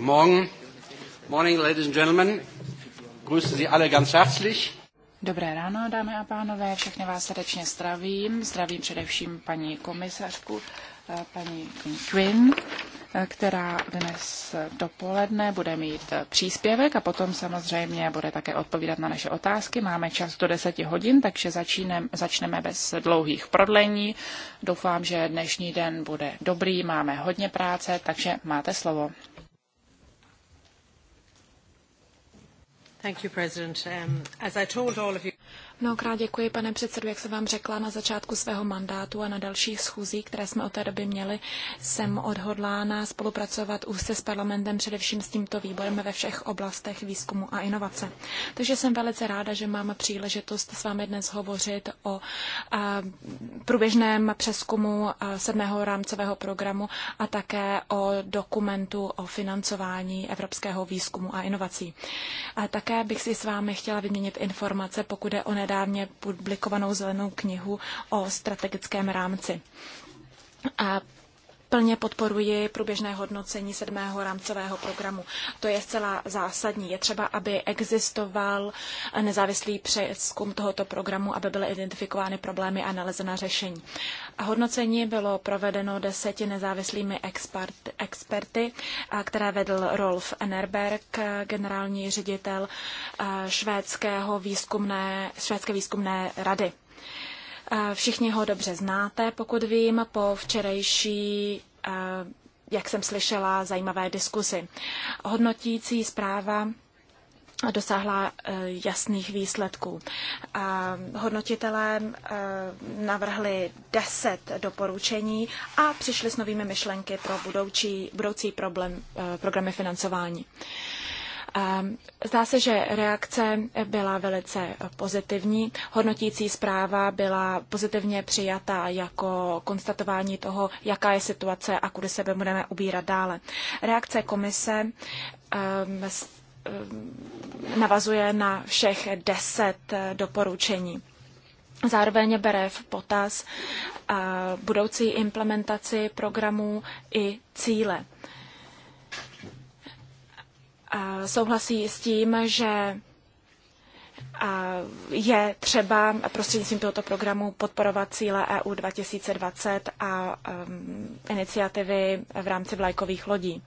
Morgen. Morning, ladies and gentlemen. Grüße Sie alle ganz herzlich. Dobré ráno, dámy a pánové, všechny vás srdečně zdravím. Zdravím především paní komisařku, eh, paní Quinn, eh, která dnes dopoledne bude mít eh, příspěvek a potom samozřejmě bude také odpovídat na naše otázky. Máme čas do 10 hodin, takže začínem, začneme bez dlouhých prodlení. Doufám, že dnešní den bude dobrý, máme hodně práce, takže máte slovo. Thank you, President. Um, as I told all of you... Mnohokrát děkuji, pane předsedu, jak jsem vám řekla na začátku svého mandátu a na dalších schůzí, které jsme od té doby měli, jsem odhodlána spolupracovat se s parlamentem, především s tímto výborem ve všech oblastech výzkumu a inovace. Takže jsem velice ráda, že mám příležitost s vámi dnes hovořit o a, průběžném přeskumu a, sedmého rámcového programu a také o dokumentu o financování evropského výzkumu a inovací. A také bych si s vámi chtěla vyměnit informace, pokud je o nedávně publikovanou zelenou knihu o strategickém rámci. A plně podporuji průběžné hodnocení sedmého rámcového programu. To je zcela zásadní. Je třeba, aby existoval nezávislý přeskum tohoto programu, aby byly identifikovány problémy a nalezena řešení. A hodnocení bylo provedeno deseti nezávislými expert, experty, které vedl Rolf Enerberg, generální ředitel švédského výzkumné, švédské výzkumné rady. Všichni ho dobře znáte, pokud vím, po včerejší jak jsem slyšela, zajímavé diskusy. Hodnotící zpráva dosáhla e, jasných výsledků. Hodnotitelé e, navrhli deset doporučení a přišli s novými myšlenky pro budoucí, budoucí problém, e, programy financování. Zdá se, že reakce byla velice pozitivní. Hodnotící zpráva byla pozitivně přijata jako konstatování toho, jaká je situace a kudy se budeme ubírat dále. Reakce komise um, um, navazuje na všech deset doporučení. Zároveň bere v potaz uh, budoucí implementaci programů i cíle souhlasí s tím, že je třeba prostřednictvím tohoto programu podporovat cíle EU 2020 a um, iniciativy v rámci vlajkových lodí.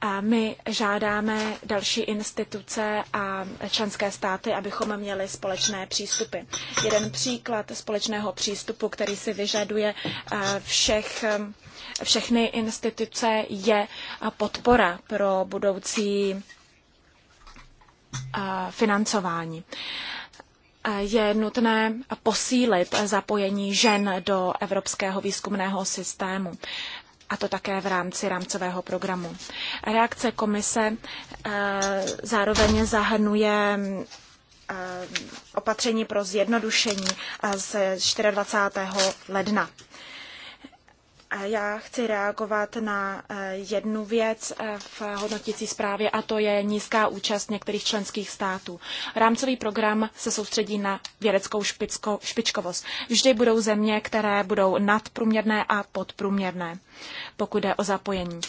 A my žádáme další instituce a členské státy, abychom měli společné přístupy. Jeden příklad společného přístupu, který si vyžaduje všech um, všechny instituce je podpora pro budoucí financování. Je nutné posílit zapojení žen do evropského výzkumného systému a to také v rámci rámcového programu. Reakce komise zároveň zahrnuje opatření pro zjednodušení z 24. ledna. Já chci reagovat na eh, jednu věc eh, v hodnotící zprávě a to je nízká účast některých členských států. Rámcový program se soustředí na vědeckou špicko, špičkovost. Vždy budou země, které budou nadprůměrné a podprůměrné, pokud jde o zapojení.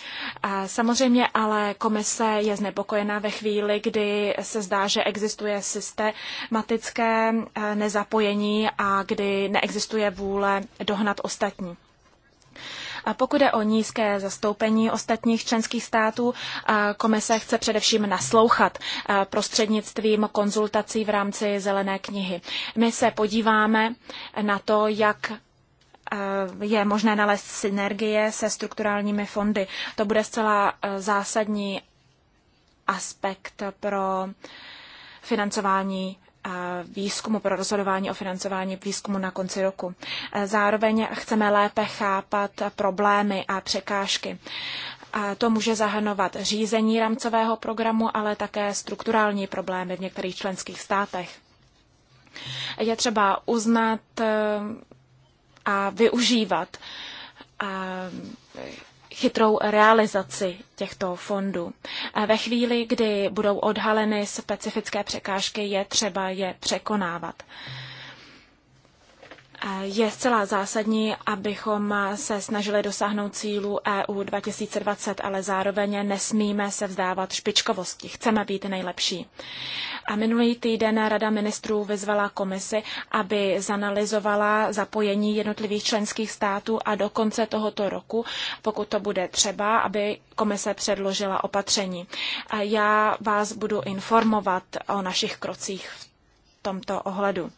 Samozřejmě ale komise je znepokojená ve chvíli, kdy se zdá, že existuje systematické eh, nezapojení a kdy neexistuje vůle dohnat ostatní pokud je o nízké zastoupení ostatních členských států, komise chce především naslouchat prostřednictvím konzultací v rámci zelené knihy. My se podíváme na to, jak je možné nalézt synergie se strukturálními fondy. To bude zcela zásadní aspekt pro financování výzkumu pro rozhodování o financování výzkumu na konci roku. E, zároveň chceme lépe chápat problémy a překážky. A to může zahrnovat řízení rámcového programu, ale také strukturální problémy v některých členských státech. Je třeba uznat e, a využívat a chytrou realizaci těchto fondů. Ve chvíli, kdy budou odhaleny specifické překážky, je třeba je překonávat. Hmm. Je zcela zásadní, abychom se snažili dosáhnout cílu EU 2020, ale zároveň nesmíme se vzdávat špičkovosti. Chceme být nejlepší. A minulý týden Rada ministrů vyzvala komisi, aby zanalizovala zapojení jednotlivých členských států a do konce tohoto roku, pokud to bude třeba, aby komise předložila opatření. A já vás budu informovat o našich krocích v tomto ohledu.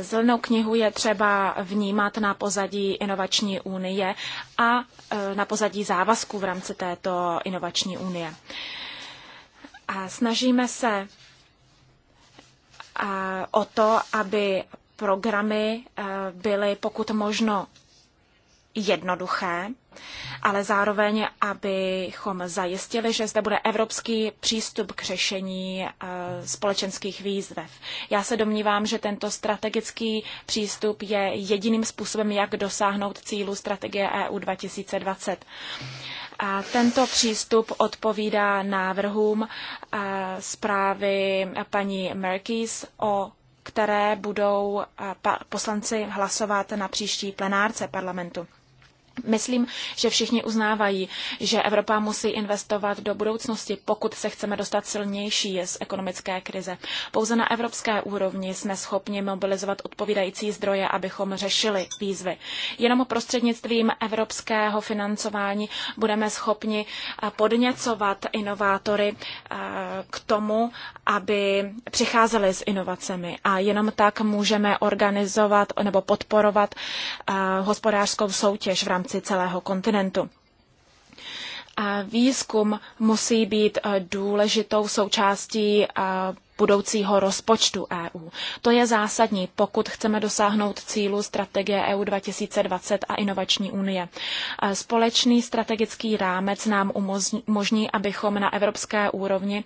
Zelenou knihu je třeba vnímat na pozadí inovační unie a e, na pozadí závazku v rámci této inovační unie. A snažíme se o to, aby programy e, byly pokud možno jednoduché, ale zároveň, abychom zajistili, že zde bude evropský přístup k řešení eh, společenských výzvev. Já se domnívám, že tento strategický přístup je jediným způsobem, jak dosáhnout cílu strategie EU 2020. A tento přístup odpovídá návrhům eh, zprávy paní Merkis o které budou eh, poslanci hlasovat na příští plenárce parlamentu. Myslím, že všichni uznávají, že Evropa musí investovat do budoucnosti, pokud se chceme dostat silnější z ekonomické krize. Pouze na evropské úrovni jsme schopni mobilizovat odpovídající zdroje, abychom řešili výzvy. Jenom prostřednictvím evropského financování budeme schopni eh, podněcovat inovátory eh, k tomu, aby přicházeli s inovacemi. A jenom tak můžeme organizovat nebo podporovat eh, hospodářskou soutěž v rámci rámci celého kontinentu. A výzkum musí být eh, důležitou součástí eh, budoucího rozpočtu EU. To je zásadní, pokud chceme dosáhnout cílu strategie EU 2020 a inovační unie. Eh, společný strategický rámec nám umožní, abychom na evropské úrovni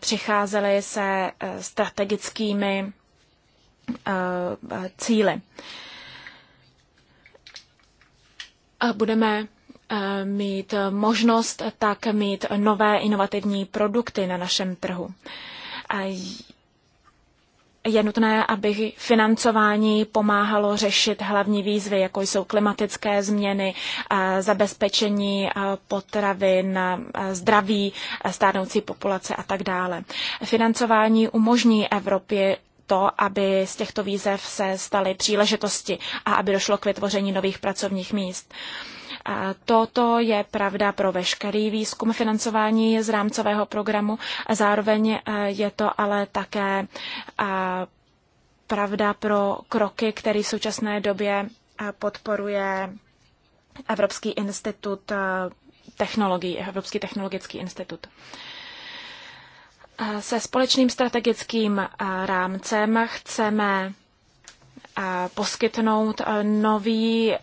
přicházeli se strategickými cíly budeme eh, mít možnost tak mít nové inovativní produkty na našem trhu. Je nutné, aby financování pomáhalo řešit hlavní výzvy, jako jsou klimatické změny, eh, zabezpečení eh, potravin, zdraví stárnoucí populace a tak dále. Financování umožní Evropě to, aby z těchto výzev se staly příležitosti a aby došlo k vytvoření nových pracovních míst. A toto je pravda pro veškerý výzkum financování z rámcového programu. A zároveň e, je to ale také e, pravda pro kroky, které v současné době e, podporuje Evropský institut technologií, Evropský technologický institut se společným strategickým rámcem chceme poskytnout nový,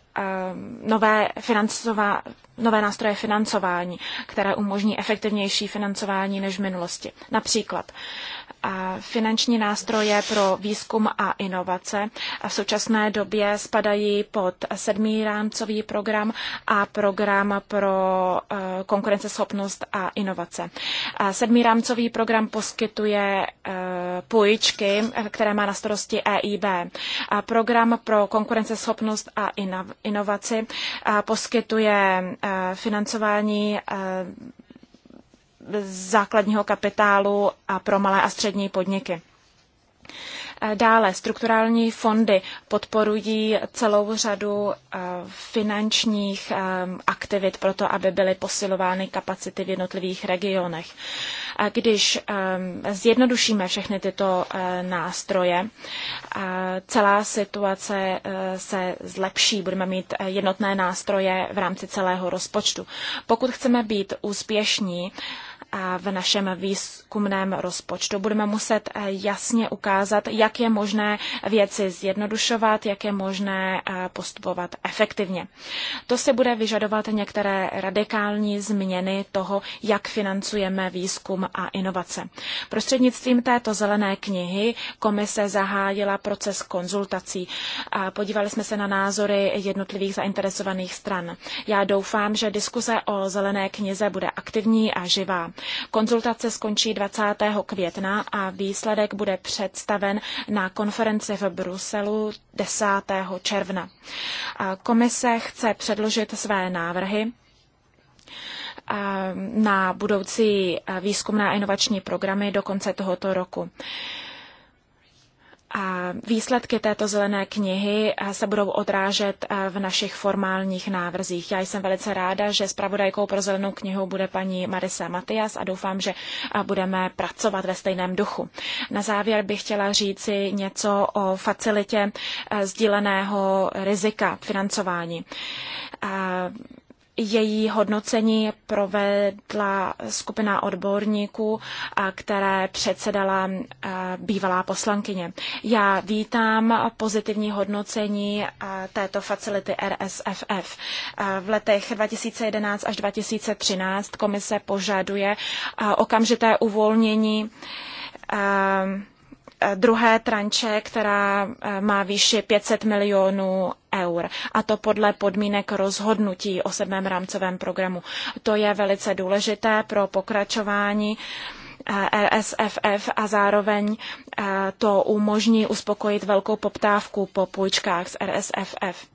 nové, financová, nové nástroje financování, které umožní efektivnější financování než v minulosti. Například finanční nástroje pro výzkum a inovace. V současné době spadají pod sedmý rámcový program a program pro eh, konkurenceschopnost a inovace. Sedmý rámcový program poskytuje eh, půjčky, eh, které má na starosti EIB. Program pro konkurenceschopnost a inovaci poskytuje financování základního kapitálu a pro malé a střední podniky. Eh, dále strukturální fondy podporují celou řadu eh, finančních eh, aktivit pro to, aby byly posilovány kapacity v jednotlivých regionech. Když zjednodušíme všechny tyto nástroje, celá situace se zlepší, budeme mít jednotné nástroje v rámci celého rozpočtu. Pokud chceme být úspěšní, v našem výzkumném rozpočtu. Budeme muset eh, jasně ukázat, jak je možné věci zjednodušovat, jak je možné eh, postupovat efektivně. To se bude vyžadovat některé radikální změny toho, jak financujeme výzkum a inovace. Prostřednictvím této zelené knihy komise zahájila proces konzultací. Podívali jsme se na názory jednotlivých zainteresovaných stran. Já doufám, že diskuse o zelené knize bude aktivní a živá. Konzultace skončí 20. května a výsledek bude představen na konferenci v Bruselu 10. června. Komise chce předložit své návrhy na budoucí výzkumné a inovační programy do konce tohoto roku. Výsledky této zelené knihy eh, se budou odrážet eh, v našich formálních návrzích. Já jsem velice ráda, že zpravodajkou pro zelenou knihu bude paní Marisa Matias a doufám, že eh, budeme pracovat ve stejném duchu. Na závěr bych chtěla říci něco o facilitě sdíleného rizika financování její hodnocení provedla skupina odborníků, které předsedala bývalá poslankyně. Já vítám pozitivní hodnocení této facility RSFF. V letech 2011 až 2013 komise požaduje okamžité uvolnění Eh, druhé tranče, která eh, má výši 500 milionů eur. A to podle podmínek rozhodnutí o sedmém rámcovém programu. To je velice důležité pro pokračování RSFF eh, e a zároveň to umožní uspokojit velkou poptávku po půjčkách z RSFF.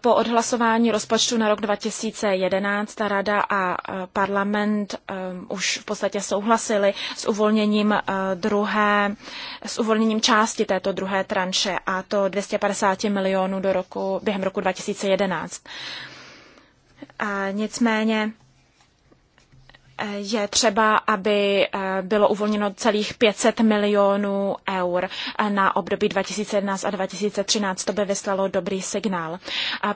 Po odhlasování rozpočtu na rok 2011 rada a e, parlament e, už v podstatě souhlasili s uvolněním e, druhé, s uvolněním části této druhé tranše a to 250 milionů do roku, během roku 2011. A nicméně je třeba, aby eh, bylo uvolněno celých 500 milionů eur eh, na období 2011 a 2013. To by vyslalo dobrý signál.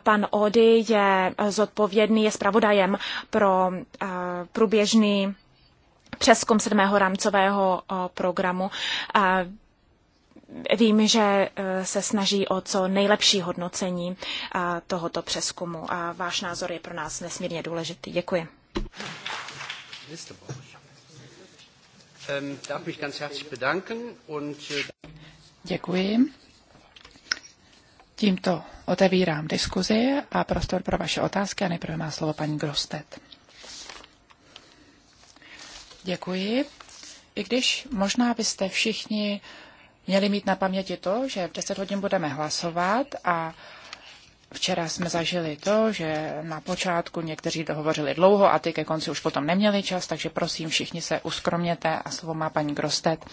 Pan Ody je zodpovědný, je zpravodajem pro eh, průběžný přeskum sedmého rámcového programu. Vím, že se snaží o co nejlepší hodnocení tohoto přeskumu a váš názor je pro nás nesmírně důležitý. Děkuji. Ähm, äh, Děkuji. Tímto otevírám diskuzi a prostor pro vaše otázky a nejprve má slovo paní Grostet. Děkuji. I když možná byste všichni měli mít na paměti to, že v 10 hodin budeme hlasovat a Včera jsme zažili to, že na počátku někteří dohovořili dlouho a ty ke konci už potom neměli čas, takže prosím, všichni se uskromněte a slovo má paní Grostet.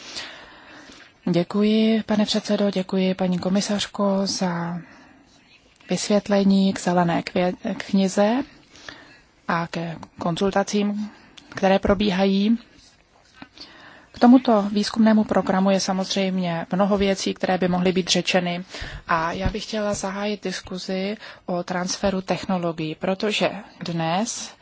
Děkuji, pane předsedo, děkuji, paní komisařko, za vysvětlení k zelené knize a ke konzultacím, které probíhají tomuto výzkumnému programu je samozřejmě mnoho věcí, které by mohly být řečeny a já bych chtěla zahájit diskuzi o transferu technologií, protože dnes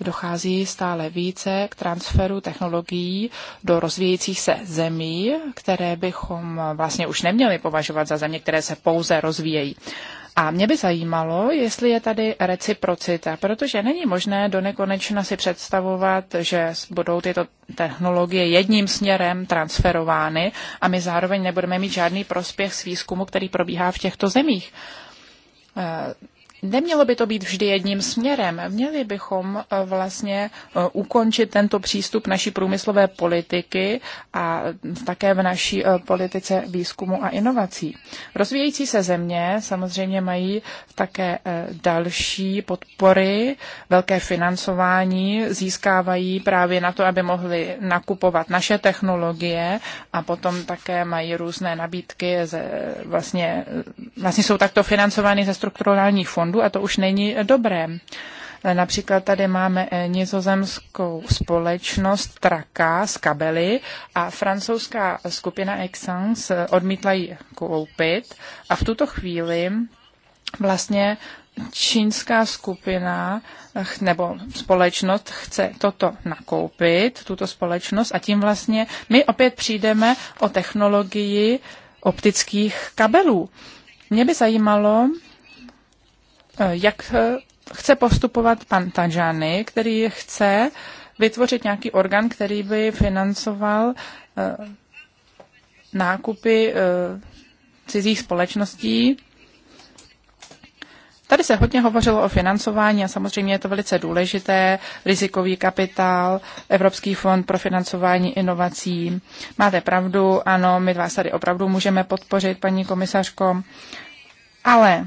dochází stále více k transferu technologií do rozvíjejících se zemí, které bychom vlastně už neměli považovat za země, které se pouze rozvíjejí. A mě by zajímalo, jestli je tady reciprocita, protože není možné do nekonečna si představovat, že budou tyto technologie jedním směrem transferovány a my zároveň nebudeme mít žádný prospěch z výzkumu, který probíhá v těchto zemích. Eh, Nemělo by to být vždy jedním směrem. Měli bychom eh, vlastně eh, ukončit tento přístup naší průmyslové politiky a také v naší eh, politice výzkumu a inovací. Rozvíjející se země samozřejmě mají také další podpory, velké financování získávají právě na to, aby mohli nakupovat naše technologie a potom také mají různé nabídky, ze, vlastně, vlastně jsou takto financovány ze strukturálních fondů fondů a to už není dobré. Například tady máme eh, nizozemskou společnost Traka z kabely a francouzská skupina Exans eh, odmítla ji koupit a v tuto chvíli vlastně čínská skupina eh, nebo společnost chce toto nakoupit, tuto společnost a tím vlastně my opět přijdeme o technologii optických kabelů. Mě by zajímalo, Eh, jak eh, chce postupovat pan Tajani, který chce vytvořit nějaký orgán, který by financoval eh, nákupy cizích společností. Tady se hodně hovořilo o financování a samozřejmě je to velice důležité. Rizikový kapitál, Evropský fond pro financování inovací. Máte pravdu, ano, my vás tady opravdu můžeme podpořit, paní komisařko. Ale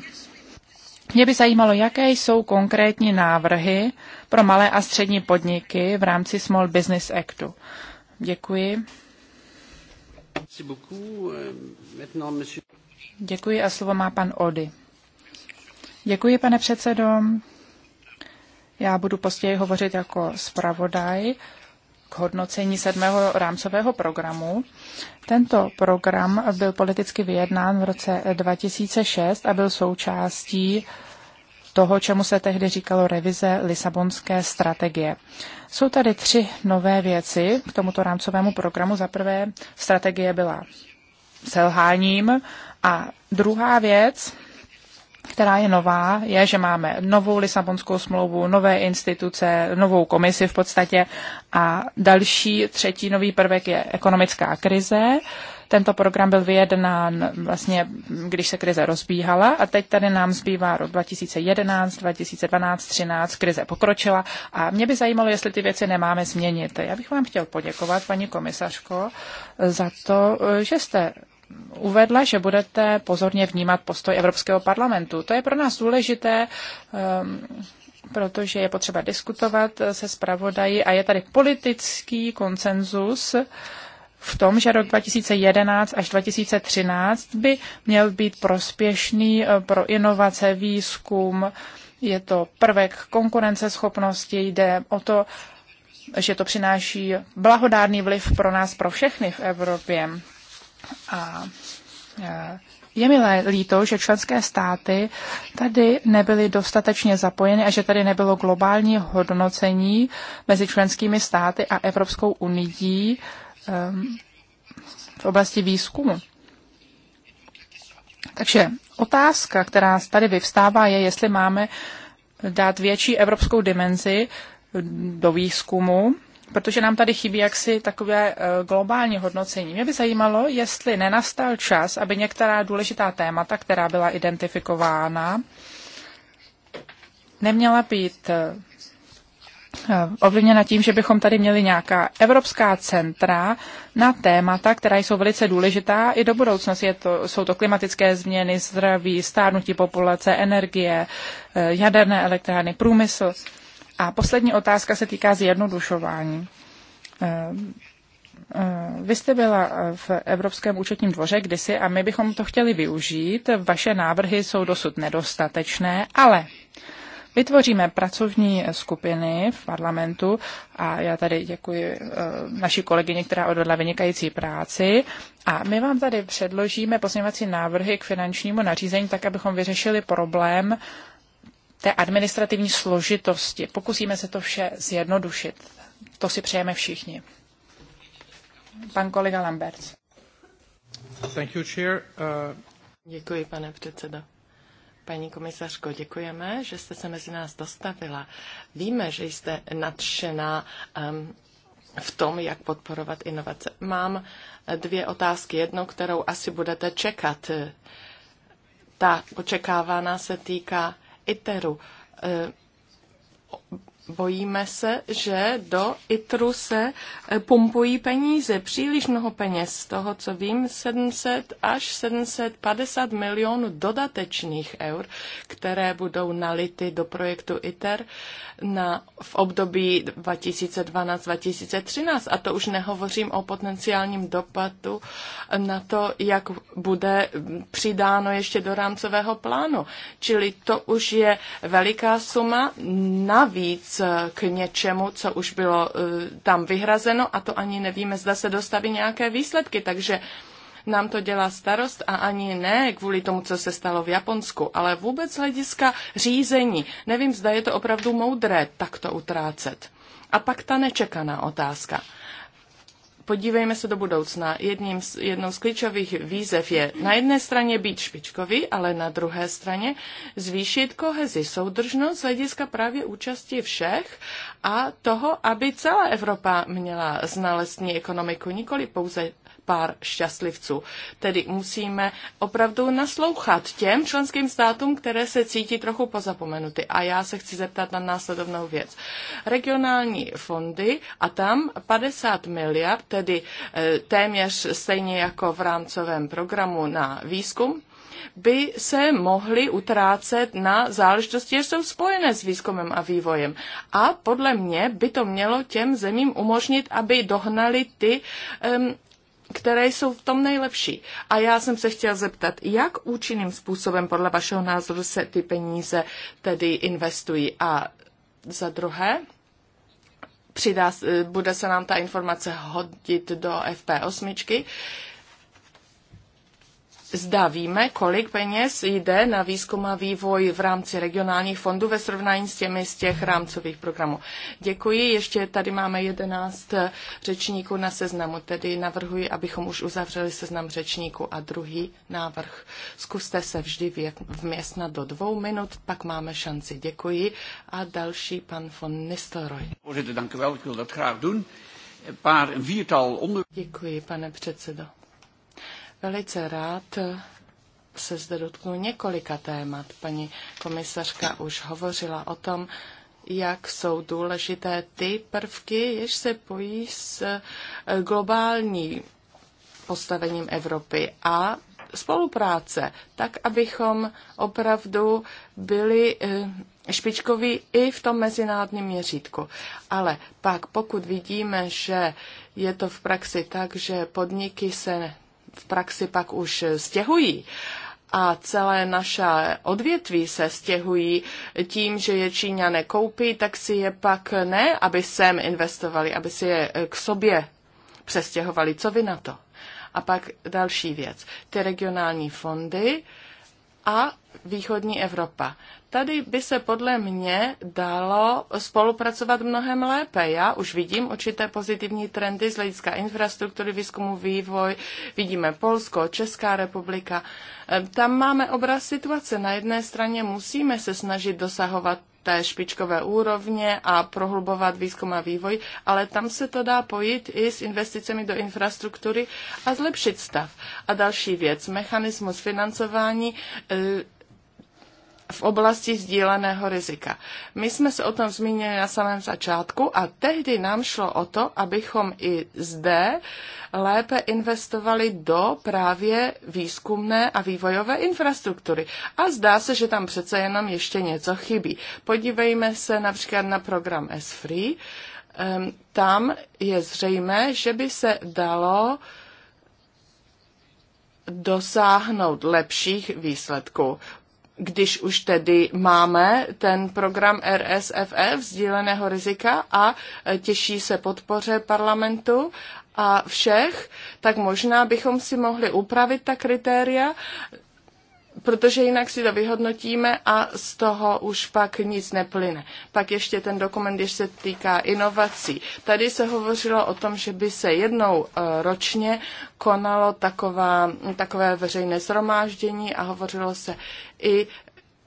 mě by zajímalo, jaké jsou konkrétní návrhy pro malé a střední podniky v rámci Small Business Actu. Děkuji. Euh, Děkuji a slovo má pan Ody. Děkuji, pane předsedo. Já budu později hovořit jako zpravodaj k hodnocení sedmého rámcového programu. Tento program byl politicky vyjednán v roce 2006 a byl součástí toho, čemu se tehdy říkalo revize Lisabonské strategie. Jsou tady tři nové věci k tomuto rámcovému programu. Za prvé, strategie byla selháním a druhá věc, která je nová, je, že máme novou Lisabonskou smlouvu, nové instituce, novou komisi v podstatě a další třetí nový prvek je ekonomická krize. Tento program byl vyjednán vlastně, když se krize rozbíhala a teď tady nám zbývá rok 2011, 2012, 2013 krize pokročila a mě by zajímalo, jestli ty věci nemáme změnit. Já bych vám chtěl poděkovat, paní komisařko, za to, že jste uvedla, že budete pozorně vnímat postoj Evropského parlamentu. To je pro nás důležité, ehm, protože je potřeba diskutovat se zpravodají a je tady politický konsenzus v tom, že rok 2011 až 2013 by měl být prospěšný eh, pro inovace, výzkum, je to prvek konkurenceschopnosti, jde o to, že to přináší blahodárný vliv pro nás, pro všechny v Evropě. A e, je mi líto, že členské státy tady nebyly dostatečně zapojeny a že tady nebylo globální hodnocení mezi členskými státy a Evropskou unii v oblasti výzkumu. Takže otázka, která tady vyvstává, je, jestli máme dát větší evropskou dimenzi do výzkumu protože nám tady chybí jaksi takové eh, globální hodnocení. Mě by zajímalo, jestli nenastal čas, aby některá důležitá témata, která byla identifikována, neměla být eh, eh, ovlivněna tím, že bychom tady měli nějaká evropská centra na témata, která jsou velice důležitá i do budoucnosti. Je to, jsou to klimatické změny, zdraví, stárnutí populace, energie, jaderné elektrárny, průmysl. A poslední otázka se týká zjednodušování. Eh, eh, vy jste byla v Evropském účetním dvoře kdysi a my bychom to chtěli využít. Vaše návrhy jsou dosud nedostatečné, ale Vytvoříme pracovní skupiny v parlamentu a já tady děkuji eh, naší kolegyně, která odvedla vynikající práci. A my vám tady předložíme pozměňovací návrhy k finančnímu nařízení, tak abychom vyřešili problém té administrativní složitosti. Pokusíme se to vše zjednodušit. To si přejeme všichni. Pan kolega Lambert. Thank you, chair. Uh... Děkuji, pane předsedo. Paní komisařko, děkujeme, že jste se mezi nás dostavila. Víme, že jste nadšená um, v tom, jak podporovat inovace. Mám dvě otázky. Jednu, kterou asi budete čekat. Ta očekávána se týká ITERu eh, Bojíme se, že do ITRu se eh, pumpují peníze, příliš mnoho peněz, z toho, co vím, 700 až 750 milionů dodatečných eur, které budou nality do projektu ITER na, v období 2012-2013. A to už nehovořím o potenciálním dopadu na to, jak bude přidáno ještě do rámcového plánu. Čili to už je veliká suma navíc k něčemu, co už bylo eh, tam vyhrazeno a to ani nevíme, zda se dostaví nějaké výsledky, takže nám to dělá starost a ani ne kvůli tomu, co se stalo v Japonsku, ale vůbec hlediska řízení. Nevím, zda je to opravdu moudré takto utrácet. A pak ta nečekaná otázka podívejme se do budoucna. Jedním z, jednou z klíčových výzev je na jedné straně být špičkový, ale na druhé straně zvýšit kohezi, soudržnost z hlediska právě účasti všech a toho, aby celá Evropa měla znalostní ekonomiku, nikoli pouze pár šťastlivců. Tedy musíme opravdu naslouchat těm členským státům, které se cítí trochu pozapomenuty. A já se chci zeptat na následovnou věc. Regionální fondy a tam 50 miliard, tedy eh, téměř stejně jako v rámcovém programu na výzkum, by se mohly utrácet na záležitosti, které jsou spojené s výzkumem a vývojem. A podle mě by to mělo těm zemím umožnit, aby dohnali ty um, které jsou v tom nejlepší. A já jsem se chtěla zeptat, jak účinným způsobem podle vašeho názoru se ty peníze tedy investují. A za druhé, přidá, bude se nám ta informace hodit do FP8, Zda víme, kolik peněz jde na výzkum a vývoj v rámci regionálních fondů ve srovnání s těmi z těch rámcových programů. Děkuji. Ještě tady máme jedenáct řečníků na seznamu, tedy navrhuji, abychom už uzavřeli seznam řečníků. A druhý návrh. Zkuste se vždy na do dvou minut, pak máme šanci. Děkuji. A další pan von Nistelrooy. Děkuji, pane předsedo. Velice rád se zde dotknu několika témat. Paní komisařka už hovořila o tom, jak jsou důležité ty prvky, jež se pojí s eh, globální postavením Evropy a spolupráce, tak abychom opravdu byli eh, špičkoví i v tom mezinárodním měřítku. Ale pak, pokud vidíme, že je to v praxi tak, že podniky se v praxi pak už stěhují a celé naše odvětví se stěhují tím, že je Číňané koupí, tak si je pak ne, aby sem investovali, aby si je k sobě přestěhovali. Co vy na to? A pak další věc. Ty regionální fondy a východní Evropa. Tady by se podle mě dalo spolupracovat mnohem lépe. Já už vidím určité pozitivní trendy z hlediska infrastruktury, výzkumu, vývoj. Vidíme Polsko, Česká republika. Tam máme obraz situace. Na jedné straně musíme se snažit dosahovat té špičkové úrovně a prohlubovat výzkum a vývoj, ale tam se to dá pojít i s investicemi do infrastruktury a zlepšit stav. A další věc, mechanismus financování v oblasti sdíleného rizika. My jsme se o tom zmínili na samém začátku a tehdy nám šlo o to, abychom i zde lépe investovali do právě výzkumné a vývojové infrastruktury. A zdá se, že tam přece jenom ještě něco chybí. Podívejme se například na program S-Free. Ehm, tam je zřejmé, že by se dalo dosáhnout lepších výsledků když už tedy máme ten program RSFF, sdíleného e rizika, a e, těší se podpoře parlamentu a všech, tak možná bychom si mohli upravit ta kritéria protože jinak si to vyhodnotíme a z toho už pak nic neplyne. Pak ještě ten dokument, když se týká inovací. Tady se hovořilo o tom, že by se jednou e, ročně konalo taková, takové veřejné zhromáždění a hovořilo se i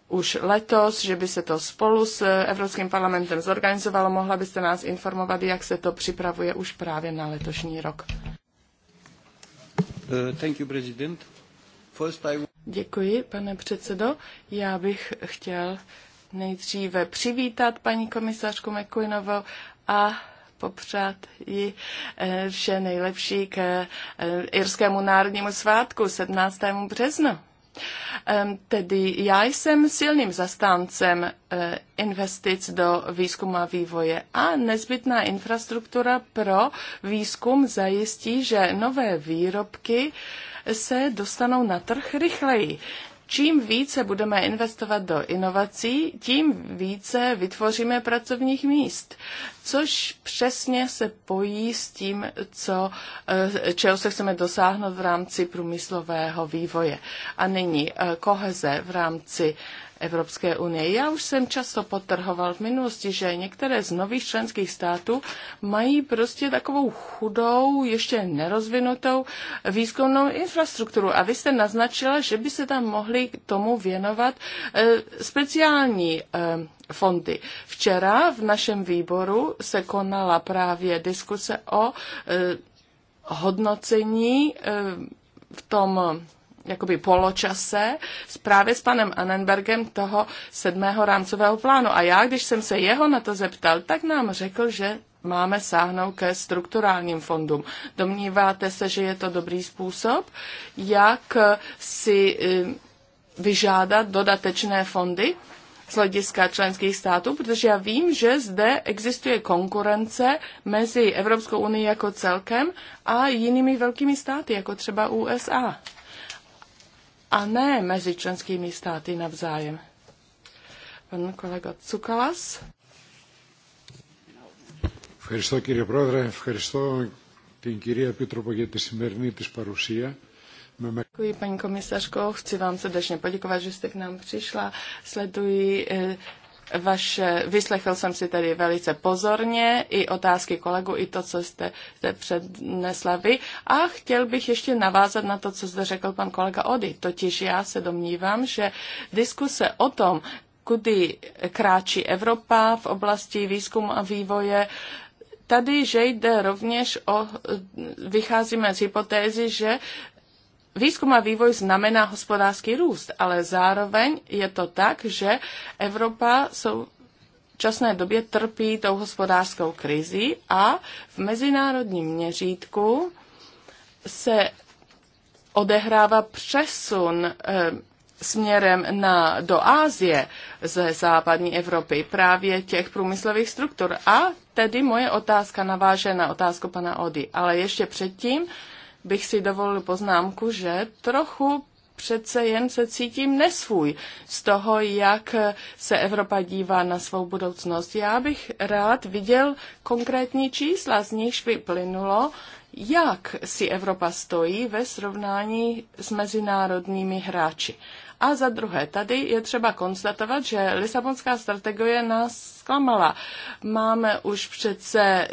už letos, že by se to spolu s Evropským parlamentem zorganizovalo. Mohla byste nás informovat, jak se to připravuje už právě na letošní rok? Uh, thank you, President. Děkuji, pane předsedo. Já bych chtěl nejdříve přivítat paní komisařku McQueenovou a popřát ji eh, vše nejlepší k eh, Irskému národnímu svátku 17. březnu. Tedy já jsem silným zastáncem eh, investic do výzkumu a vývoje a nezbytná infrastruktura pro výzkum zajistí, že nové výrobky se dostanou na trh rychleji Čím více budeme investovat do inovací, tím více vytvoříme pracovních míst, což přesně se pojí s tím, co, eh, čeho se chceme dosáhnout v rámci průmyslového vývoje. A nyní eh, koheze v rámci Evropské unie. Já už jsem často potrhoval v minulosti, že některé z nových členských států mají prostě takovou chudou, ještě nerozvinutou výzkumnou infrastrukturu. A vy jste naznačila, že by se tam mohli tomu věnovat eh, speciální eh, fondy. Včera v našem výboru se konala právě diskuse o eh, hodnocení v tom jakoby poločase právě s panem Annenbergem toho sedmého rámcového plánu. A já, když jsem se jeho na to zeptal, tak nám řekl, že máme sáhnout ke strukturálním fondům. Domníváte se, že je to dobrý způsob, jak si eh, vyžádat dodatečné fondy z hlediska členských států, protože já vím, že zde existuje konkurence mezi Evropskou unii jako celkem a jinými velkými státy, jako třeba USA a ne mezi členskými státy navzájem. Pan kolega Cukalas. Ευχαριστώ κύριε Πρόεδρε, ευχαριστώ την κυρία Επίτροπο για τη σημερινή της παρουσία. Děkuji, paní komisařko. Chci vám srdečně poděkovat, že jste k nám přišla. Sleduji eh, vaše, vyslechl jsem si tedy velice pozorně i otázky kolegu, i to, co jste, jste přednesla vy. A chtěl bych ještě navázat na to, co zde řekl pan kolega Ody. Totiž já se domnívám, že diskuse o tom, kudy kráčí Evropa v oblasti výzkumu a vývoje, tady, že jde rovněž o, vycházíme z hypotézy, že výzkum a vývoj znamená hospodářský růst, ale zároveň je to tak, že Evropa jsou v časné době trpí tou hospodářskou krizi a v mezinárodním měřítku se odehrává přesun e, směrem na, do Ázie ze západní Evropy právě těch průmyslových struktur. A tedy moje otázka naváže na otázku pana Ody. Ale ještě předtím bych si dovolil poznámku, že trochu přece jen se cítím nesvůj z toho, jak se Evropa dívá na svou budoucnost. Já bych rád viděl konkrétní čísla, z nichž by plynulo, jak si Evropa stojí ve srovnání s mezinárodními hráči. A za druhé, tady je třeba konstatovat, že Lisabonská strategie nás zklamala. Máme už přece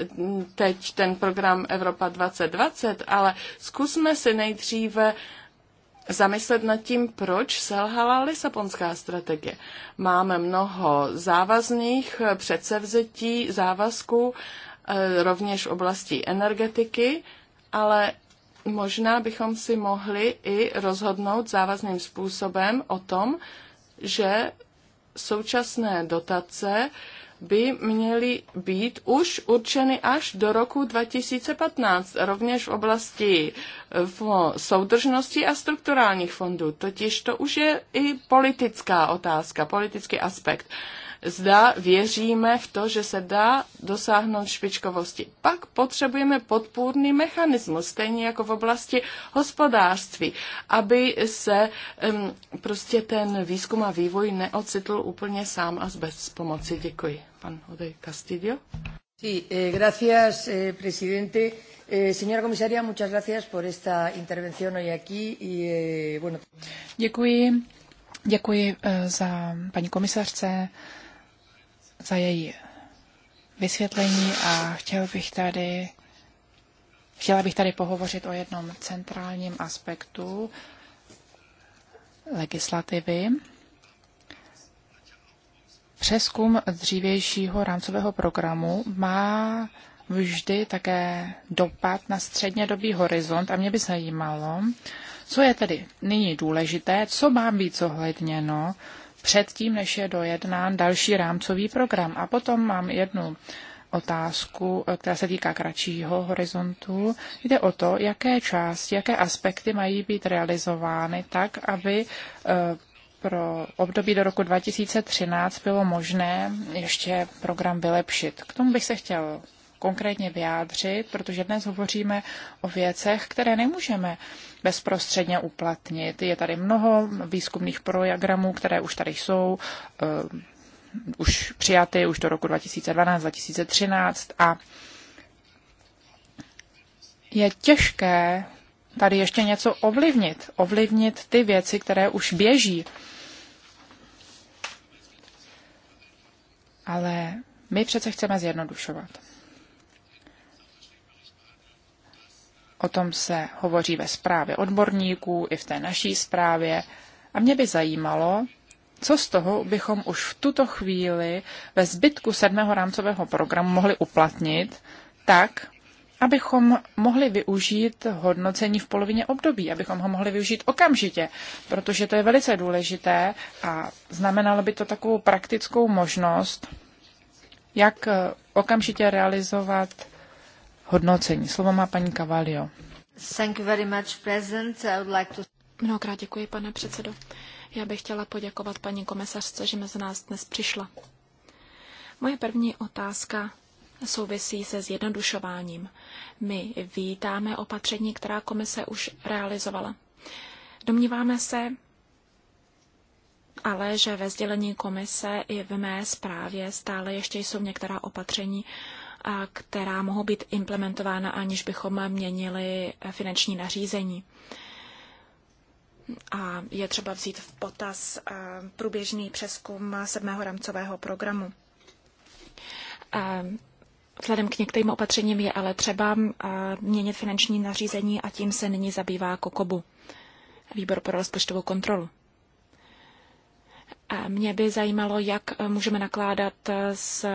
teď ten program Evropa 2020, ale zkusme si nejdříve zamyslet nad tím, proč selhala Lisabonská strategie. Máme mnoho závazných předsevzetí, závazků, eh, rovněž v oblasti energetiky, ale možná bychom si mohli i rozhodnout závazným způsobem o tom, že současné dotace by měly být už určeny až do roku 2015, rovněž v oblasti eh, soudržnosti a strukturálních fondů. Totiž to už je i politická otázka, politický aspekt zda věříme v to, že se dá dosáhnout špičkovosti. Pak potřebujeme podpůrný mechanismus, stejně jako v oblasti hospodářství, aby se um, prostě ten výzkum a vývoj neocitl úplně sám a bez pomoci. Děkuji. Pan Ode Castillo. Sí, eh, gracias, eh, presidente. Eh, señora comisaria, muchas gracias por esta intervención hoy aquí. Y, eh, bueno... Děkuji. Děkuji eh, za paní komisařce za její vysvětlení a chtěl bych tady, chtěla bych tady pohovořit o jednom centrálním aspektu legislativy. Přeskum dřívějšího rámcového programu má vždy také dopad na střednědobý horizont a mě by zajímalo, co je tedy nyní důležité, co má být zohledněno předtím, než je dojednán další rámcový program. A potom mám jednu otázku, eh, která se týká kratšího horizontu. Jde o to, jaké části, jaké aspekty mají být realizovány tak, aby eh, pro období do roku 2013 bylo možné ještě program vylepšit. K tomu bych se chtěl konkrétně vyjádřit, protože dnes hovoříme o věcech, které nemůžeme bezprostředně uplatnit. Je tady mnoho výzkumných programů, které už tady jsou, uh, už přijaty už do roku 2012-2013 a je těžké tady ještě něco ovlivnit, ovlivnit ty věci, které už běží. Ale my přece chceme zjednodušovat. O tom se hovoří ve zprávě odborníků i v té naší zprávě. A mě by zajímalo, co z toho bychom už v tuto chvíli ve zbytku sedmého rámcového programu mohli uplatnit tak, abychom mohli využít hodnocení v polovině období, abychom ho mohli využít okamžitě, protože to je velice důležité a znamenalo by to takovou praktickou možnost, jak okamžitě realizovat hodnocení. Slovo má paní Cavalio. Thank you very much, President. I would like to... Mnohokrát děkuji, pane předsedo. Já bych chtěla poděkovat paní komisařce, že mezi nás dnes přišla. Moje první otázka souvisí se zjednodušováním. My vítáme opatření, která komise už realizovala. Domníváme se, ale že ve sdělení komise i v mé zprávě stále ještě jsou některá opatření, která mohou být implementována, aniž bychom měnili finanční nařízení. A je třeba vzít v potaz eh, průběžný přeskum sedmého rámcového programu. Eh, vzhledem k některým opatřením je ale třeba eh, měnit finanční nařízení a tím se nyní zabývá Kokobu, výbor pro rozpočtovou kontrolu. mě by zajímalo, jak můžeme nakládat s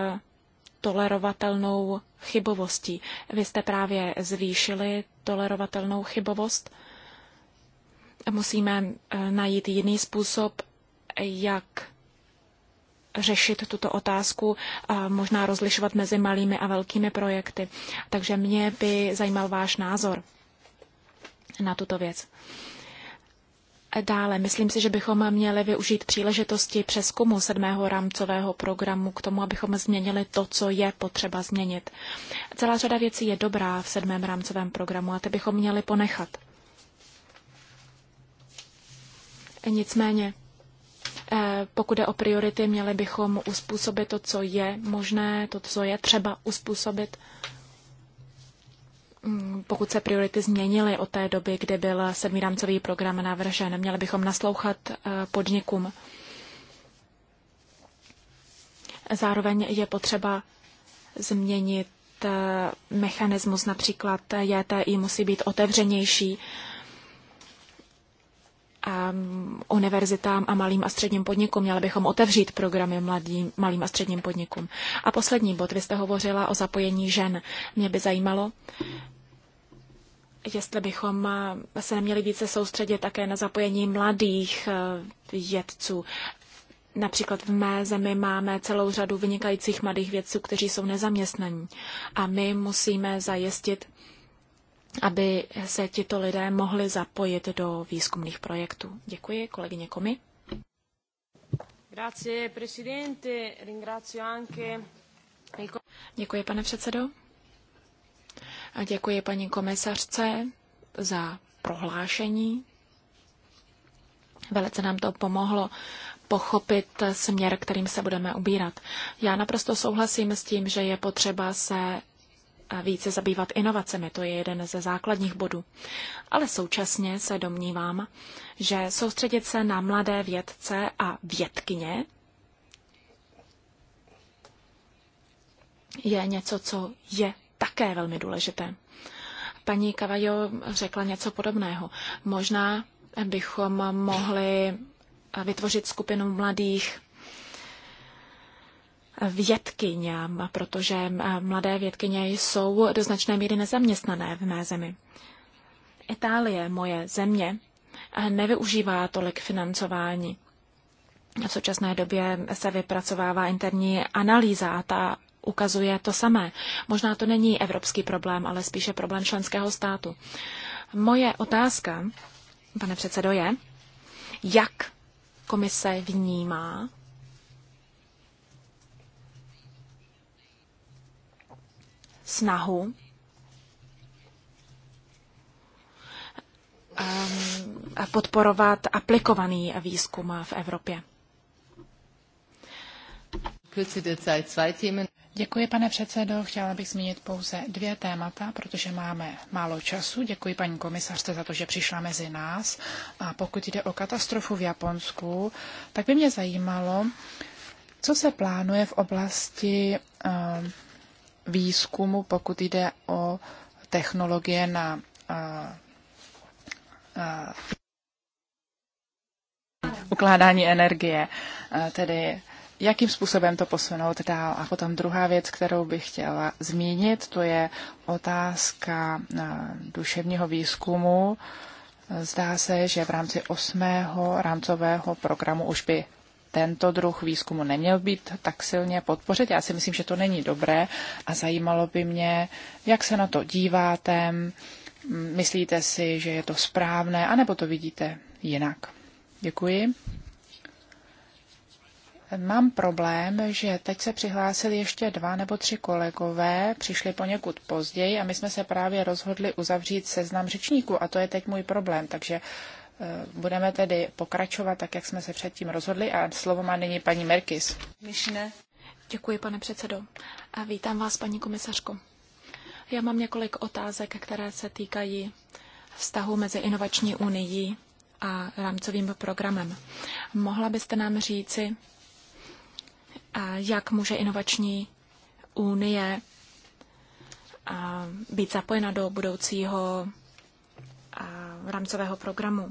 tolerovatelnou chybovostí. Vy jste právě zvýšili tolerovatelnou chybovost. Musíme eh, najít jiný způsob, jak řešit tuto otázku, a možná rozlišovat mezi malými a velkými projekty. Takže mě by zajímal váš názor na tuto věc. Dále, myslím si, že bychom měli využít příležitosti přeskumu sedmého rámcového programu k tomu, abychom změnili to, co je potřeba změnit. Celá řada věcí je dobrá v sedmém rámcovém programu a ty bychom měli ponechat. Nicméně, eh, pokud je o priority, měli bychom uspůsobit to, co je možné, to, co je třeba uspůsobit. Mm, pokud se priority změnily od té doby, kdy byl rámcový program navržen. Měli bychom naslouchat eh, podnikům. Zároveň je potřeba změnit eh, mechanismus, například JTI musí být otevřenější a mm, univerzitám a malým a středním podnikům. Měli bychom otevřít programy mladým, malým a středním podnikům. A poslední bod, vy jste hovořila o zapojení žen. Mě by zajímalo, jestli bychom eh, se neměli více soustředit také na zapojení mladých eh, vědců. Například v mé zemi máme celou řadu vynikajících mladých vědců, kteří jsou nezaměstnaní. A my musíme zajistit, aby se tito lidé mohli zapojit do výzkumných projektů. Děkuji, kolegyně Komi. Děkuji, pane předsedo. A děkuji paní komisařce za prohlášení. Velice nám to pomohlo pochopit směr, kterým se budeme ubírat. Já naprosto souhlasím s tím, že je potřeba se více zabývat inovacemi, to je jeden ze základních bodů. Ale současně se domnívám, že soustředit se na mladé vědce a vědkyně je něco, co je také velmi důležité. Paní Kavajo řekla něco podobného. Možná bychom mohli vytvořit skupinu mladých vědkyně, protože mladé vědkyně jsou do značné míry nezaměstnané v mé zemi. Itálie, moje země, nevyužívá tolik financování. V současné době se vypracovává interní analýza a ta ukazuje to samé. Možná to není evropský problém, ale spíše problém členského státu. Moje otázka, pane předsedo, je, jak komise vnímá snahu a um, podporovat aplikovaný výzkum v Evropě. Děkuji, pane předsedo. Chtěla bych zmínit pouze dvě témata, protože máme málo času. Děkuji paní komisařce za to, že přišla mezi nás. A pokud jde o katastrofu v Japonsku, tak by mě zajímalo, co se plánuje v oblasti eh, výzkumu, pokud jde o technologie na eh, eh, ukládání energie, tedy jakým způsobem to posunout dál. A potom druhá věc, kterou bych chtěla zmínit, to je otázka eh, duševního výzkumu. Zdá se, že v rámci osmého rámcového programu už by tento druh výzkumu neměl být tak silně podpořit. Já si myslím, že to není dobré a zajímalo by mě, jak se na to díváte, myslíte si, že je to správné, anebo to vidíte jinak. Děkuji. Mám problém, že teď se přihlásili ještě dva nebo tři kolegové, přišli poněkud později a my jsme se právě rozhodli uzavřít seznam řečníků a to je teď můj problém, takže e, budeme tedy pokračovat tak, jak jsme se předtím rozhodli a slovo má nyní paní Merkis. Myšne. Děkuji, pane předsedo. A vítám vás, paní komisařko. Já mám několik otázek, které se týkají vztahu mezi inovační unii a rámcovým programem. Mohla byste nám říci, jak může inovační unie být zapojena do budoucího rámcového programu.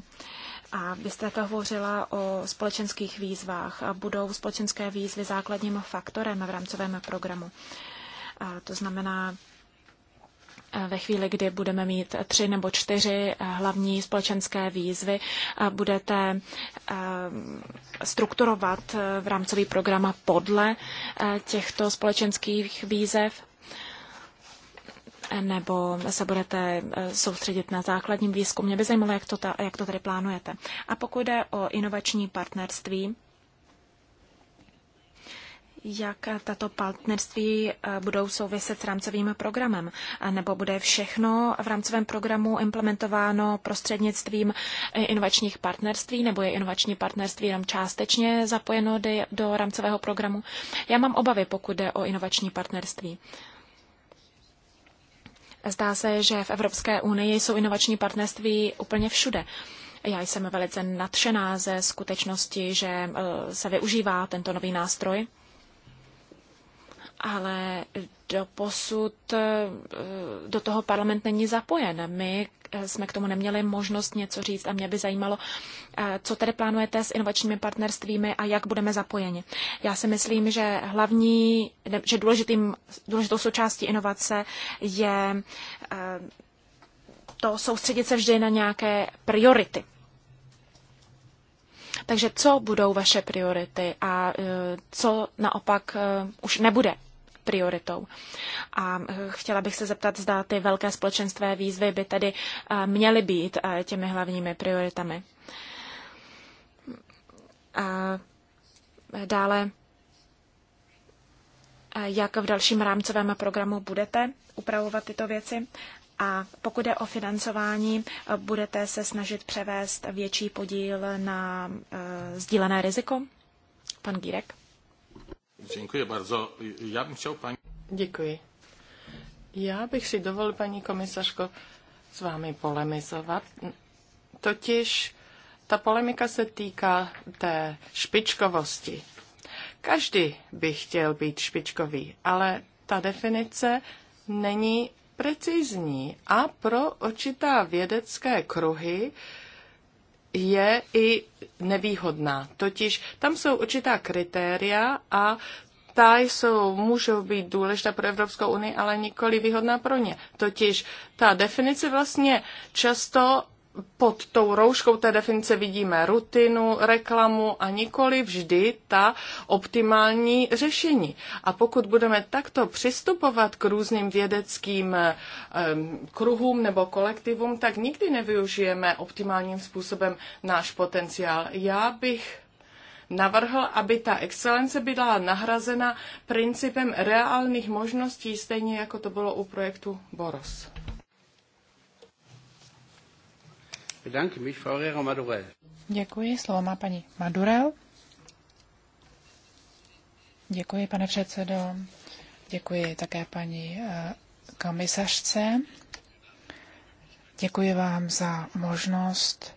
A vy jste to hovořila o společenských výzvách. a Budou společenské výzvy základním faktorem v rámcovém programu. A to znamená ve chvíli, kdy budeme mít tři nebo čtyři eh, hlavní společenské výzvy, eh, budete eh, strukturovat v rámcový program podle těchto společenských výzev? nebo se budete soustředit na základním výzkum. Mě by zajímalo, jak to, ta, jak to tady plánujete. A pokud jde o inovační partnerství, jak tato partnerství eh, budou souviset s rámcovým programem, nebo bude všechno v rámcovém programu implementováno prostřednictvím eh, inovačních partnerství, nebo je inovační partnerství jenom částečně zapojeno do rámcového programu. Já mám obavy, pokud jde o inovační partnerství. Zdá se, že v Evropské unii jsou inovační partnerství úplně všude. Já jsem velice nadšená ze skutečnosti, že eh, se využívá tento nový nástroj ale do posud eh, do toho parlament není zapojen. My eh, jsme k tomu neměli možnost něco říct a mě by zajímalo, eh, co tedy plánujete s inovačními partnerstvími a jak budeme zapojeni. Já si myslím, že hlavní, že důležitým, důležitou součástí inovace je to soustředit se vždy na nějaké priority. Takže co budou vaše priority a co naopak už nebude prioritou. A eh, chtěla bych se zeptat, zda ty velké společenské výzvy by tedy eh, měly být eh, těmi hlavními prioritami. A dále, jak v dalším rámcovém programu budete upravovat tyto věci. A pokud je o financování, budete se snažit převést větší podíl na e, sdílené riziko? Pan Gírek. Děkuji bardzo. Já bych chtěl Děkuji. Já bych si dovolil, paní komisařko, s vámi polemizovat. Totiž ta polemika se týká té špičkovosti. Každý by chtěl být špičkový, ale ta definice není precizní a pro určitá vědecké kruhy je i nevýhodná. Totiž tam jsou určitá kritéria a ta jsou, můžou být důležitá pro Evropskou unii, ale nikoli výhodná pro ně. Totiž ta definice vlastně často pod tou rouškou té definice vidíme rutinu, reklamu a nikoli vždy ta optimální řešení. A pokud budeme takto přistupovat k různým vědeckým eh, kruhům nebo kolektivům, tak nikdy nevyužijeme optimálním způsobem náš potenciál. Já bych navrhl, aby ta excelence byla nahrazena principem reálných možností, stejně jako to bylo u projektu Boros. Děkuji, slovo má paní Madurel. Děkuji, pane předsedo. Děkuji také paní eh, komisařce. Děkuji vám za možnost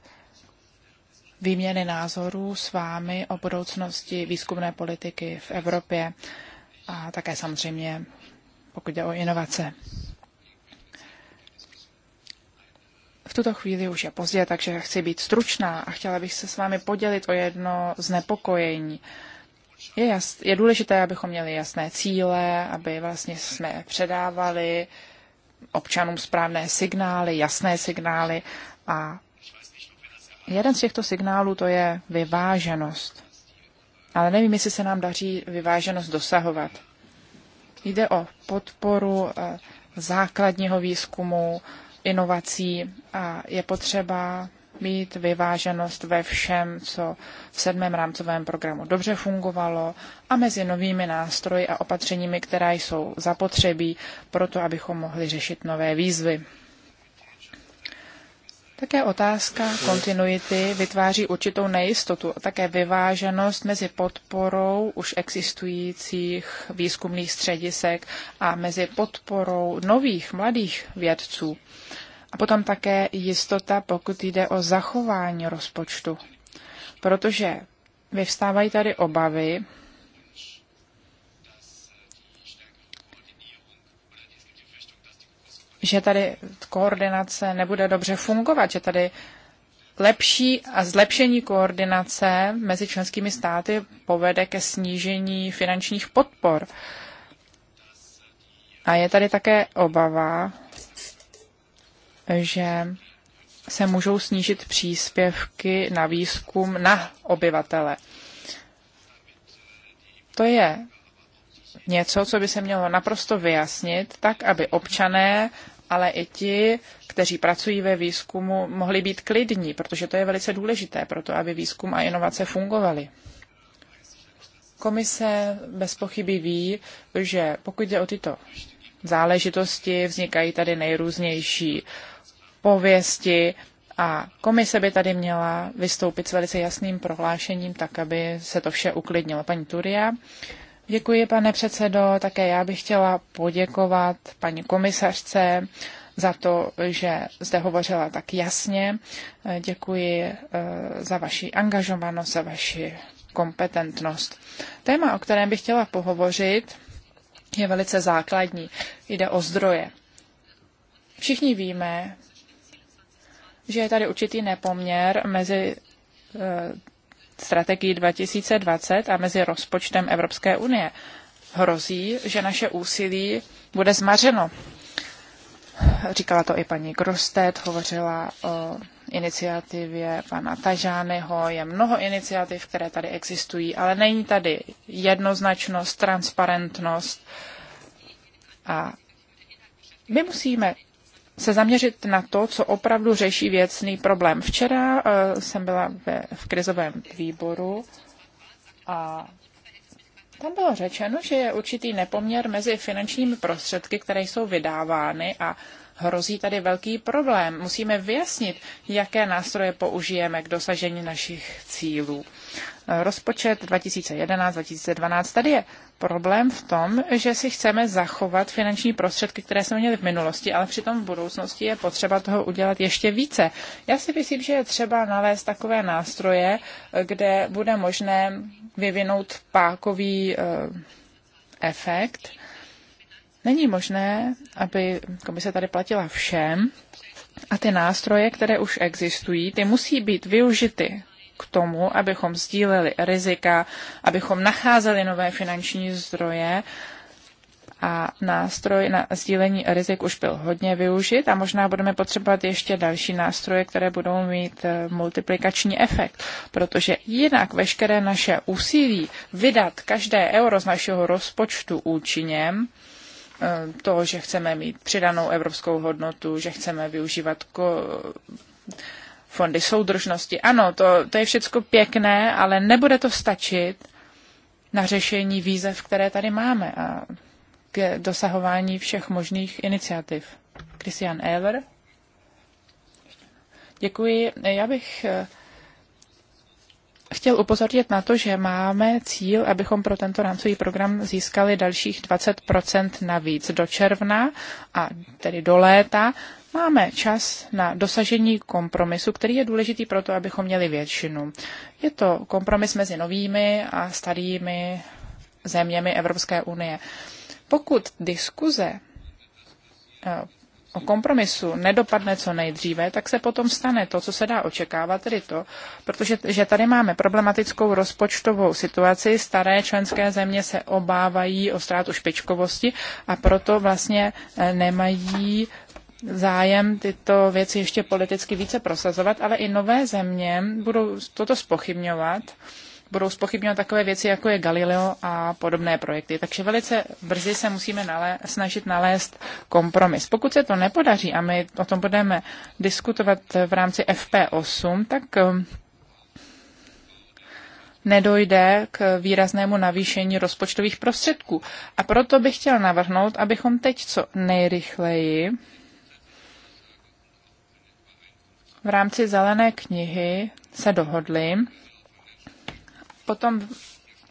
výměny názorů s vámi o budoucnosti výzkumné politiky v Evropě a také samozřejmě, pokud jde o inovace. tuto chvíli už je pozdě, takže chci být stručná a chtěla bych se s vámi podělit o jedno znepokojení. Je, jas, je důležité, abychom měli jasné cíle, aby vlastně jsme předávali občanům správné signály, jasné signály a jeden z těchto signálů to je vyváženost. Ale nevím, jestli se nám daří vyváženost dosahovat. Jde o podporu eh, základního výzkumu, inovací a je potřeba mít vyváženost ve všem, co v sedmém rámcovém programu dobře fungovalo a mezi novými nástroji a opatřeními, která jsou zapotřebí pro to, abychom mohli řešit nové výzvy. Také otázka kontinuity vytváří určitou nejistotu a také vyváženost mezi podporou už existujících výzkumných středisek a mezi podporou nových mladých vědců. A potom také jistota, pokud jde o zachování rozpočtu. Protože vyvstávají tady obavy, že tady koordinace nebude dobře fungovat, že tady lepší a zlepšení koordinace mezi členskými státy povede ke snížení finančních podpor. A je tady také obava, že se můžou snížit příspěvky na výzkum na obyvatele. To je něco, co by se mělo naprosto vyjasnit, tak aby občané, ale i ti, kteří pracují ve výzkumu, mohli být klidní, protože to je velice důležité pro to, aby výzkum a inovace fungovaly. Komise bez pochyby ví, že pokud jde o tyto záležitosti, vznikají tady nejrůznější pověsti a komise by tady měla vystoupit s velice jasným prohlášením, tak aby se to vše uklidnilo. Paní Turia, Děkuji, pane předsedo. Také já bych chtěla poděkovat paní komisařce za to, že zde hovořila tak jasně. Děkuji eh, za vaši angažovanost, za vaši kompetentnost. Téma, o kterém bych chtěla pohovořit, je velice základní. Jde o zdroje. Všichni víme, že je tady určitý nepoměr mezi eh, strategii 2020 a mezi rozpočtem Evropské unie. Hrozí, že naše úsilí bude zmařeno. Říkala to i paní Grostet, hovořila o iniciativě pana Tažányho. Je mnoho iniciativ, které tady existují, ale není tady jednoznačnost, transparentnost. A my musíme se zaměřit na to, co opravdu řeší věcný problém. Včera eh, jsem byla ve, v krizovém výboru a tam bylo řečeno, že je určitý nepoměr mezi finančními prostředky, které jsou vydávány a hrozí tady velký problém. Musíme vyjasnit, jaké nástroje použijeme k dosažení našich cílů. Rozpočet 2011-2012. Tady je problém v tom, že si chceme zachovat finanční prostředky, které jsme měli v minulosti, ale přitom v budoucnosti je potřeba toho udělat ještě více. Já si myslím, že je třeba nalézt takové nástroje, kde bude možné vyvinout pákový eh, efekt. Není možné, aby komise tady platila všem a ty nástroje, které už existují, ty musí být využity k tomu, abychom sdíleli rizika, abychom nacházeli nové finanční zdroje a nástroj na sdílení rizik už byl hodně využit a možná budeme potřebovat ještě další nástroje, které budou mít eh, multiplikační efekt, protože jinak veškeré naše úsilí vydat každé euro z našeho rozpočtu účinněm, eh, to, že chceme mít přidanou evropskou hodnotu, že chceme využívat ko- fondy soudržnosti. Ano, to, to je všechno pěkné, ale nebude to stačit na řešení výzev, které tady máme a k dosahování všech možných iniciativ. Christian Ever. Děkuji. Já bych eh, chtěl upozornit na to, že máme cíl, abychom pro tento rámcový program získali dalších 20 navíc do června a tedy do léta Máme čas na dosažení kompromisu, který je důležitý pro to, abychom měli většinu. Je to kompromis mezi novými a starými zeměmi Evropské unie. Pokud diskuze eh, o kompromisu nedopadne co nejdříve, tak se potom stane to, co se dá očekávat, tedy to, protože že tady máme problematickou rozpočtovou situaci, staré členské země se obávají o ztrátu špičkovosti a proto vlastně eh, nemají zájem tyto věci ještě politicky více prosazovat, ale i nové země budou toto spochybňovat budou spochybňovat takové věci, jako je Galileo a podobné projekty. Takže velice brzy se musíme nalé- snažit nalézt kompromis. Pokud se to nepodaří a my o tom budeme diskutovat v rámci FP8, tak um, nedojde k výraznému navýšení rozpočtových prostředků. A proto bych chtěl navrhnout, abychom teď co nejrychleji v rámci zelené knihy se dohodli. Potom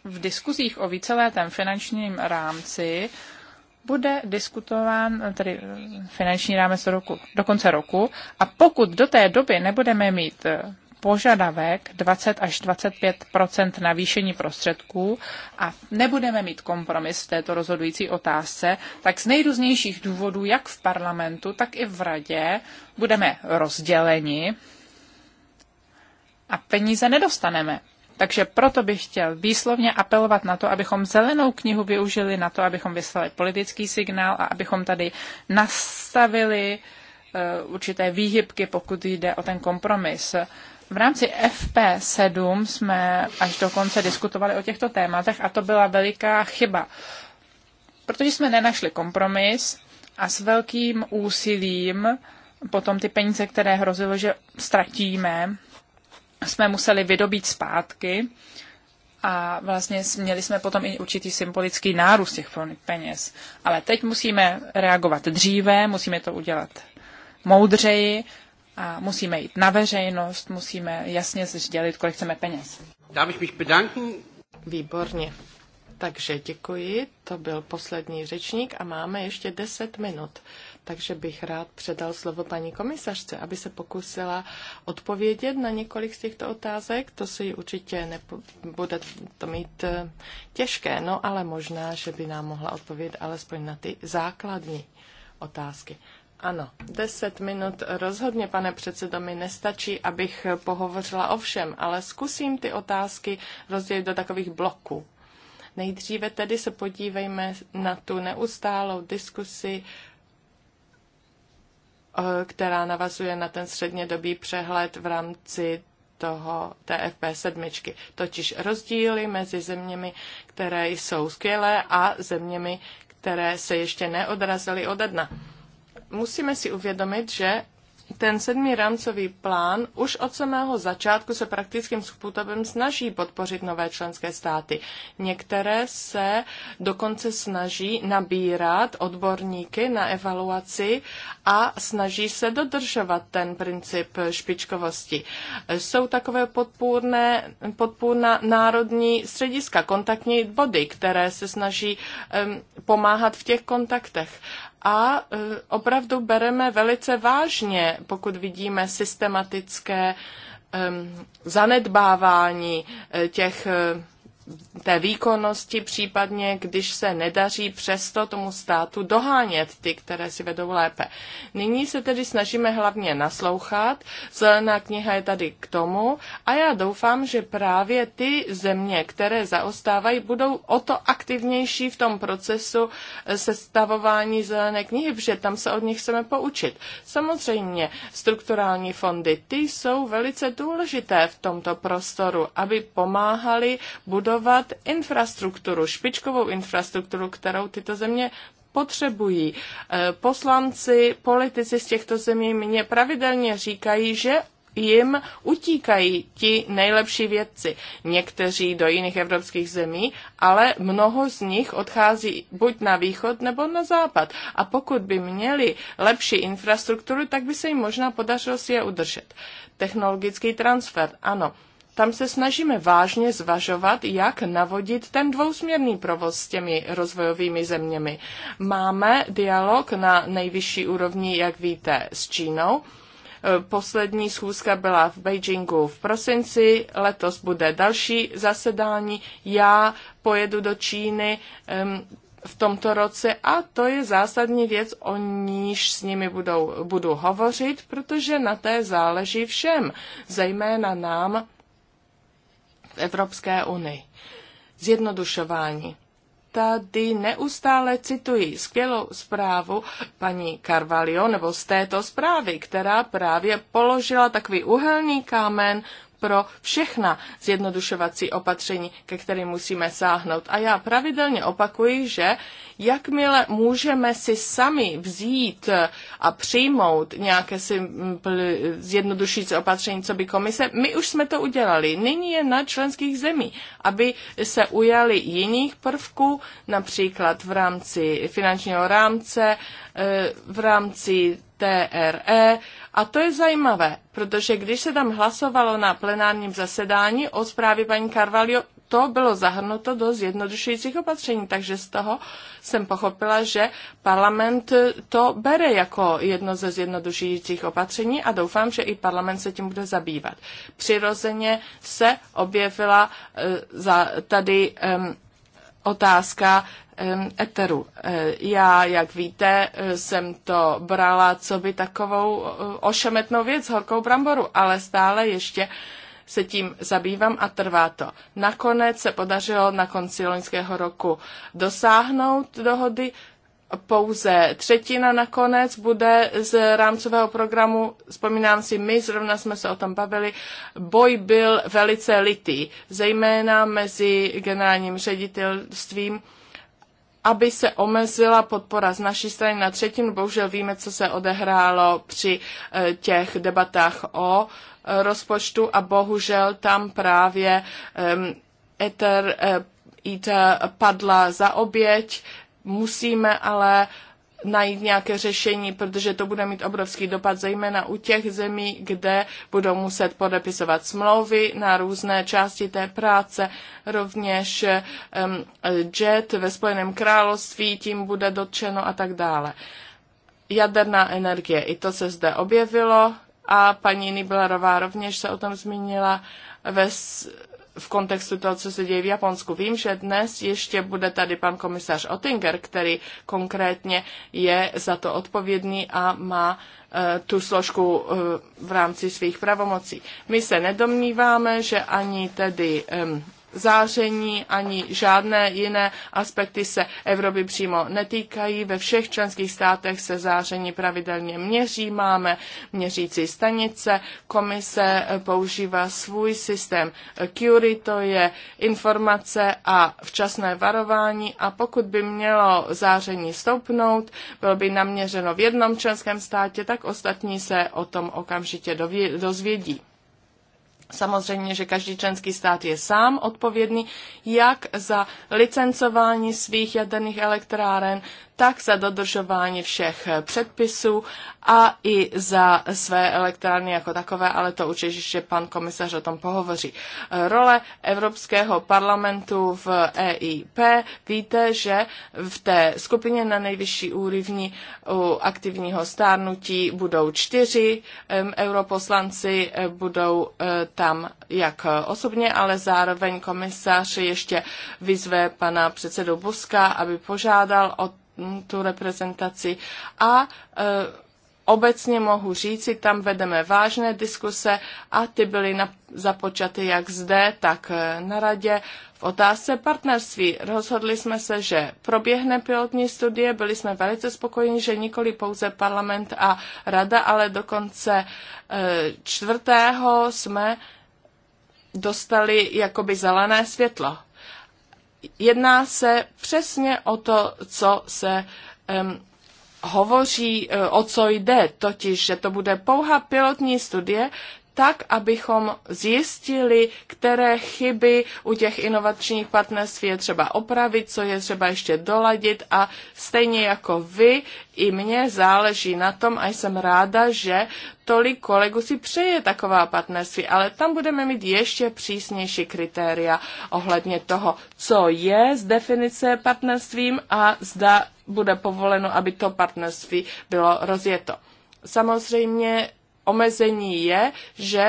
v diskuzích o víceletém finančním rámci bude diskutován tedy finanční rámec do, roku, do konce roku a pokud do té doby nebudeme mít požadavek 20 až 25 navýšení prostředků a nebudeme mít kompromis v této rozhodující otázce, tak z nejrůznějších důvodů, jak v parlamentu, tak i v radě, budeme rozděleni a peníze nedostaneme. Takže proto bych chtěl výslovně apelovat na to, abychom zelenou knihu využili na to, abychom vyslali politický signál a abychom tady nastavili eh, určité výhybky, pokud jde o ten kompromis. V rámci FP7 jsme až dokonce diskutovali o těchto tématech a to byla veliká chyba, protože jsme nenašli kompromis a s velkým úsilím potom ty peníze, které hrozilo, že ztratíme, jsme museli vydobít zpátky a vlastně měli jsme potom i určitý symbolický nárůst těch peněz. Ale teď musíme reagovat dříve, musíme to udělat moudřeji a musíme jít na veřejnost, musíme jasně sdělit, kolik chceme peněz. Dám bych bedanken. Výborně. Takže děkuji, to byl poslední řečník a máme ještě 10 minut. Takže bych rád předal slovo paní komisařce, aby se pokusila odpovědět na několik z těchto otázek. To si určitě nepo, bude to mít eh, těžké, no ale možná, že by nám mohla odpovědět alespoň na ty základní otázky. Ano, deset minut rozhodně, pane předsedo, mi nestačí, abych pohovořila o všem, ale zkusím ty otázky rozdělit do takových bloků. Nejdříve tedy se podívejme na tu neustálou diskusi, eh, která navazuje na ten střednědobý přehled v rámci toho TFP sedmičky, totiž rozdíly mezi zeměmi, které jsou skvělé a zeměmi, které se ještě neodrazily ode dna musíme si uvědomit, že ten sedmý rámcový plán už od samého začátku se praktickým způsobem snaží podpořit nové členské státy. Některé se dokonce snaží nabírat odborníky na evaluaci a snaží se dodržovat ten princip špičkovosti. Jsou takové podpůrné, podpůrná národní střediska, kontaktní body, které se snaží um, pomáhat v těch kontaktech a e, opravdu bereme velice vážně, pokud vidíme systematické e, zanedbávání e, těch té výkonnosti, případně když se nedaří přesto tomu státu dohánět ty, které si vedou lépe. Nyní se tedy snažíme hlavně naslouchat, zelená kniha je tady k tomu a já doufám, že právě ty země, které zaostávají, budou o to aktivnější v tom procesu sestavování zelené knihy, protože tam se od nich chceme poučit. Samozřejmě strukturální fondy, ty jsou velice důležité v tomto prostoru, aby pomáhali budovat budovat infrastrukturu, špičkovou infrastrukturu, kterou tyto země potřebují. E, poslanci, politici z těchto zemí mě pravidelně říkají, že jim utíkají ti nejlepší vědci. Někteří do jiných evropských zemí, ale mnoho z nich odchází buď na východ nebo na západ. A pokud by měli lepší infrastrukturu, tak by se jim možná podařilo si je udržet. Technologický transfer, ano. Tam se snažíme vážně zvažovat, jak navodit ten dvousměrný provoz s těmi rozvojovými zeměmi. Máme dialog na nejvyšší úrovni, jak víte, s Čínou. E, poslední schůzka byla v Beijingu v prosinci, letos bude další zasedání. Já pojedu do Číny v tomto roce a to je zásadní věc, o níž s nimi budou, budu hovořit, protože na té záleží všem, zejména nám, v Evropské unii. Zjednodušování. Tady neustále cituji skvělou zprávu paní Carvalho, nebo z této zprávy, která právě položila takový uhelný kámen pro všechna zjednodušovací opatření, ke kterým musíme sáhnout. A já pravidelně opakuji, že jakmile můžeme si sami vzít a přijmout nějaké zjednodušující opatření, co by komise, my už jsme to udělali. Nyní je na členských zemí, aby se ujali jiných prvků, například v rámci finančního rámce, eh, v rámci TRE. A to je zajímavé, protože když se tam hlasovalo na plenárním zasedání o zprávě paní Carvalho, to bylo zahrnuto do zjednodušujících opatření, takže z toho jsem pochopila, že parlament to bere jako jedno ze zjednodušujících opatření a doufám, že i parlament se tím bude zabývat. Přirozeně se objevila eh, za, tady otázka eteru. E, já, jak víte, e, jsem to brala co by takovou e, ošemetnou věc, horkou bramboru, ale stále ještě se tím zabývám a trvá to. Nakonec se podařilo na konci loňského roku dosáhnout dohody. Pouze třetina nakonec bude z rámcového programu. Vzpomínám si, my zrovna jsme se o tom bavili. Boj byl velice litý, zejména mezi generálním ředitelstvím aby se omezila podpora z naší strany na třetinu. Bohužel víme, co se odehrálo při eh, těch debatách o eh, rozpočtu a bohužel tam právě ehm, eh, Ether, padla za oběť. Musíme ale najít nějaké řešení, protože to bude mít obrovský dopad, zejména u těch zemí, kde budou muset podepisovat smlouvy na různé části té práce. Rovněž um, JET ve Spojeném království tím bude dotčeno a tak dále. Jaderná energie, i to se zde objevilo a paní Niblerová rovněž se o tom zmínila ve v kontextu toho, co se děje v Japonsku. Vím, že dnes ještě bude tady pan komisař Ottinger, který konkrétně je za to odpovědný a má eh, tu složku eh, v rámci svých pravomocí. My se nedomníváme, že ani tedy záření ani žádné jiné aspekty se Evropy přímo netýkají. Ve všech členských státech se záření pravidelně měří, máme měřící stanice, komise používá svůj systém Curie, to je informace a včasné varování a pokud by mělo záření stoupnout, bylo by naměřeno v jednom členském státě, tak ostatní se o tom okamžitě dozvědí. Samozřejmě, že každý členský stát je sám odpovědný jak za licencování svých jaderných elektráren, tak za dodržování všech předpisů a i za své elektrárny jako takové, ale to určitě ještě pan komisař o tom pohovoří. Role Evropského parlamentu v EIP. Víte, že v té skupině na nejvyšší úrovni u aktivního stárnutí budou čtyři europoslanci, eh, budou eh, tam jak osobně, ale zároveň komisař ještě vyzve pana předsedu Buska, aby požádal o tu reprezentaci. A e, obecně mohu říci, tam vedeme vážné diskuse a ty byly na, započaty jak zde, tak e, na radě. V otázce partnerství rozhodli jsme se, že proběhne pilotní studie, byli jsme velice spokojeni, že nikoli pouze parlament a rada, ale dokonce e, čtvrtého jsme dostali jakoby zelené světlo jedná se přesně o to, co se um, hovoří, e, o co jde, totiž, že to bude pouhá pilotní studie, tak, abychom zjistili, které chyby u těch inovačních partnerství je třeba opravit, co je třeba ještě doladit a stejně jako vy, i mně záleží na tom a jsem ráda, že tolik kolegů si přeje taková partnerství, ale tam budeme mít ještě přísnější kritéria ohledně toho, co je z definice partnerstvím a zda bude povoleno, aby to partnerství bylo rozjeto. Samozřejmě omezení je, že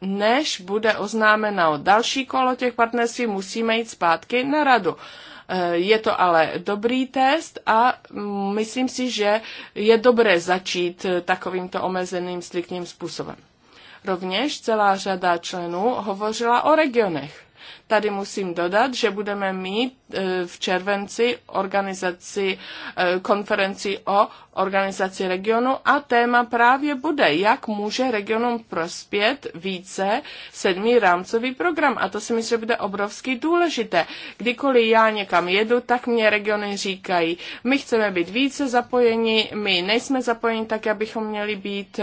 než bude oznámeno další kolo těch partnerství, musíme jít zpátky na radu. Eh, je to ale dobrý test a myslím si, že je dobré začít eh, takovýmto omezeným striktním způsobem. Rovněž celá řada členů hovořila o regionech. Tady musím dodat, že budeme mít e, v červenci organizaci, e, konferenci o organizaci regionu a téma právě bude, jak může regionům prospět více sedmý rámcový program. A to si myslím, že bude obrovsky důležité. Kdykoliv já někam jedu, tak mě regiony říkají, my chceme být více zapojeni, my nejsme zapojeni tak, abychom měli být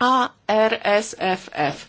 a RSFF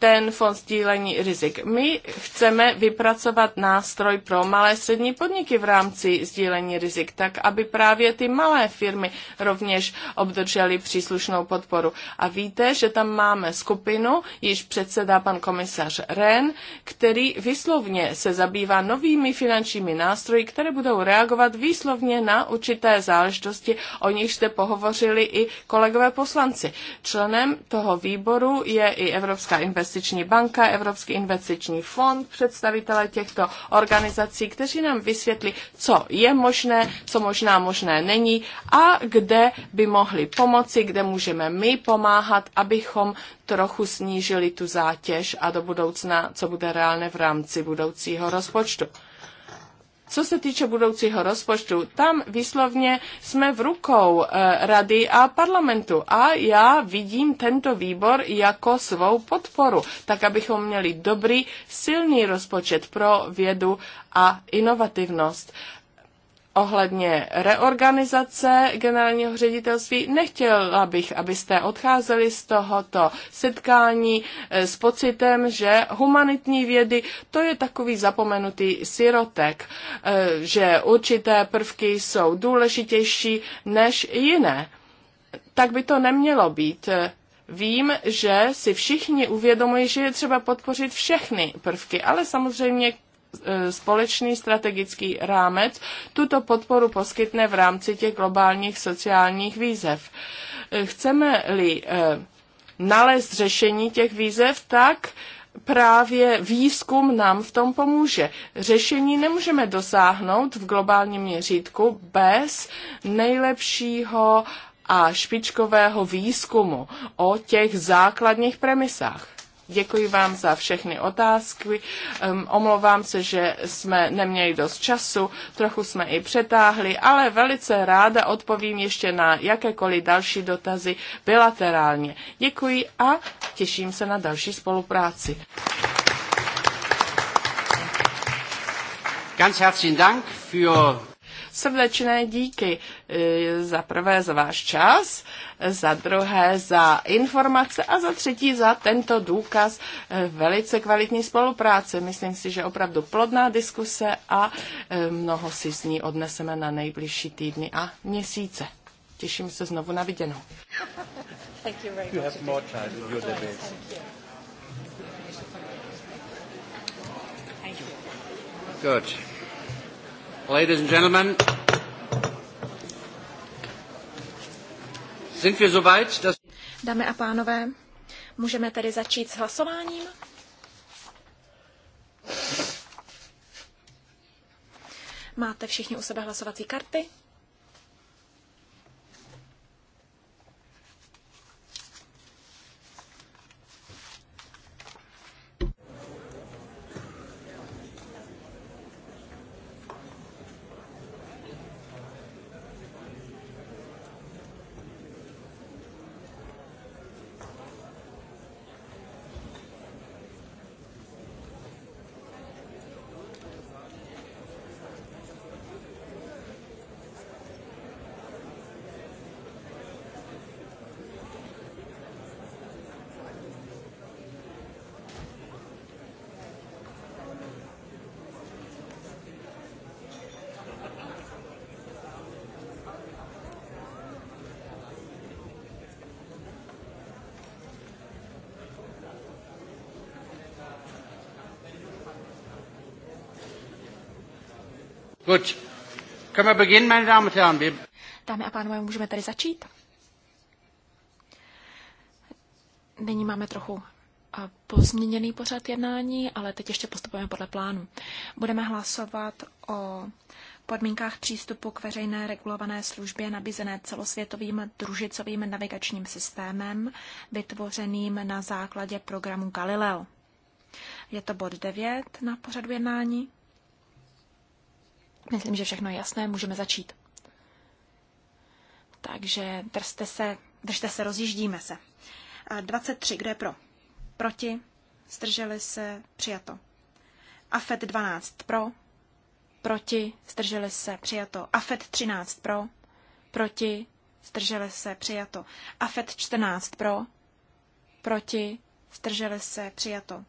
ten fond sdílení rizik. My chceme vypracovat nástroj pro malé střední podniky v rámci sdílení rizik, tak aby právě ty malé firmy rovněž obdržely příslušnou podporu. A víte, že tam máme skupinu, již předsedá pan komisař Ren, který výslovně se zabývá novými finančními nástroji, které budou reagovat výslovně na určité záležitosti, o nich jste pohovořili i kolegové poslanci. Členem toho výboru je i Evropská investiční investiční banka, Evropský investiční fond, představitelé těchto organizací, kteří nám vysvětlí, co je možné, co možná možné není a kde by mohli pomoci, kde můžeme my pomáhat, abychom trochu snížili tu zátěž a do budoucna, co bude reálné v rámci budoucího rozpočtu. Co se týče budoucího rozpočtu, tam výslovně jsme v rukou eh, rady a parlamentu a já vidím tento výbor jako svou podporu, tak abychom měli dobrý, silný rozpočet pro vědu a inovativnost ohledně reorganizace generálního ředitelství. Nechtěla bych, abyste odcházeli z tohoto setkání eh, s pocitem, že humanitní vědy to je takový zapomenutý sirotek, eh, že určité prvky jsou důležitější než jiné. Tak by to nemělo být. Vím, že si všichni uvědomují, že je třeba podpořit všechny prvky, ale samozřejmě E, společný strategický rámec tuto podporu poskytne v rámci těch globálních sociálních výzev. E, chceme-li e, nalézt řešení těch výzev, tak právě výzkum nám v tom pomůže. Řešení nemůžeme dosáhnout v globálním měřítku bez nejlepšího a špičkového výzkumu o těch základních premisách. Děkuji vám za všechny otázky. Um, omlouvám se, že jsme neměli dost času, trochu jsme i přetáhli, ale velice ráda odpovím ještě na jakékoliv další dotazy bilaterálně. Děkuji a těším se na další spolupráci. Ganz herzlichen Dank für srdečné díky. E, za prvé za váš čas, za druhé za informace a za třetí za tento důkaz e, velice kvalitní spolupráce. Myslím si, že opravdu plodná diskuse a e, mnoho si z ní odneseme na nejbližší týdny a měsíce. Těším se znovu na viděnou. Good. Ladies and gentlemen, sind wir soweit, dass... Dámy a pánové, můžeme tedy začít s hlasováním? Máte všichni u sebe hlasovací karty? Gut. Können wir beginnen, meine Damen und Herren? Wir... Dámy a pánové, můžeme tady začít? Nyní máme trochu eh, pozměněný pořad jednání, ale teď ještě postupujeme podle plánu. Budeme hlasovat o podmínkách přístupu k veřejné regulované službě nabízené celosvětovým družicovým navigačním systémem, vytvořeným na základě programu Galileo. Je to bod 9 na pořadu jednání. Myslím, že všechno je jasné, můžeme začít. Takže držte se, držte se, rozjíždíme se. 23, kdo je pro? Proti? strželi se? Přijato. AFET 12 pro? Proti? strželi se? Přijato. AFET 13 pro? Proti? strželi se? Přijato. AFET 14 pro? Proti? strželi se? Přijato.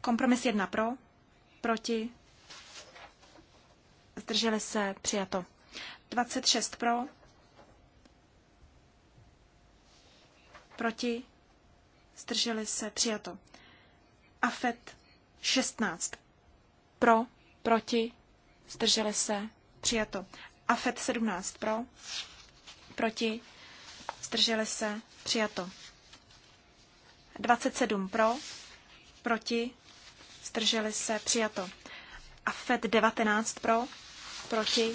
Kompromis jedna pro, proti, zdrželi se, přijato. 26 pro, proti, zdrželi se, přijato. AFET 16 pro, proti, zdrželi se, přijato. AFET 17 pro, proti, zdrželi se, přijato. 27 pro, proti, zdrželi se, přijato. A FED 19 pro, proti,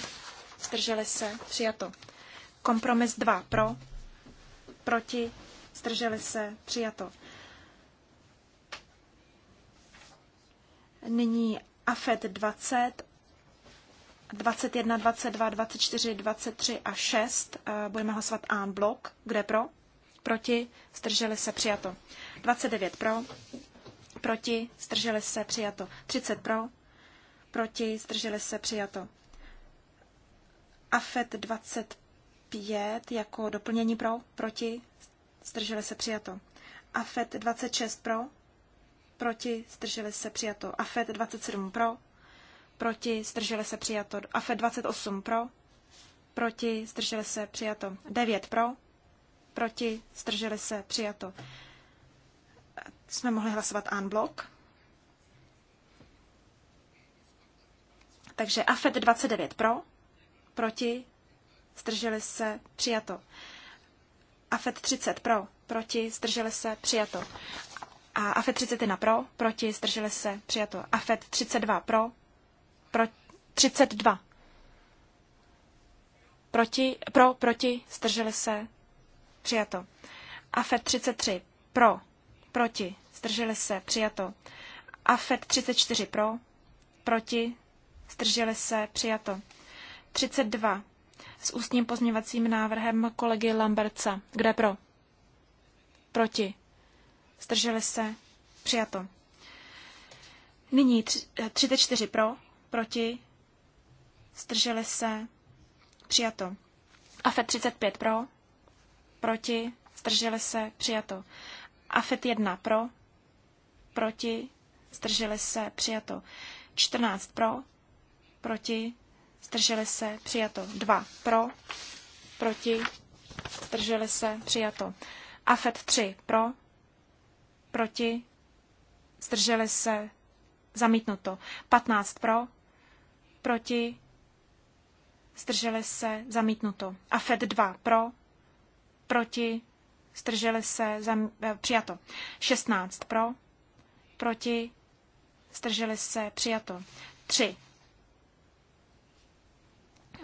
zdrželi se, přijato. Kompromis 2 pro, proti, zdrželi se, přijato. Nyní AFED 20, 21, 22, 24, 23 a 6. Eh, budeme hlasovat en blok. Kde pro? Proti? Zdrželi se přijato. 29 pro proti, zdrželi se, přijato. 30 pro, proti, zdrželi se, přijato. AFET 25 jako doplnění pro, proti, zdrželi se, přijato. AFET 26 pro, proti, zdrželi se, přijato. AFET 27 pro, proti, zdrželi se, přijato. AFET 28 pro, proti, zdrželi se, přijato. 9 pro, proti, zdrželi se, přijato jsme mohli hlasovat en blok. Takže AFED 29 pro, proti, zdrželi se, přijato. AFED 30 pro, proti, zdrželi se, přijato. A AFED 31 pro, proti, zdrželi se, přijato. AFED 32 pro, pro 32 proti, pro, proti, zdrželi se, přijato. AFED 33 pro, proti, zdrželi se, přijato. AFET 34 pro, proti, zdrželi se, přijato. 32 s ústním pozměvacím návrhem kolegy Lamberca. Kde pro? Proti. Zdrželi se, přijato. Nyní 34 eh, pro, proti, zdrželi se, přijato. AFET 35 pro, proti, zdrželi se, přijato. AFET 1 pro, proti, zdrželi se, přijato. 14 pro, proti, zdrželi se, přijato. 2 pro, proti, zdrželi se, přijato. AFET 3 pro, proti, zdrželi se, zamítnuto. 15 pro, proti, zdrželi se, zamítnuto. AFET 2 pro, proti, zdrželi se, zam, eh, přijato. 16 pro, proti, zdrželi se, přijato. 3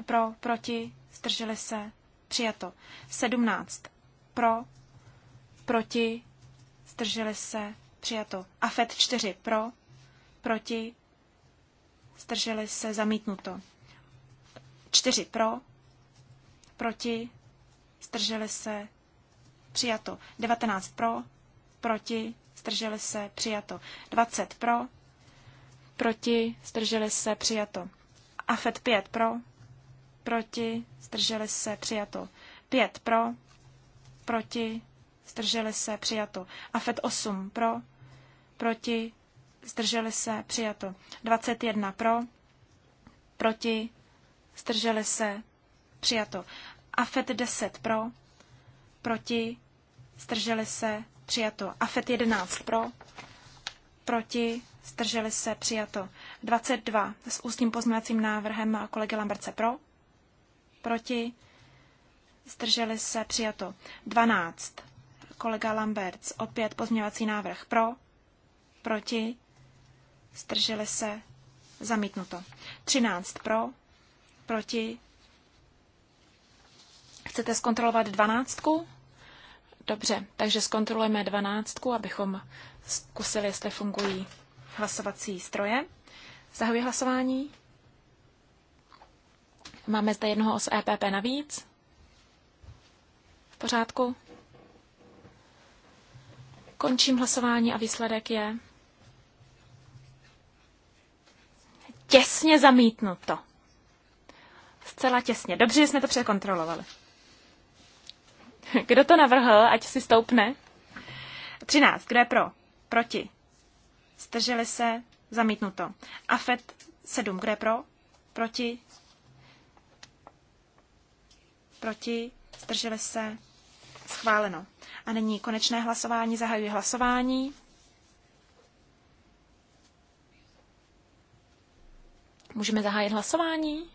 pro, proti, zdrželi se, přijato. 17 pro, proti, zdrželi se, přijato. A FED 4 pro, proti, zdrželi se, zamítnuto. 4 pro, proti, zdrželi se, přijato. 19 pro, proti, zdrželi se, přijato. 20 pro, proti, zdrželi se, přijato. AFET 5 pro, proti, zdrželi se, přijato. 5 pro, proti, zdrželi se, přijato. AFET 8 pro, proti, zdrželi se, přijato. 21 pro, proti, zdrželi se, přijato. AFET 10 pro, proti, zdrželi se, přijato. AFET 11 pro, proti, zdrželi se, přijato. 22 s ústním pozměňovacím návrhem kolegy Lamberce pro, proti, zdrželi se, přijato. 12 kolega Lamberc, opět pozměňovací návrh pro, proti, zdrželi se, zamítnuto. 13 pro, proti, Chcete zkontrolovat dvanáctku? Dobře, takže zkontrolujeme dvanáctku, abychom zkusili, jestli fungují hlasovací stroje. Zahajuji hlasování. Máme zde jednoho z EPP navíc. V pořádku. Končím hlasování a výsledek je těsně zamítnuto. Zcela těsně. Dobře, že jsme to překontrolovali. Kdo to navrhl, ať si stoupne? 13. Kdo je pro? Proti. Strželi se? Zamítnuto. AFET 7. Kdo je pro? Proti. Proti. Strželi se? Schváleno. A nyní konečné hlasování. Zahajuji hlasování. Můžeme zahájit hlasování?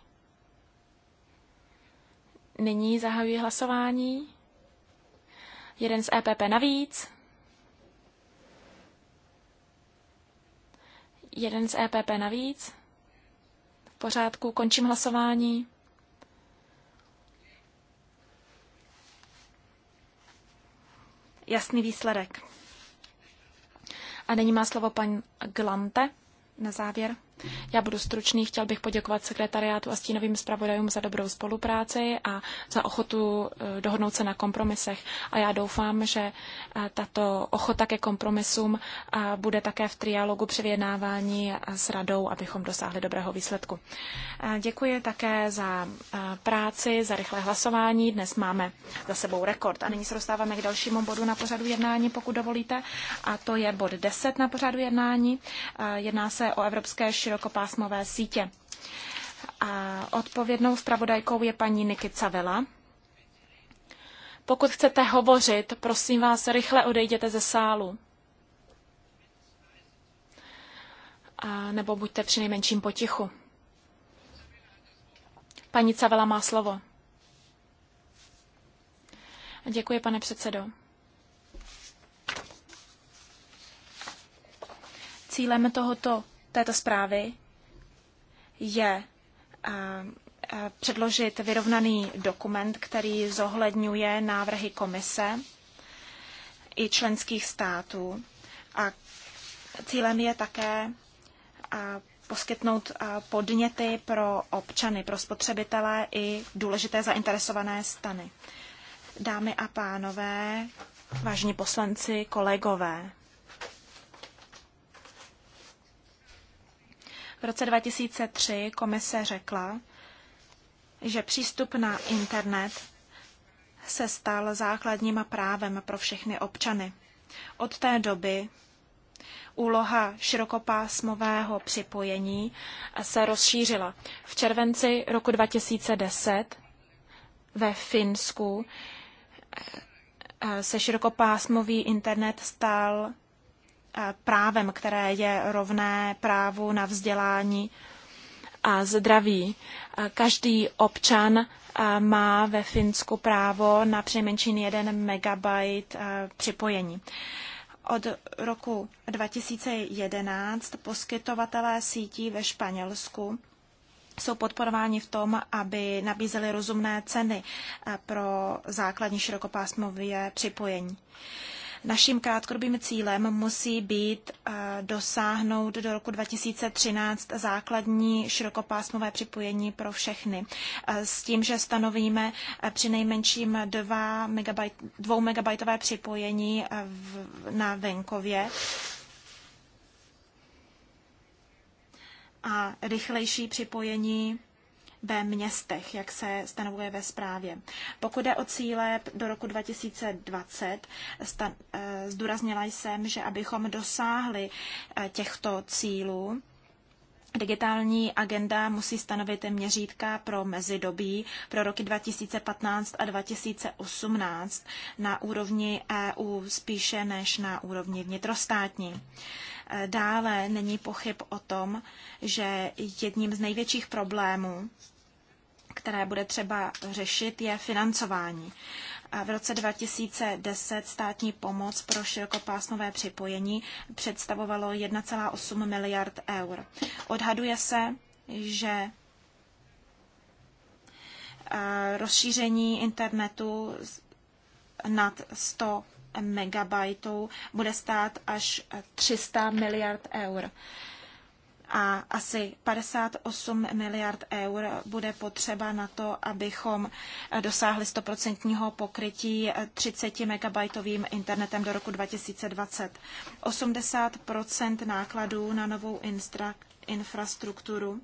Nyní zahajuji hlasování. Jeden z EPP navíc. Jeden z EPP navíc. V pořádku, končím hlasování. Jasný výsledek. A nyní má slovo pan Glante na závěr. Já budu stručný, chtěl bych poděkovat sekretariátu a stínovým zpravodajům za dobrou spolupráci a za ochotu eh, dohodnout se na kompromisech. A já doufám, že eh, tato ochota ke kompromisům eh, bude také v trialogu při vyjednávání s radou, abychom dosáhli dobrého výsledku. Děkuji také za práci, za rychlé hlasování. Dnes máme za sebou rekord. A nyní se dostáváme k dalšímu bodu na pořadu jednání, pokud dovolíte. A to je bod 10 na pořadu jednání. Jedná se o Evropské široké širokopásmové sítě. A odpovědnou zpravodajkou je paní Niky Cavela. Pokud chcete hovořit, prosím vás, rychle odejděte ze sálu. A nebo buďte přinejmenším potichu. Paní Cavela má slovo. Děkuji, pane předsedo. Cílem tohoto této zprávy je eh, eh, předložit vyrovnaný dokument, který zohledňuje návrhy komise i členských států. A cílem je také eh, poskytnout podněty pro občany, pro spotřebitele i důležité zainteresované stany. Dámy a pánové, vážní poslanci, kolegové, V roce 2003 komise řekla, že přístup na internet se stal základním právem pro všechny občany. Od té doby úloha širokopásmového připojení se rozšířila. V červenci roku 2010 ve Finsku se širokopásmový internet stal Eh, právem, které je rovné právu na vzdělání a zdraví. Eh, každý občan eh, má ve Finsku právo na přinejmenším 1 megabajt připojení. Od roku 2011 poskytovatelé sítí ve Španělsku jsou podporováni v tom, aby nabízeli rozumné ceny pro základní širokopásmové připojení. Naším krátkodobým cílem musí být eh, dosáhnout do roku 2013 základní širokopásmové připojení pro všechny. Eh, s tím, že stanovíme eh, při nejmenším 2 megabajt, 2 megabajtové připojení v, na venkově a rychlejší připojení ve městech, jak se stanovuje ve zprávě. Pokud je o cíle do roku 2020, e, eh, zdůraznila jsem, že abychom dosáhli eh, těchto cílů, Digitální agenda musí stanovit měřítka pro mezidobí pro roky 2015 a 2018 na úrovni EU spíše než na úrovni vnitrostátní. Eh, dále není pochyb o tom, že jedním z největších problémů které bude třeba řešit, je financování. A v roce 2010 státní pomoc pro širokopásmové připojení představovalo 1,8 miliard eur. Odhaduje se, že e, rozšíření internetu nad 100 megabajtů bude stát až 300 miliard eur a asi 58 miliard eur bude potřeba na to, abychom dosáhli 100% pokrytí 30 megabajtovým internetem do roku 2020. 80% nákladů na novou instra- infrastrukturu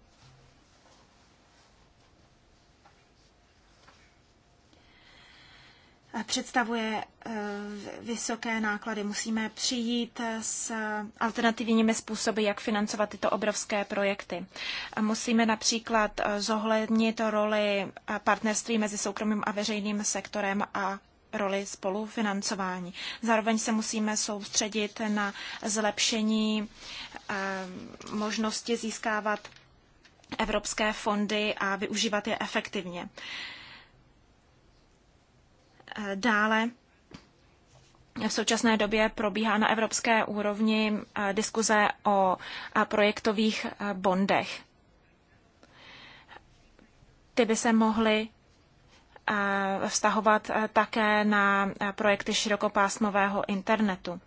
představuje eh, vysoké náklady. Musíme přijít eh, s alternativními způsoby, jak financovat tyto obrovské projekty. Musíme například eh, zohlednit roli partnerství mezi soukromým a veřejným sektorem a roli spolufinancování. Zároveň se musíme soustředit na zlepšení možnosti získávat evropské fondy a využívat je efektivně. Dále v současné době probíhá na evropské úrovni eh, diskuze o eh, projektových eh, bondech. Ty by se mohly vztahovat také na projekty širokopásmového internetu.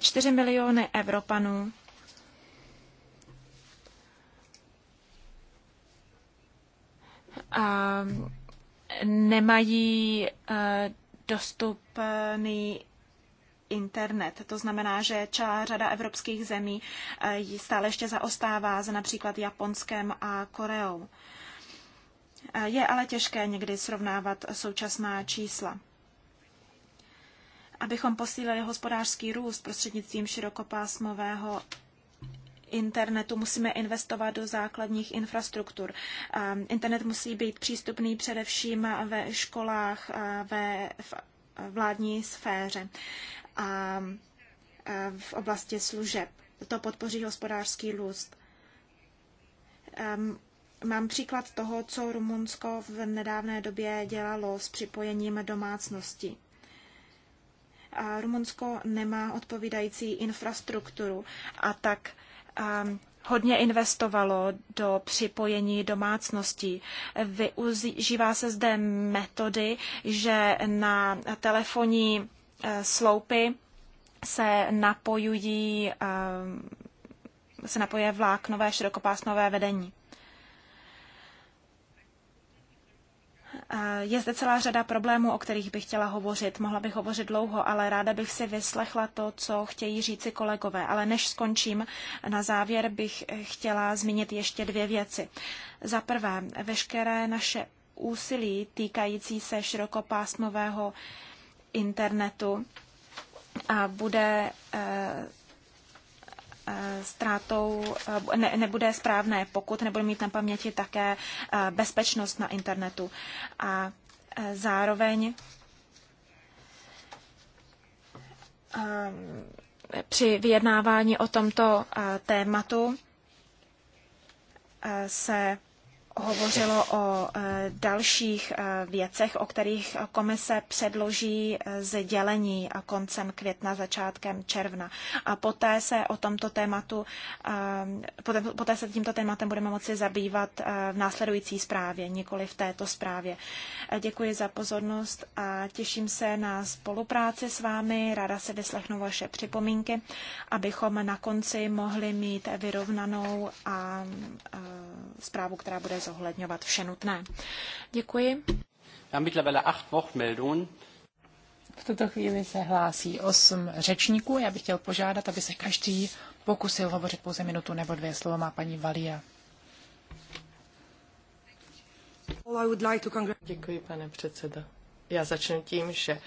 4 miliony Evropanů nemají eh, dostupný internet. To znamená, že čá řada evropských zemí eh, stále ještě zaostává za například Japonskem a Koreou. Eh, je ale těžké někdy srovnávat současná čísla. Abychom posílili hospodářský růst prostřednictvím širokopásmového internetu musíme investovat do základních infrastruktur. Internet musí být přístupný především ve školách, ve vládní sféře a v oblasti služeb. To podpoří hospodářský růst. Ehm, mám příklad toho, co Rumunsko v nedávné době dělalo s připojením domácnosti. A Rumunsko nemá odpovídající infrastrukturu a tak Ehm, hodně investovalo do připojení domácností. Využívá se zde metody, že na telefonní eh, sloupy se napojují ehm, se napoje vláknové širokopásmové vedení. Eh, je zde celá řada problémů, o kterých bych chtěla hovořit. Mohla bych hovořit dlouho, ale ráda bych si vyslechla to, co chtějí říci kolegové. Ale než skončím, na závěr bych eh, chtěla zmínit ještě dvě věci. Za prvé, veškeré naše úsilí týkající se širokopásmového internetu a bude eh, Eh, ztrátou eh, ne, nebude správné, pokud nebude mít na paměti také eh, bezpečnost na internetu. A zároveň při vyjednávání o tomto tématu se hovořilo o eh, dalších eh, věcech, o kterých komise předloží eh, sdělení koncem května, začátkem června. A poté se o tomto tématu, poté, se tímto tématem budeme moci zabývat v následující zprávě, nikoli v této zprávě. Děkuji za pozornost a těším se na spolupráci s vámi. Ráda se vyslechnu vaše připomínky, abychom na konci mohli mít vyrovnanou a zprávu, která bude zohledňovat vše nutné. Děkuji. V tuto chvíli se hlásí osm řečníků. Já bych chtěl požádat, aby se každý pokusil hovořit pouze minutu nebo dvě. slova, má paní Valia. Děkuji, pane předsedo. Já začnu tím, že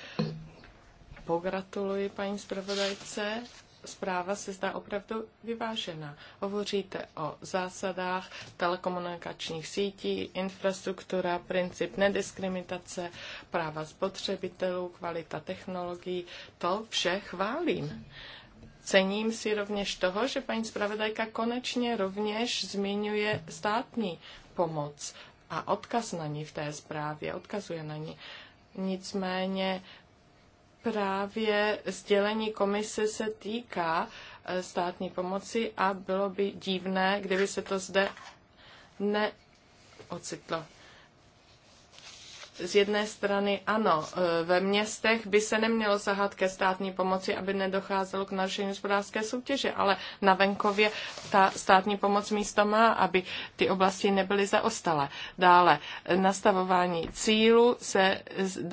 pogratuluji paní zpravodajce zpráva se zdá opravdu vyvážená. Hovoříte o zásadách telekomunikačních sítí, infrastruktura, princip nediskriminace, práva spotřebitelů, kvalita technologií. To vše chválím. Cením si rovněž toho, že paní zpravodajka konečně rovněž zmiňuje státní pomoc a odkaz na ní v té zprávě, odkazuje na ní. Nicméně Právě sdělení komise se týká eh, státní pomoci a bylo by divné, kdyby se to zde neocitlo. Z jedné strany ano, e, ve městech by se nemělo sahat ke státní pomoci, aby nedocházelo k narušení hospodářské soutěže, ale na venkově ta státní pomoc místo má, aby ty oblasti nebyly zaostalé. Dále, nastavování cílu se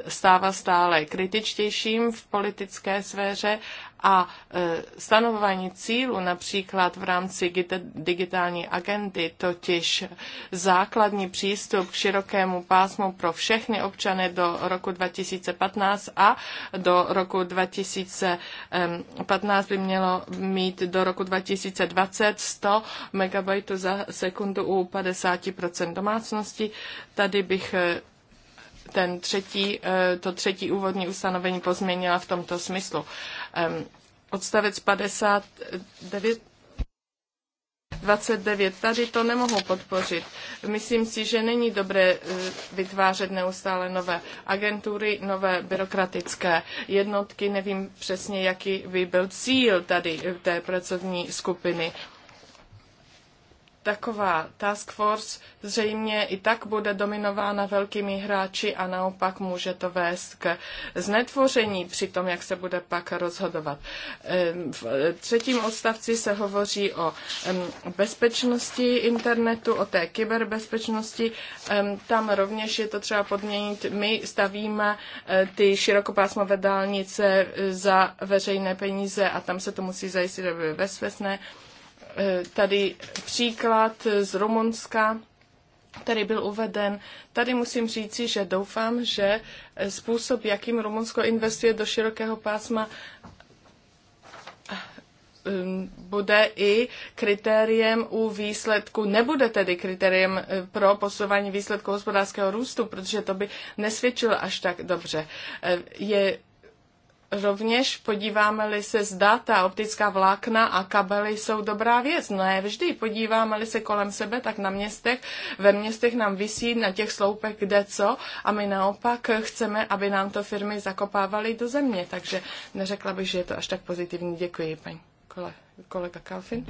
stává stále kritičtějším v politické sféře a e, stanovování cílu například v rámci digitální agendy, totiž základní přístup k širokému pásmu pro všechny občany do roku 2015 a do roku 2015 by mělo mít do roku 2020 100 MB za sekundu u 50% domácností. Tady bych e, ten třetí, e, to třetí úvodní ustanovení pozměnila v tomto smyslu. Odstavec 59 29. Tady to nemohu podpořit. Myslím si, že není dobré eh, vytvářet neustále nové agentury, nové byrokratické jednotky. Nevím přesně, jaký by byl cíl tady eh, té pracovní skupiny taková task force zřejmě i tak bude dominována velkými hráči a naopak může to vést k znetvoření při tom, jak se bude pak rozhodovat. V třetím odstavci se hovoří o bezpečnosti internetu, o té kyberbezpečnosti. Tam rovněž je to třeba podměnit. My stavíme e, ty širokopásmové dálnice e, za veřejné peníze a tam se to musí zajistit, aby byly bezpečné. Eh, tady příklad z Rumunska, který byl uveden. Tady musím říci, že doufám, že eh, způsob, jakým Rumunsko investuje do širokého pásma, ehm, bude i kritériem u výsledku, nebude tedy kritériem eh, pro posouvání výsledku hospodářského růstu, protože to by nesvědčilo až tak dobře. Je Rovněž podíváme-li se z data, optická vlákna a kabely jsou dobrá věc. Ne, vždy podíváme-li se kolem sebe, tak na městech, ve městech nám vysí na těch sloupech kde co a my naopak chceme, aby nám to firmy zakopávaly do země. Takže neřekla bych, že je to až tak pozitivní. Děkuji, paní kolega Kalfin.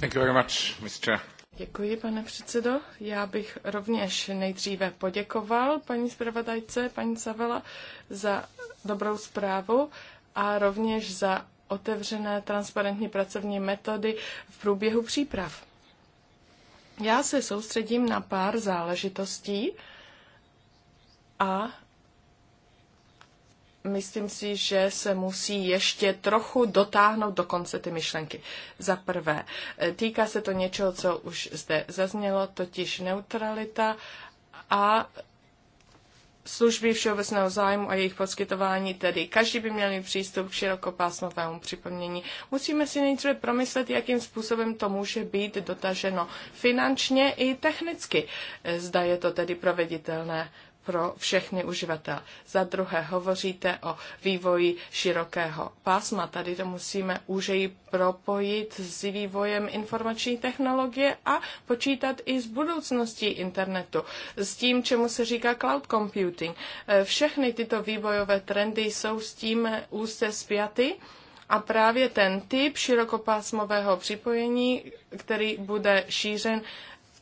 Thank you very much, Mr. Děkuji, pane předsedo. Já bych rovněž nejdříve poděkoval paní zpravodajce, paní Savela, za dobrou zprávu a rovněž za otevřené transparentní pracovní metody v průběhu příprav. Já se soustředím na pár záležitostí a myslím si, že se musí ještě trochu dotáhnout do konce ty myšlenky. Za prvé, e, týká se to něčeho, co už zde zaznělo, totiž neutralita a služby všeobecného zájmu a jejich poskytování, tedy každý by měl mít přístup k širokopásmovému připomnění. Musíme si nejdříve promyslet, jakým způsobem to může být dotaženo finančně i technicky. E, zda je to tedy proveditelné pro všechny uživatele. Za druhé, hovoříte o vývoji širokého pásma. Tady to musíme úžeji propojit s vývojem informační technologie a počítat i s budoucností internetu, s tím, čemu se říká cloud computing. Eh, všechny tyto vývojové trendy jsou s tím úzce spjaty. A právě ten typ širokopásmového připojení, který bude šířen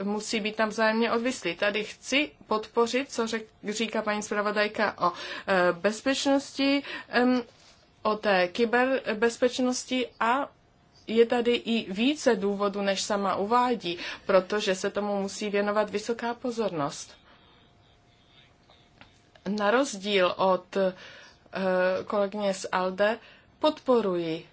musí být tam vzájemně odvislí. Tady chci podpořit, co řek, říká paní zpravodajka o e, bezpečnosti, e, o té kyberbezpečnosti a je tady i více důvodů, než sama uvádí, protože se tomu musí věnovat vysoká pozornost. Na rozdíl od e, kolegyně z ALDE podporuji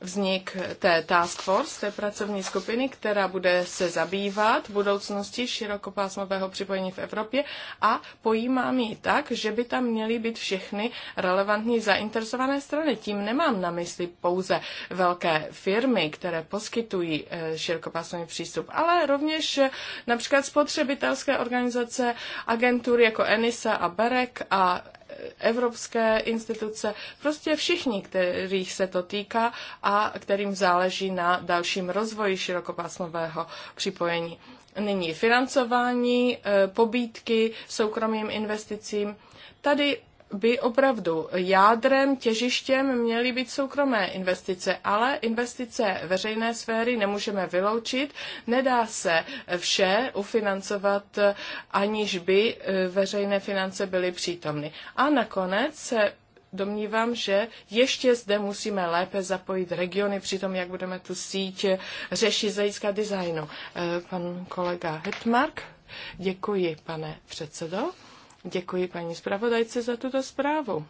vznik té task force, té pracovní skupiny, která bude se zabývat budoucností širokopásmového připojení v Evropě a pojímám ji tak, že by tam měly být všechny relevantní zainteresované strany. Tím nemám na mysli pouze velké firmy, které poskytují eh, širokopásmový přístup, ale rovněž eh, například spotřebitelské organizace, agentury jako ENISA a BEREK a evropské instituce, prostě všichni, kterých se to týká a kterým záleží na dalším rozvoji širokopásmového připojení. Nyní financování, eh, pobídky soukromým investicím. Tady by opravdu jádrem, těžištěm měly být soukromé investice, ale investice veřejné sféry nemůžeme vyloučit. Nedá se vše ufinancovat, aniž by e, veřejné finance byly přítomny. A nakonec se domnívám, že ještě zde musíme lépe zapojit regiony při tom, jak budeme tu síť řešit z hlediska designu. E, pan kolega Hetmark, děkuji, pane předsedo. Děkuji paní zpravodajce za tuto zprávu.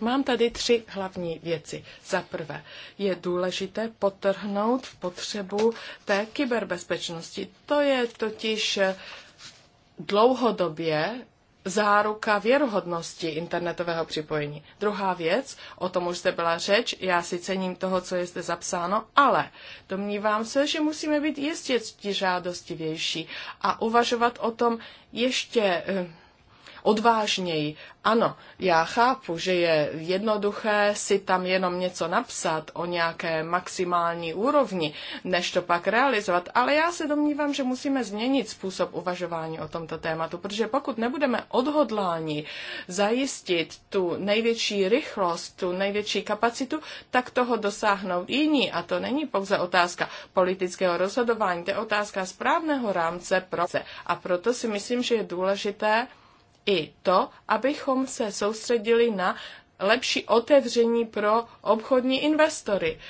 Mám tady tři hlavní věci. Za prvé, je důležité potrhnout v potřebu té kyberbezpečnosti. To je totiž dlouhodobě záruka věrohodnosti internetového připojení. Druhá věc, o tom už jste byla řeč, já si cením toho, co je zde zapsáno, ale domnívám se, že musíme být jistě žádostivější a uvažovat o tom ještě eh, odvážněji. Ano, já chápu, že je jednoduché si tam jenom něco napsat o nějaké maximální úrovni, než to pak realizovat, ale já se domnívám, že musíme změnit způsob uvažování o tomto tématu, protože pokud nebudeme odhodláni zajistit tu největší rychlost, tu největší kapacitu, tak toho dosáhnout jiní. A to není pouze otázka politického rozhodování, to je otázka správného rámce pro A proto si myslím, že je důležité, i to, abychom se soustředili na lepší otevření pro obchodní investory.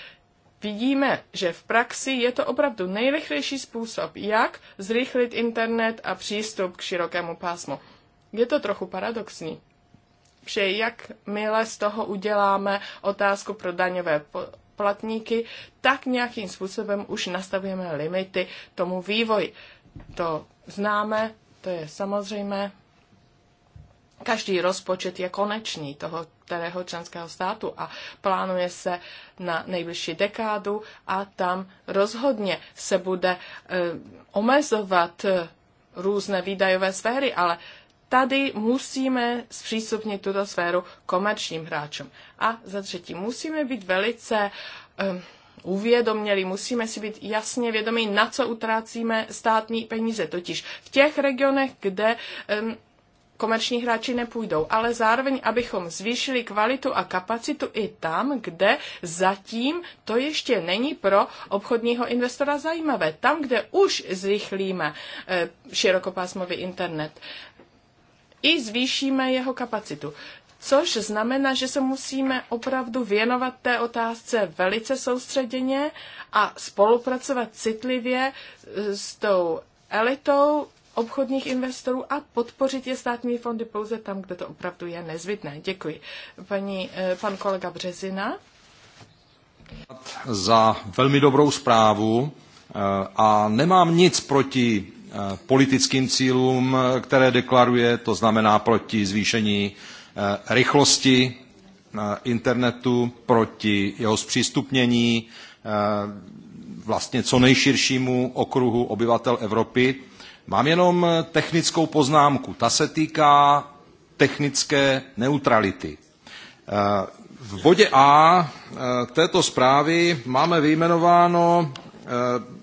Vidíme, že v praxi je to opravdu nejrychlejší způsob, jak zrychlit internet a přístup k širokému pásmu. Je to trochu paradoxní, že jakmile z toho uděláme otázku pro daňové platníky, tak nějakým způsobem už nastavujeme limity tomu vývoji. To známe, to je samozřejmé, Každý rozpočet je konečný toho kterého členského státu a plánuje se na nejbližší dekádu a tam rozhodně se bude eh, omezovat eh, různé výdajové sféry, ale tady musíme zpřístupnit tuto sféru komerčním hráčům. A za třetí, musíme být velice um, musíme si být jasně vědomí, na co utrácíme státní peníze. Totiž v těch regionech, kde um, komerční hráči nepůjdou, ale zároveň, abychom zvýšili kvalitu a kapacitu i tam, kde zatím to ještě není pro obchodního investora zajímavé. Tam, kde už zrychlíme eh, širokopásmový internet, i zvýšíme jeho kapacitu. Což znamená, že se musíme opravdu věnovat té otázce velice soustředěně a spolupracovat citlivě s tou elitou obchodních investorů a podpořit je státní fondy pouze tam, kde to opravdu je nezbytné. Děkuji. Paní, eh, pan kolega Březina. Za velmi dobrou zprávu eh, a nemám nic proti eh, politickým cílům, které deklaruje, to znamená proti zvýšení rychlosti internetu, proti jeho zpřístupnění vlastně co nejširšímu okruhu obyvatel Evropy Mám jenom technickou poznámku. Ta se týká technické neutrality. V bodě A eh, této zprávy máme vyjmenováno eh,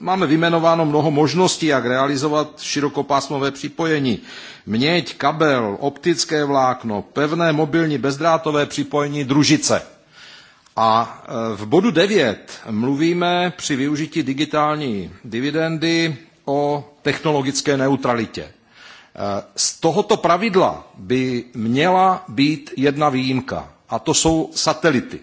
Máme vyjmenováno mnoho možností, jak realizovat širokopásmové připojení. Měď, kabel, optické vlákno, pevné mobilní bezdrátové připojení, družice. A eh, v bodu 9 mluvíme při využití digitální dividendy o technologické neutralitě. Eh, z tohoto pravidla by měla být jedna výjimka, a to jsou satelity.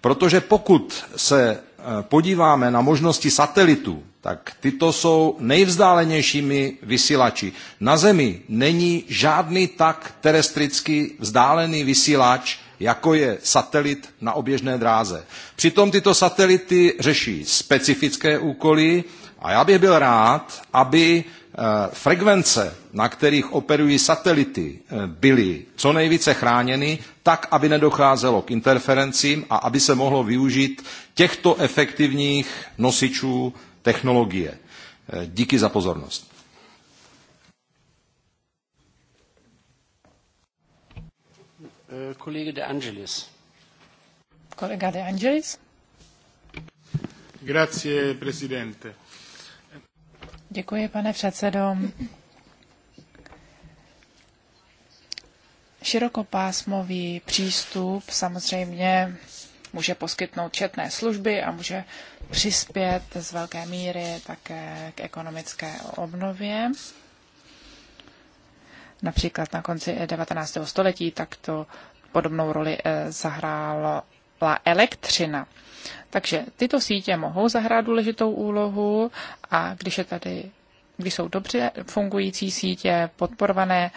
Protože pokud se eh, podíváme na možnosti satelitů, tak tyto jsou nejvzdálenějšími vysílači. Na Zemi není žádný tak terestricky vzdálený vysílač, jako je satelit na oběžné dráze. Přitom tyto satelity řeší specifické úkoly, a já bych byl rád, aby eh, frekvence, na kterých operují satelity, eh, byly co nejvíce chráněny, tak, aby nedocházelo k interferencím a aby se mohlo využít těchto efektivních nosičů technologie. Eh, díky za pozornost. Kolega De Angelis. Kolega De Angelis. Grazie, presidente. Děkuji, pane předsedo. Širokopásmový přístup samozřejmě může poskytnout četné služby a může přispět z velké míry také k ekonomické obnově. Například na konci 19. století takto podobnou roli eh, zahrála elektřina. Takže tyto sítě mohou zahrát důležitou úlohu a když je tady když jsou dobře fungující sítě, podporované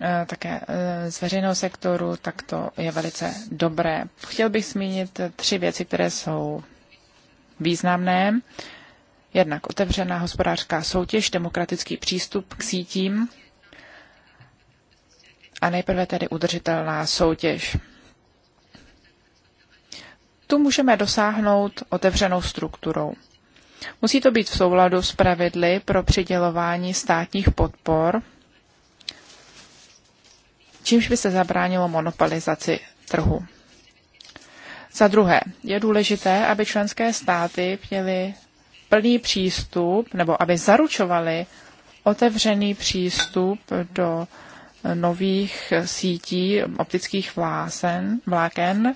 eh, také eh, z veřejného sektoru, tak to je velice dobré. Chtěl bych zmínit tři věci, které jsou významné. Jednak otevřená hospodářská soutěž, demokratický přístup k sítím a nejprve tedy udržitelná soutěž. Tu můžeme dosáhnout otevřenou strukturou. Musí to být v souladu s pravidly pro přidělování státních podpor, čímž by se zabránilo monopolizaci trhu. Za druhé, je důležité, aby členské státy měly plný přístup nebo aby zaručovali otevřený přístup do nových sítí optických vlásen, vláken,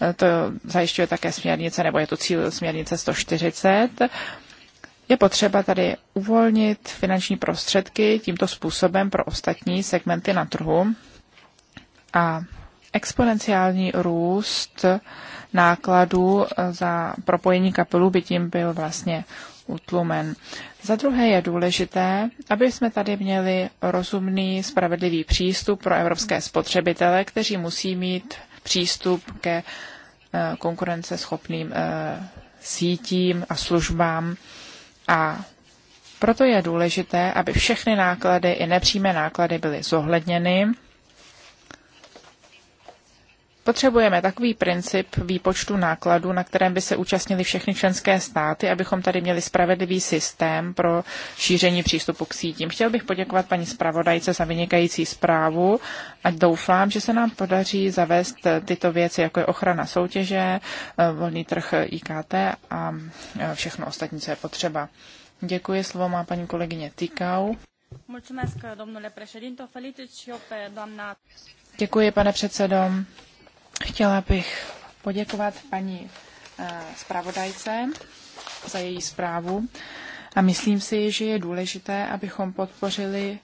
Eh, to zajišťuje také směrnice, nebo je to cíl směrnice 140. Je potřeba tady uvolnit finanční prostředky tímto způsobem pro ostatní segmenty na trhu a exponenciální růst nákladů eh, za propojení kapelů by tím byl vlastně utlumen. Za druhé je důležité, aby jsme tady měli rozumný, spravedlivý přístup pro evropské spotřebitele, kteří musí mít přístup ke eh, konkurenceschopným eh, sítím a službám. A proto je důležité, aby všechny náklady i nepřímé náklady byly zohledněny Potřebujeme takový princip výpočtu nákladů, na kterém by se účastnili všechny členské státy, abychom tady měli spravedlivý systém pro šíření přístupu k sítím. Chtěl bych poděkovat paní zpravodajce za vynikající zprávu a doufám, že se nám podaří zavést tyto věci, jako je ochrana soutěže, volný trh IKT a všechno ostatní, co je potřeba. Děkuji, slovo má paní kolegyně Tykau. Děkuji, pane předsedo. Chtěla bych poděkovat paní eh, zpravodajce za její zprávu a myslím si, že je důležité, abychom podpořili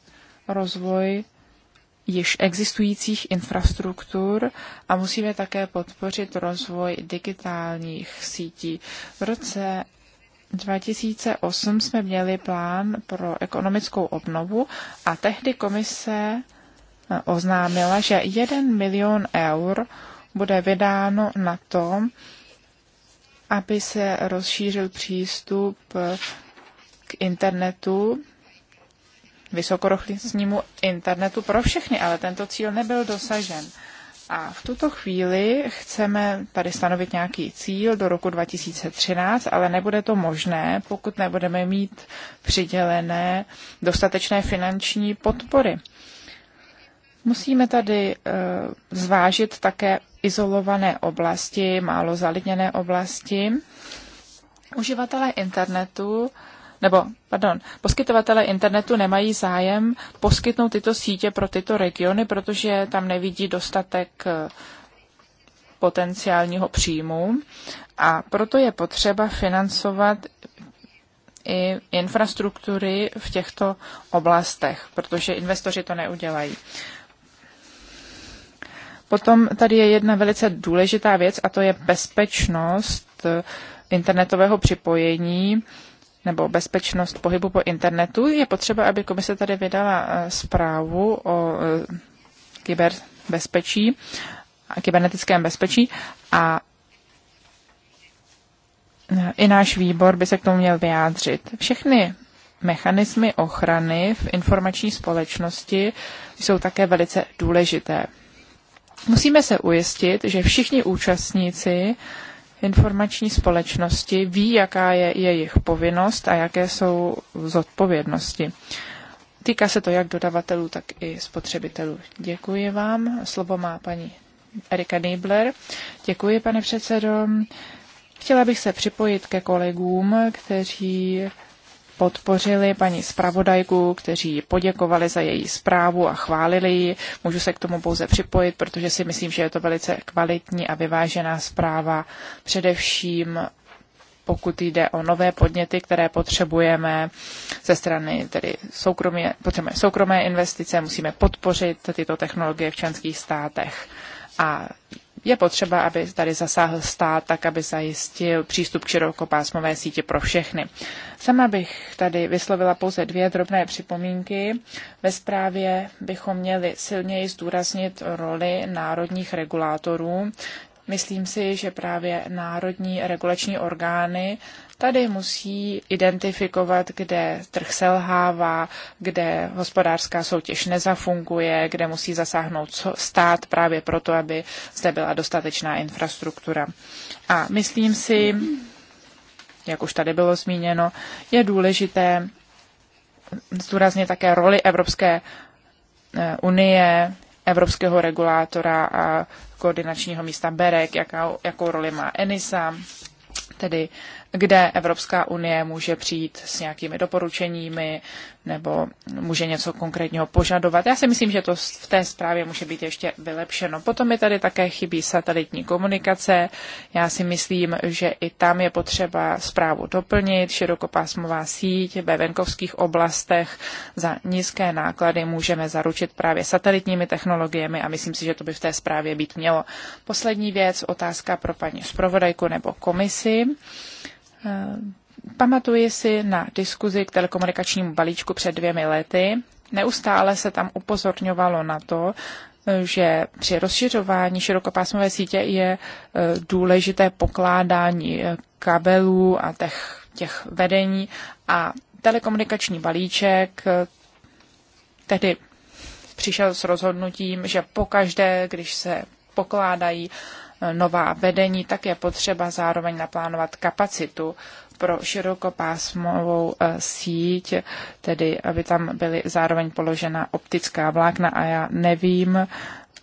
rozvoj již existujících infrastruktur a musíme také podpořit rozvoj digitálních sítí. V roce 2008 jsme měli plán pro ekonomickou obnovu a tehdy komise eh, oznámila, že 1 milion eur bude vydáno na tom, aby se rozšířil přístup k internetu, vysokorychlostnímu internetu pro všechny, ale tento cíl nebyl dosažen. A v tuto chvíli chceme tady stanovit nějaký cíl do roku 2013, ale nebude to možné, pokud nebudeme mít přidělené dostatečné finanční podpory. Musíme tady eh, zvážit také izolované oblasti, málo zalidněné oblasti. Uživatelé internetu nebo, pardon, poskytovatelé internetu nemají zájem poskytnout tyto sítě pro tyto regiony, protože tam nevidí dostatek eh, potenciálního příjmu a proto je potřeba financovat i infrastruktury v těchto oblastech, protože investoři to neudělají. Potom tady je jedna velice důležitá věc a to je bezpečnost eh, internetového připojení nebo bezpečnost pohybu po internetu. Je potřeba, aby komise tady vydala eh, zprávu o eh, kyberbezpečí a kybernetickém bezpečí a i náš výbor by se k tomu měl vyjádřit. Všechny mechanismy ochrany v informační společnosti jsou také velice důležité. Musíme se ujistit, že všichni účastníci informační společnosti ví, jaká je jejich povinnost a jaké jsou zodpovědnosti. Týká se to jak dodavatelů, tak i spotřebitelů. Děkuji vám. Slovo má paní Erika Nibler. Děkuji, pane předsedo. Chtěla bych se připojit ke kolegům, kteří podpořili paní zpravodajku, kteří poděkovali za její zprávu a chválili ji. Můžu se k tomu pouze připojit, protože si myslím, že je to velice kvalitní a vyvážená zpráva, především pokud jde o nové podněty, které potřebujeme ze strany tedy soukromě, potřebujeme soukromé investice, musíme podpořit tyto technologie v členských státech. A je potřeba, aby tady zasáhl stát tak, aby zajistil přístup k širokopásmové síti pro všechny. Sama bych tady vyslovila pouze dvě drobné připomínky. Ve zprávě bychom měli silněji zdůraznit roli národních regulátorů. Myslím si, že právě národní regulační orgány Tady musí identifikovat, kde trh selhává, kde hospodářská soutěž nezafunguje, kde musí zasáhnout stát právě proto, aby zde byla dostatečná infrastruktura. A myslím si, jak už tady bylo zmíněno, je důležité zdůraznit také roli Evropské eh, unie, evropského regulátora a koordinačního místa BEREK, jakou, jakou roli má ENISA, tedy kde Evropská unie může přijít s nějakými doporučeními nebo může něco konkrétního požadovat. Já si myslím, že to v té zprávě může být ještě vylepšeno. Potom mi tady také chybí satelitní komunikace. Já si myslím, že i tam je potřeba zprávu doplnit. Širokopásmová síť ve venkovských oblastech za nízké náklady můžeme zaručit právě satelitními technologiemi a myslím si, že to by v té zprávě být mělo. Poslední věc, otázka pro paní zpravodajku nebo komisi. Eh, Pamatuji si na diskuzi k telekomunikačnímu balíčku před dvěmi lety. Neustále se tam upozorňovalo na to, eh, že při rozšiřování širokopásmové sítě je eh, důležité pokládání kabelů a těch, těch vedení a telekomunikační balíček tedy přišel s rozhodnutím, že pokaždé, když se pokládají nová vedení, tak je potřeba zároveň naplánovat kapacitu pro širokopásmovou eh, síť, tedy aby tam byly zároveň položena optická vlákna a já nevím,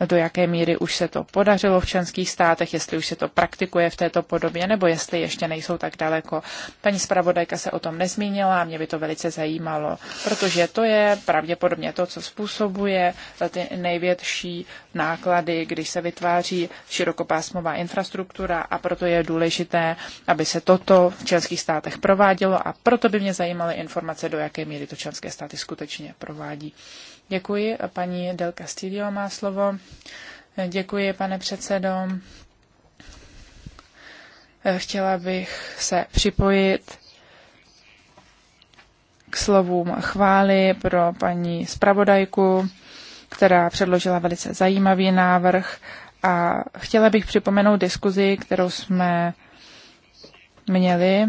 do jaké míry už se to podařilo v členských státech, jestli už se to praktikuje v této podobě, nebo jestli ještě nejsou tak daleko. Paní zpravodajka se o tom nezmínila a mě by to velice zajímalo, protože to je pravděpodobně to, co způsobuje ty největší náklady, když se vytváří širokopásmová infrastruktura a proto je důležité, aby se toto v členských státech provádělo a proto by mě zajímaly informace, do jaké míry to členské státy skutečně provádí. Děkuji. Paní Del Castillo má slovo. Děkuji, pane předsedo. Chtěla bych se připojit k slovům chvály pro paní zpravodajku, která předložila velice zajímavý návrh a chtěla bych připomenout diskuzi, kterou jsme měli,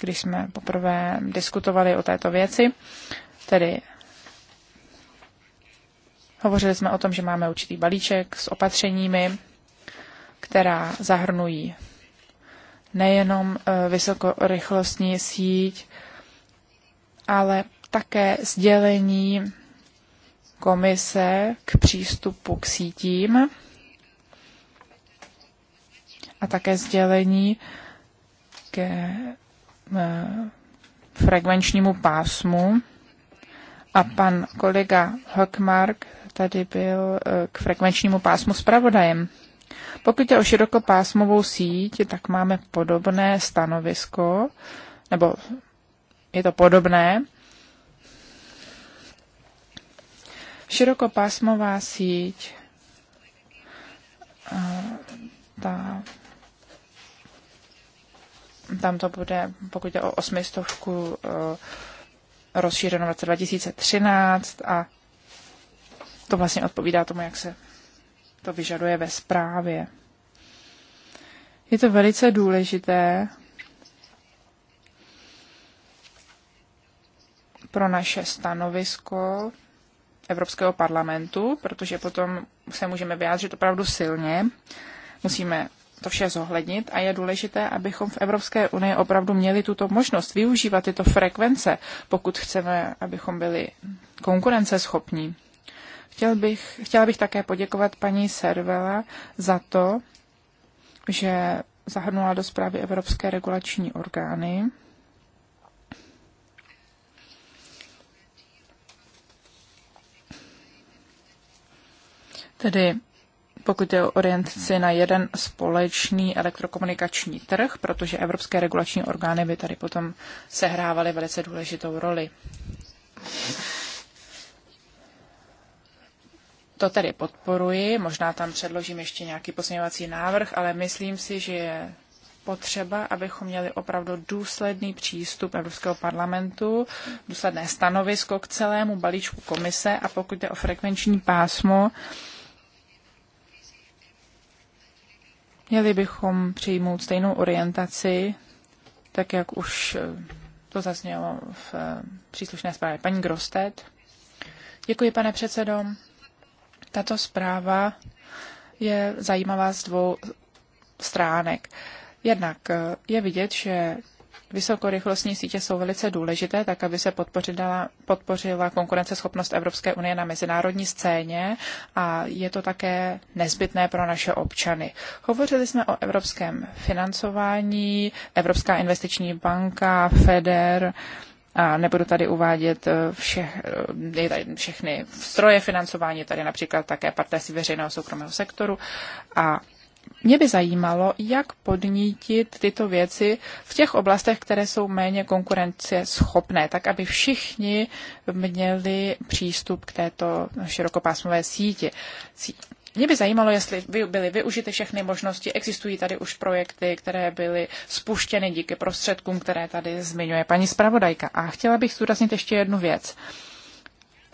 když jsme poprvé diskutovali o této věci, tedy Hovořili jsme o tom, že máme určitý balíček s opatřeními, která zahrnují nejenom e, vysokorychlostní síť, ale také sdělení komise k přístupu k sítím a také sdělení ke e, frekvenčnímu pásmu a pan kolega Hockmark tady byl eh, k frekvenčnímu pásmu zpravodajem. Pokud je o širokopásmovou síť, tak máme podobné stanovisko, nebo je to podobné. Širokopásmová síť, eh, ta, tam to bude, pokud je o osmistovku, eh, rozšířeno v roce 2013 a to vlastně odpovídá tomu, jak se to vyžaduje ve zprávě. Je to velice důležité pro naše stanovisko Evropského parlamentu, protože potom se můžeme vyjádřit opravdu silně. Musíme to vše zohlednit a je důležité, abychom v Evropské unii opravdu měli tuto možnost využívat tyto frekvence, pokud chceme, abychom byli konkurenceschopní. Chtěl bych, chtěla bych také poděkovat paní Servela za to, že zahrnula do zprávy Evropské regulační orgány. Tedy pokud je o orientaci na jeden společný elektrokomunikační trh, protože evropské regulační orgány by tady potom sehrávaly velice důležitou roli. To tedy podporuji, možná tam předložím ještě nějaký pozměňovací návrh, ale myslím si, že je potřeba, abychom měli opravdu důsledný přístup Evropského parlamentu, důsledné stanovisko k celému balíčku komise a pokud jde o frekvenční pásmo, Měli bychom přijmout stejnou orientaci, tak jak už eh, to zaznělo v eh, příslušné zprávě. Paní Grostet. Děkuji, pane předsedo. Tato zpráva je zajímavá z dvou stránek. Jednak eh, je vidět, že Vysokorychlostní sítě jsou velice důležité, tak aby se podpořila, podpořila konkurenceschopnost Evropské unie na mezinárodní scéně a je to také nezbytné pro naše občany. Hovořili jsme o evropském financování, Evropská investiční banka, FEDER, a nebudu tady uvádět eh, všech, eh, tady všechny stroje financování, tady například také partnerství veřejného soukromého sektoru a mě by zajímalo, jak podnítit tyto věci v těch oblastech, které jsou méně konkurence schopné, tak aby všichni měli přístup k této širokopásmové síti. Mě by zajímalo, jestli byly využity všechny možnosti. Existují tady už projekty, které byly spuštěny díky prostředkům, které tady zmiňuje paní zpravodajka. A chtěla bych zdůraznit ještě jednu věc. Uh,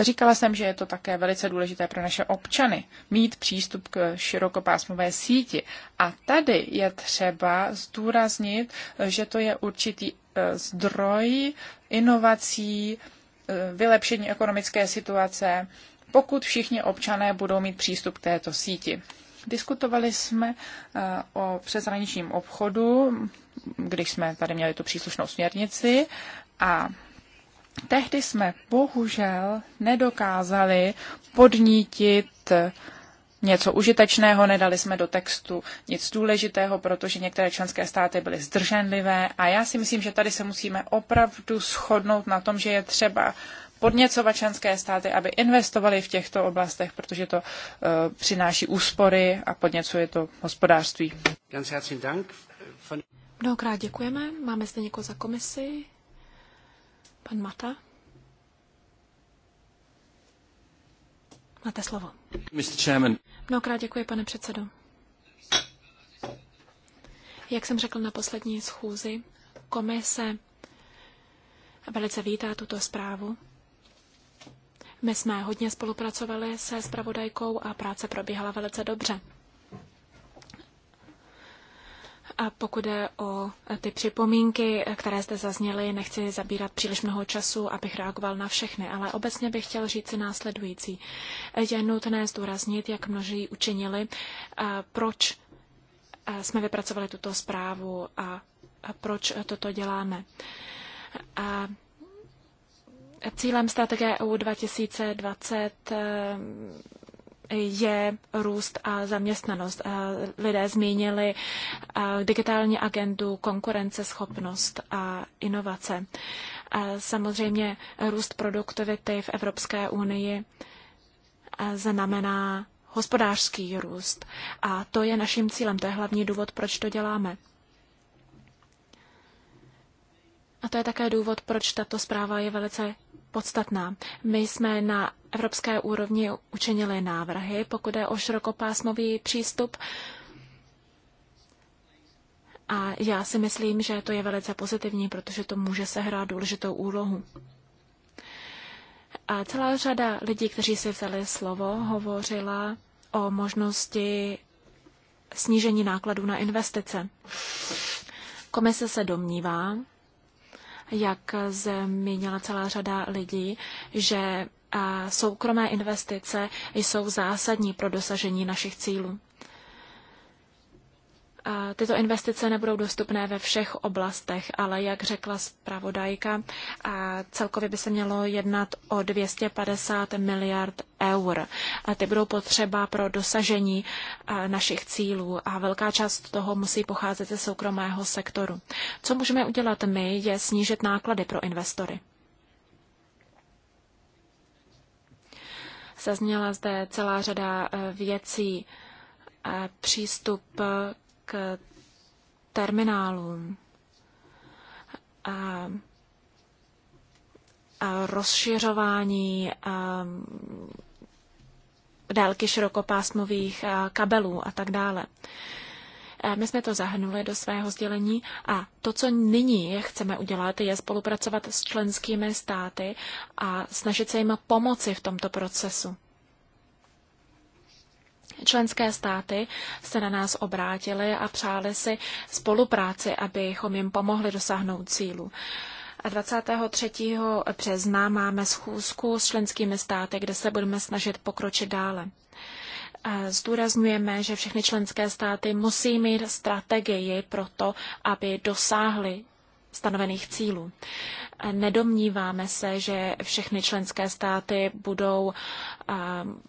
Říkala jsem, že je to také velice důležité pro naše občany mít přístup k širokopásmové síti. A tady je třeba zdůraznit, že to je určitý eh, zdroj inovací, eh, vylepšení ekonomické situace, pokud všichni občané budou mít přístup k této síti. Diskutovali jsme eh, o přeshraničním obchodu, když jsme tady měli tu příslušnou směrnici a tehdy jsme bohužel nedokázali podnítit něco užitečného, nedali jsme do textu nic důležitého, protože některé členské státy byly zdrženlivé a já si myslím, že tady se musíme opravdu shodnout na tom, že je třeba podněcovat členské státy, aby investovali v těchto oblastech, protože to uh, přináší úspory a podněcuje to hospodářství. Mnohokrát děkujeme. Máme zde někoho za komisi. Pan Mata? Máte slovo. Mr. Chairman. Mnohokrát děkuji, pane předsedo. Jak jsem řekl na poslední schůzi, komise velice vítá tuto zprávu. My jsme hodně spolupracovali se spravodajkou a práce probíhala velice dobře. A pokud jde o e, ty připomínky, e, které zde zazněly, nechci zabírat příliš mnoho času, abych reagoval na všechny, ale obecně bych chtěl říct následující. E, Je nutné zdůraznit, jak množí učinili, proč jsme vypracovali tuto zprávu a proč toto děláme. A cílem strategie EU 2020 je růst a zaměstnanost. Lidé zmínili digitální agendu, konkurenceschopnost a inovace. Samozřejmě růst produktivity v Evropské unii znamená hospodářský růst. A to je naším cílem, to je hlavní důvod, proč to děláme. A to je také důvod, proč tato zpráva je velice podstatná. My jsme na evropské úrovni učinili návrhy, pokud je o širokopásmový přístup. A já si myslím, že to je velice pozitivní, protože to může sehrát důležitou úlohu. A celá řada lidí, kteří si vzali slovo, hovořila o možnosti snížení nákladů na investice. Komise se domnívá, jak zmínila celá řada lidí, že soukromé investice jsou zásadní pro dosažení našich cílů. A tyto investice nebudou dostupné ve všech oblastech, ale jak řekla zpravodajka, a celkově by se mělo jednat o 250 miliard eur. A ty budou potřeba pro dosažení našich cílů a velká část toho musí pocházet ze soukromého sektoru. Co můžeme udělat my, je snížit náklady pro investory. Zazněla zde celá řada eh, věcí, přístup eh, k terminálům, a, a rozšiřování a, eh, délky širokopásmových kabelů a tak dále. My jsme to zahrnuli do svého sdělení a to, co nyní chceme udělat, je spolupracovat s členskými státy a snažit se jim pomoci v tomto procesu. Členské státy se na nás obrátily a přáli si spolupráci, abychom jim pomohli dosáhnout cílu. A 23. března máme schůzku s členskými státy, kde se budeme snažit pokročit dále. Zdůrazňujeme, že všechny členské státy musí mít strategii pro to, aby dosáhly stanovených cílů. Nedomníváme se, že všechny členské státy budou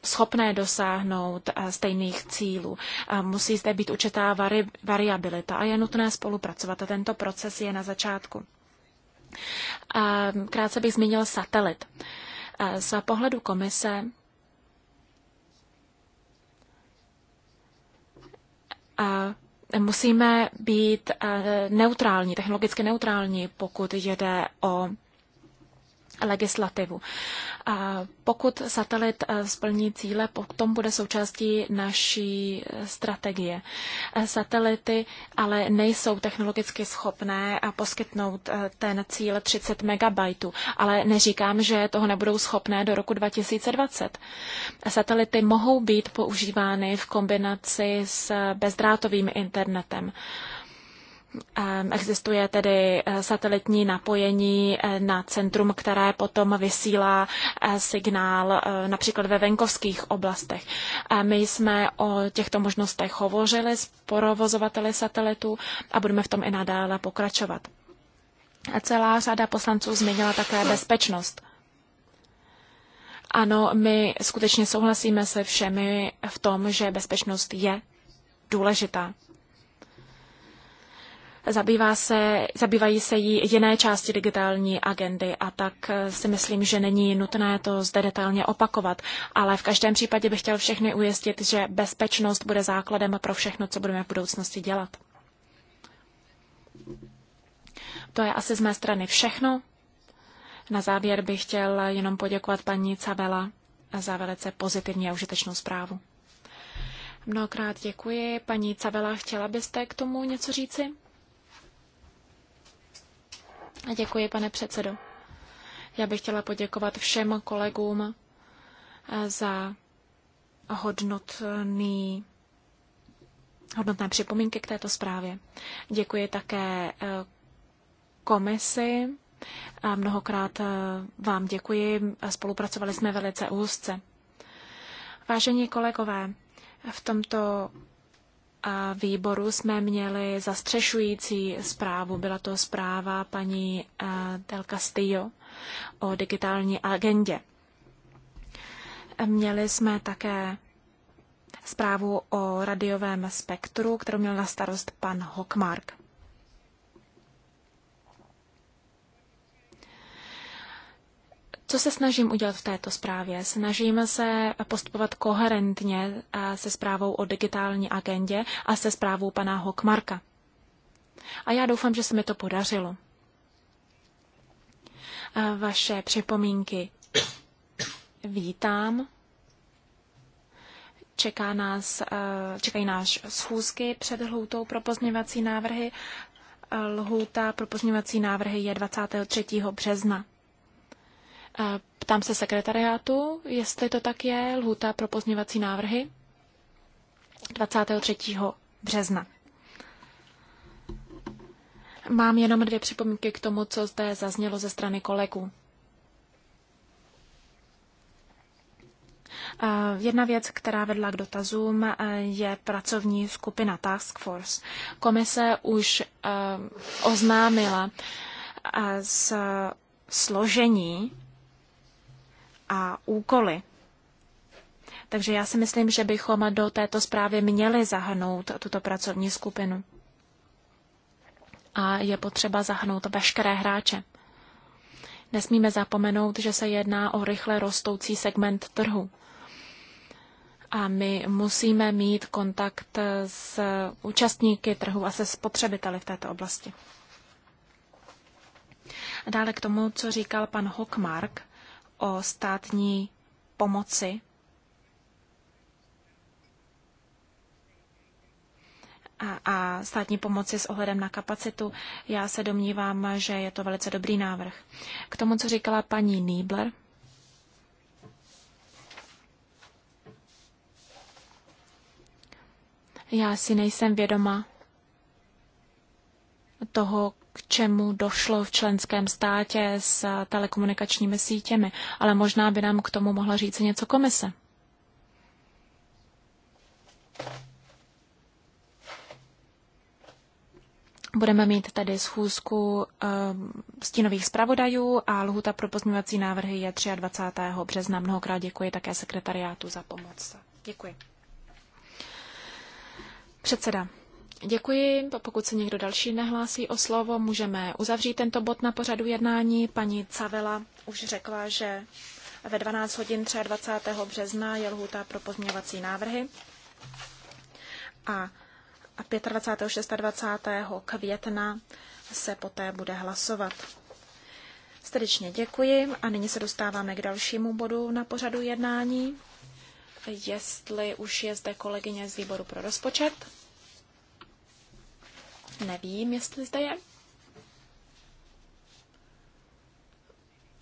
schopné dosáhnout stejných cílů. Musí zde být určitá vari variabilita a je nutné spolupracovat. A tento proces je na začátku. Krátce bych zmínil satelit. Z pohledu komise musíme být eh, neutrální, technologicky neutrální, pokud jde o legislativu. A pokud satelit eh, splní cíle, potom bude součástí naší eh, strategie. Eh, satelity ale nejsou technologicky schopné poskytnout ten cíl 30 megabajtů, ale neříkám, že toho nebudou schopné do roku 2020. Satelity mohou být používány v kombinaci s bezdrátovým internetem. Existuje tedy eh, satelitní napojení eh, na centrum, které potom vysílá eh, signál například ve venkovských oblastech. My jsme o těchto možnostech hovořili s provozovateli satelitu a budeme v tom i nadále pokračovat. celá řada poslanců změnila také bezpečnost. Ano, my skutečně souhlasíme se všemi v tom, že bezpečnost je důležitá zabývá se, zabývají se jí jiné části digitální agendy a tak eh, si myslím, že není nutné to zde detailně opakovat. Ale v každém případě bych chtěl všechny ujistit, že bezpečnost bude základem pro všechno, co budeme v budoucnosti dělat. To je asi z mé strany všechno. Na závěr bych chtěl jenom poděkovat paní Cavela za velice pozitivní a užitečnou zprávu. Mnohokrát děkuji. Paní Cavela, chtěla byste k tomu něco říci? Děkuji, pane předsedo. Já bych chtěla poděkovat všem kolegům eh, za hodnotný, hodnotné připomínky k této zprávě. Děkuji také eh, komisi. A mnohokrát eh, vám děkuji. Spolupracovali jsme velice úzce. Vážení kolegové, v tomto výboru jsme měli zastřešující zprávu. Byla to zpráva paní eh, Del Castillo o digitální agendě. Měli jsme také zprávu o radiovém spektru, kterou měl na starost pan Hockmark. Co se snažím udělat v této zprávě? Snažíme se postupovat koherentně eh, se zprávou o digitální agendě a se zprávou pana Hokmarka. A já doufám, že se mi to podařilo. A eh, vaše připomínky vítám. Čeká nás, eh, čekají nás schůzky před hloutou pro pozměvací návrhy. Lhůta pro pozměvací návrhy je 23. března. Ptám se sekretariátu, jestli to tak je, lhuta pro pozměvací návrhy 23. března. Mám jenom dvě připomínky k tomu, co zde zaznělo ze strany kolegů. Jedna věc, která vedla k dotazům, je pracovní skupina Task Force. Komise už oznámila z složení a úkoly. Takže já si myslím, že bychom do této zprávy měli zahrnout tuto pracovní skupinu. A je potřeba zahrnout veškeré hráče. Nesmíme zapomenout, že se jedná o rychle rostoucí segment trhu. A my musíme mít kontakt s účastníky trhu a se spotřebiteli v této oblasti. Dále k tomu, co říkal pan Hockmark o státní pomoci. A, a státní pomoci s ohledem na kapacitu, já se domnívám, že je to velice dobrý návrh. K tomu, co říkala paní Niebler, já si nejsem vědoma toho, čemu došlo v členském státě s telekomunikačními sítěmi, ale možná by nám k tomu mohla říct něco komise. Budeme mít tady schůzku um, stínových zpravodajů a lhuta pro pozměňovací návrhy je 23. března. Mnohokrát děkuji také sekretariátu za pomoc. Děkuji. Předseda, Děkuji. Pokud se někdo další nehlásí o slovo, můžeme uzavřít tento bod na pořadu jednání. Paní Cavela už řekla, že ve 12 hodin 23. března je lhůta pro pozměňovací návrhy a 25. 26. května se poté bude hlasovat. Srdečně děkuji a nyní se dostáváme k dalšímu bodu na pořadu jednání. Jestli už je zde kolegyně z výboru pro rozpočet. Nevím, jestli zde je.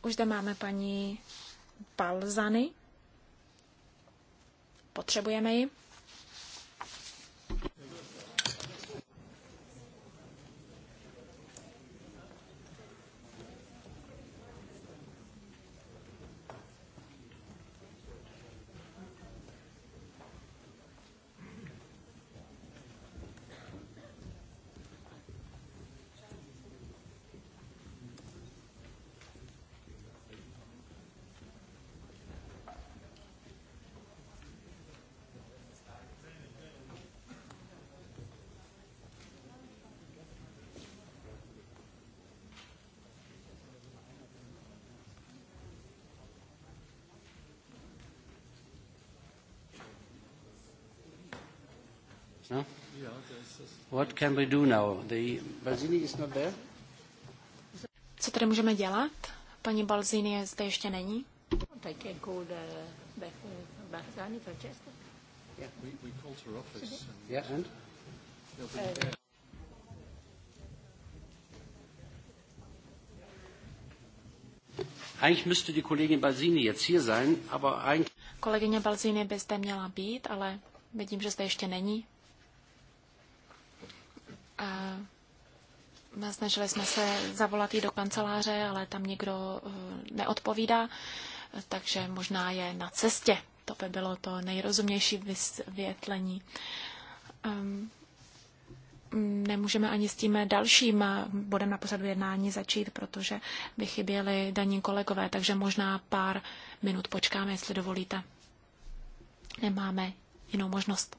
Už zde máme paní Balzany. Potřebujeme ji. No? What can we do now? The Balzini is not there? Co tady můžeme dělat? Paní Balzini je zde ještě není. I can call the uh, uh, Balzani Francesca. Yeah. We, we called her office. And yeah, and? No, eigentlich müsste die Kollegin Balzini jetzt hier sein, aber eigentlich... Kolegyně Balzini by zde měla být, ale vidím, že zde ještě není. Snažili jsme se zavolat jí do kanceláře, ale tam někdo eh, neodpovídá, takže možná je na cestě. To by bylo to nejrozumější vysvětlení. Ehm, nemůžeme ani s tím dalším bodem na pořadu jednání začít, protože by chyběli daní kolegové, takže možná pár minut počkáme, jestli dovolíte. Nemáme jinou možnost.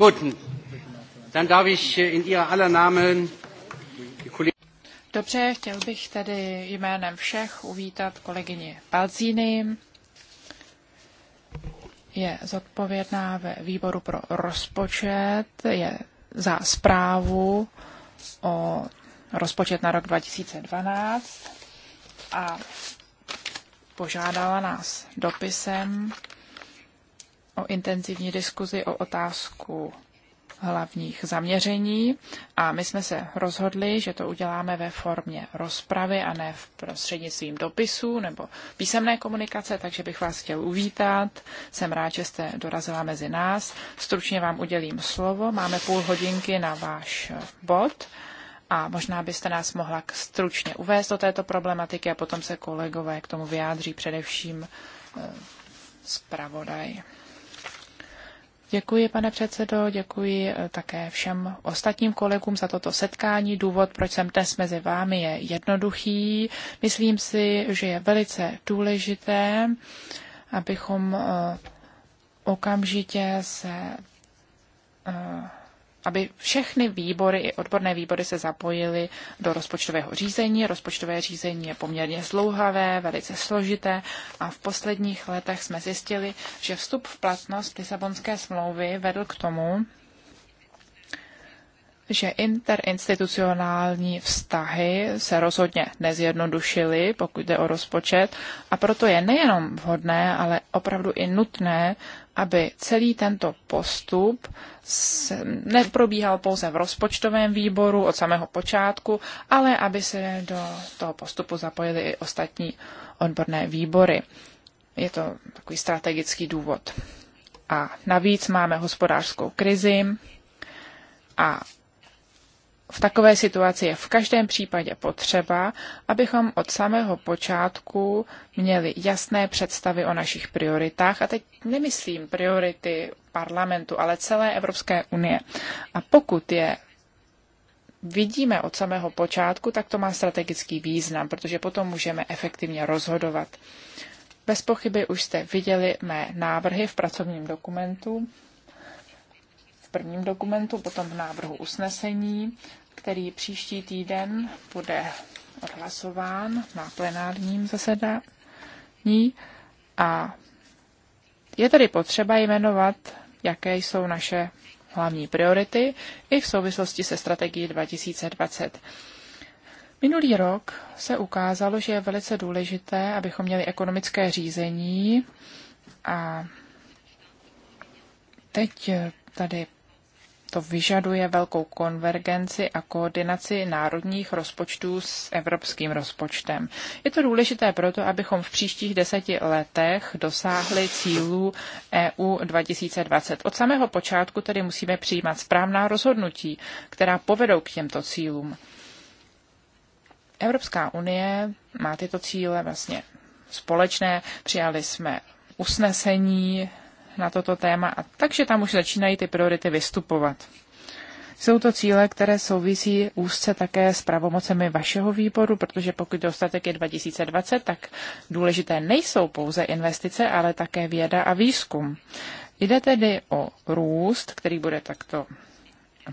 Äh, Dobře, chtěl bych tedy jménem všech uvítat kolegyni Palzíny. Je zodpovědná ve výboru pro rozpočet, je za zprávu o rozpočet na rok 2012 a požádala nás dopisem intenzivní diskuzi o otázku hlavních zaměření a my jsme se rozhodli, že to uděláme ve formě rozpravy a ne v prostřednictvím dopisů nebo písemné komunikace, takže bych vás chtěl uvítat. Jsem rád, že jste dorazila mezi nás. Stručně vám udělím slovo. Máme půl hodinky na váš bod a možná byste nás mohla stručně uvést do této problematiky a potom se kolegové k tomu vyjádří především eh, zpravodaj. Eh, Děkuji, pane předsedo, děkuji eh, také všem ostatním kolegům za toto setkání. Důvod, proč jsem dnes mezi vámi, je jednoduchý. Myslím si, že je velice důležité, abychom eh, okamžitě se eh, aby všechny výbory i odborné výbory se zapojily do rozpočtového řízení. Rozpočtové řízení je poměrně zlouhavé, velice složité a v posledních letech jsme zjistili, že vstup v platnost Lisabonské smlouvy vedl k tomu, že interinstitucionální vztahy se rozhodně nezjednodušily, pokud jde o rozpočet, a proto je nejenom vhodné, ale opravdu i nutné aby celý tento postup neprobíhal pouze v rozpočtovém výboru od samého počátku, ale aby se do toho postupu zapojili i ostatní odborné výbory. Je to takový strategický důvod. A navíc máme hospodářskou krizi a v takové situaci je v každém případě potřeba, abychom od samého počátku měli jasné představy o našich prioritách. A teď nemyslím priority parlamentu, ale celé Evropské unie. A pokud je vidíme od samého počátku, tak to má strategický význam, protože potom můžeme efektivně rozhodovat. Bez pochyby už jste viděli mé návrhy v pracovním dokumentu, v prvním dokumentu, potom v návrhu usnesení který příští týden bude odhlasován na plenárním zasedání a je tedy potřeba jmenovat, jaké jsou naše hlavní priority i v souvislosti se strategií 2020. Minulý rok se ukázalo, že je velice důležité, abychom měli ekonomické řízení a teď tady to vyžaduje velkou konvergenci a koordinaci národních rozpočtů s evropským rozpočtem. Je to důležité proto, abychom v příštích deseti letech dosáhli cílů EU 2020. Od samého počátku tedy musíme přijímat správná rozhodnutí, která povedou k těmto cílům. Evropská unie má tyto cíle vlastně společné. Přijali jsme usnesení na toto téma, a takže tam už začínají ty priority vystupovat. Jsou to cíle, které souvisí úzce také s pravomocemi vašeho výboru, protože pokud dostatek je 2020, tak důležité nejsou pouze investice, ale také věda a výzkum. Jde tedy o růst, který bude takto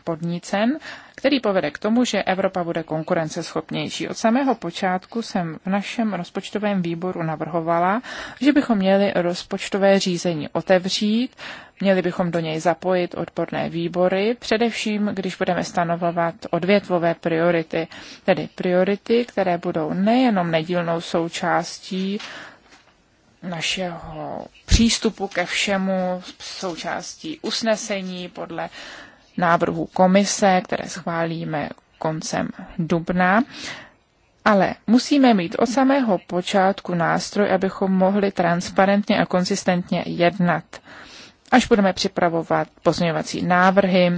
podnícen, který povede k tomu, že Evropa bude konkurenceschopnější. Od samého počátku jsem v našem rozpočtovém výboru navrhovala, že bychom měli rozpočtové řízení otevřít, měli bychom do něj zapojit odborné výbory, především když budeme stanovovat odvětvové priority, tedy priority, které budou nejenom nedílnou součástí našeho přístupu ke všemu součástí usnesení podle návrhů komise, které schválíme koncem dubna. Ale musíme mít od samého počátku nástroj, abychom mohli transparentně a konsistentně jednat. Až budeme připravovat pozměňovací návrhy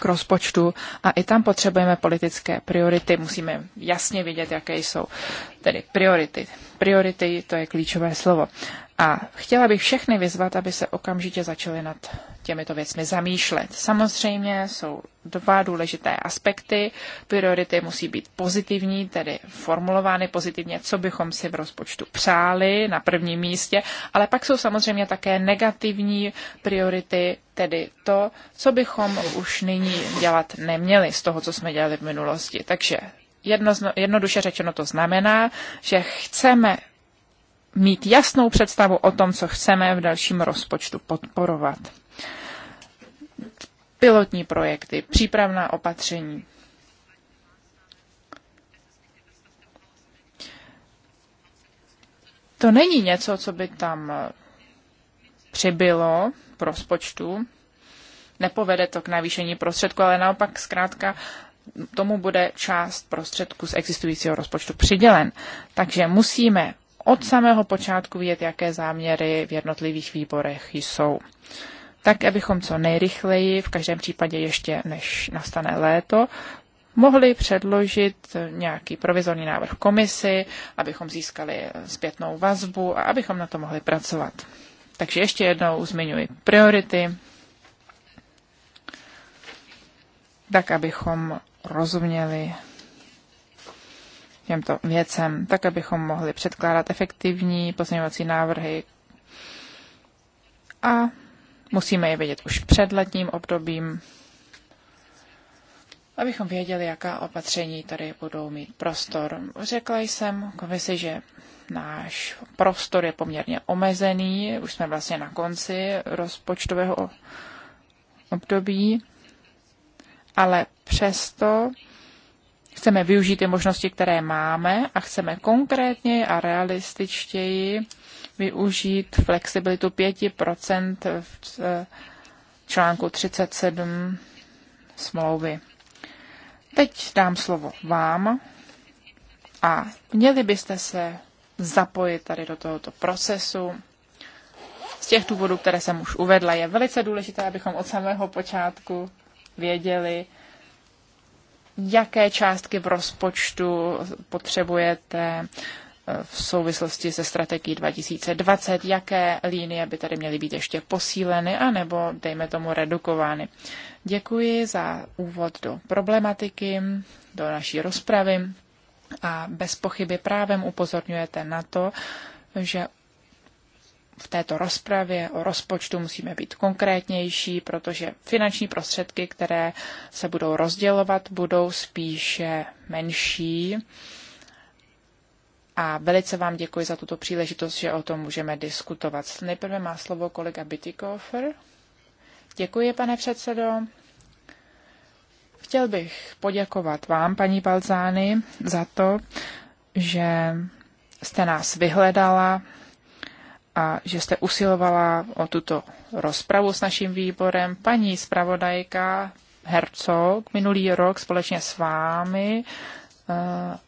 k rozpočtu a i tam potřebujeme politické priority. Musíme jasně vidět, jaké jsou tedy priority Priority, to je klíčové slovo. A chtěla bych všechny vyzvat, aby se okamžitě začaly nad těmito věcmi zamýšlet. Samozřejmě jsou dva důležité aspekty. Priority musí být pozitivní, tedy formulovány pozitivně, co bychom si v rozpočtu přáli na prvním místě, ale pak jsou samozřejmě také negativní priority, tedy to, co bychom už nyní dělat neměli z toho, co jsme dělali v minulosti. Takže jedno, jednoduše řečeno to znamená, že chceme mít jasnou představu o tom, co chceme v dalším rozpočtu podporovat. Pilotní projekty, přípravná opatření. To není něco, co by tam přibylo v rozpočtu. Nepovede to k navýšení prostředku, ale naopak zkrátka tomu bude část prostředků z existujícího rozpočtu přidělen. Takže musíme od samého počátku vidět, jaké záměry v jednotlivých výborech jsou. Tak, abychom co nejrychleji, v každém případě ještě než nastane léto, mohli předložit nějaký provizorní návrh komisi, abychom získali zpětnou vazbu a abychom na to mohli pracovat. Takže ještě jednou zmiňuji priority, tak abychom rozuměli těmto věcem, tak abychom mohli předkládat efektivní pozměňovací návrhy a musíme je vědět už před letním obdobím, abychom věděli, jaká opatření tady budou mít prostor. Řekla jsem komisi, že náš prostor je poměrně omezený, už jsme vlastně na konci rozpočtového období ale přesto chceme využít ty možnosti, které máme a chceme konkrétně a realističtěji využít flexibilitu 5% v eh, článku 37 smlouvy. Teď dám slovo vám a měli byste se zapojit tady do tohoto procesu. Z těch důvodů, které jsem už uvedla, je velice důležité, abychom od samého počátku věděli, jaké částky v rozpočtu potřebujete eh, v souvislosti se strategií 2020, jaké línie by tady měly být ještě posíleny, anebo dejme tomu redukovány. Děkuji za úvod do problematiky, do naší rozpravy a bez pochyby právem upozorňujete na to, že v této rozpravě o rozpočtu musíme být konkrétnější, protože finanční prostředky, které se budou rozdělovat, budou spíše menší. A velice vám děkuji za tuto příležitost, že o tom můžeme diskutovat. Nejprve má slovo kolega Bitikofer. Děkuji, pane předsedo. Chtěl bych poděkovat vám, paní Balzány, za to, že jste nás vyhledala a že jste usilovala o tuto rozpravu s naším výborem. Paní zpravodajka Hercog minulý rok společně s vámi eh,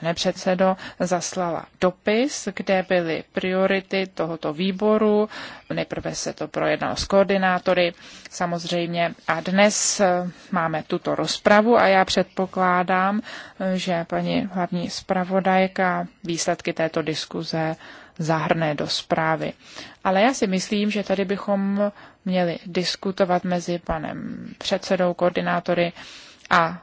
pane předsedo, zaslala dopis, kde byly priority tohoto výboru. Nejprve se to projednalo s koordinátory samozřejmě a dnes eh, máme tuto rozpravu a já předpokládám, eh, že paní hlavní zpravodajka výsledky této diskuze zahrne do zprávy. Ale já si myslím, že tady bychom měli diskutovat mezi panem předsedou, koordinátory a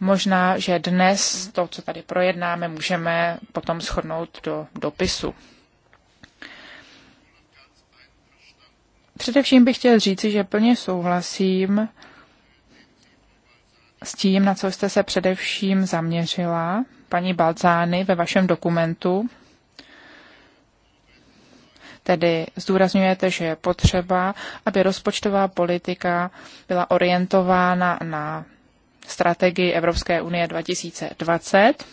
možná, že dnes to, co tady projednáme, můžeme potom shodnout do dopisu. Především bych chtěl říci, že plně souhlasím s tím, na co jste se především zaměřila, paní Balzány, ve vašem dokumentu. Tedy zdůrazňujete, že je potřeba, aby rozpočtová politika byla orientována na strategii Evropské unie 2020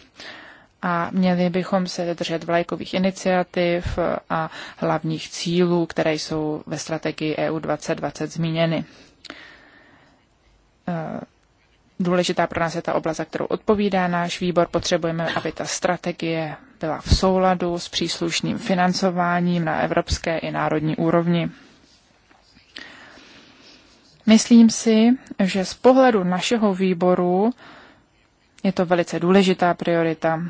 a měli bychom se držet vlajkových iniciativ a hlavních cílů, které jsou ve strategii EU 2020 zmíněny Důležitá pro nás je ta oblast, za kterou odpovídá náš výbor. Potřebujeme, aby ta strategie byla v souladu s příslušným financováním na evropské i národní úrovni. Myslím si, že z pohledu našeho výboru je to velice důležitá priorita.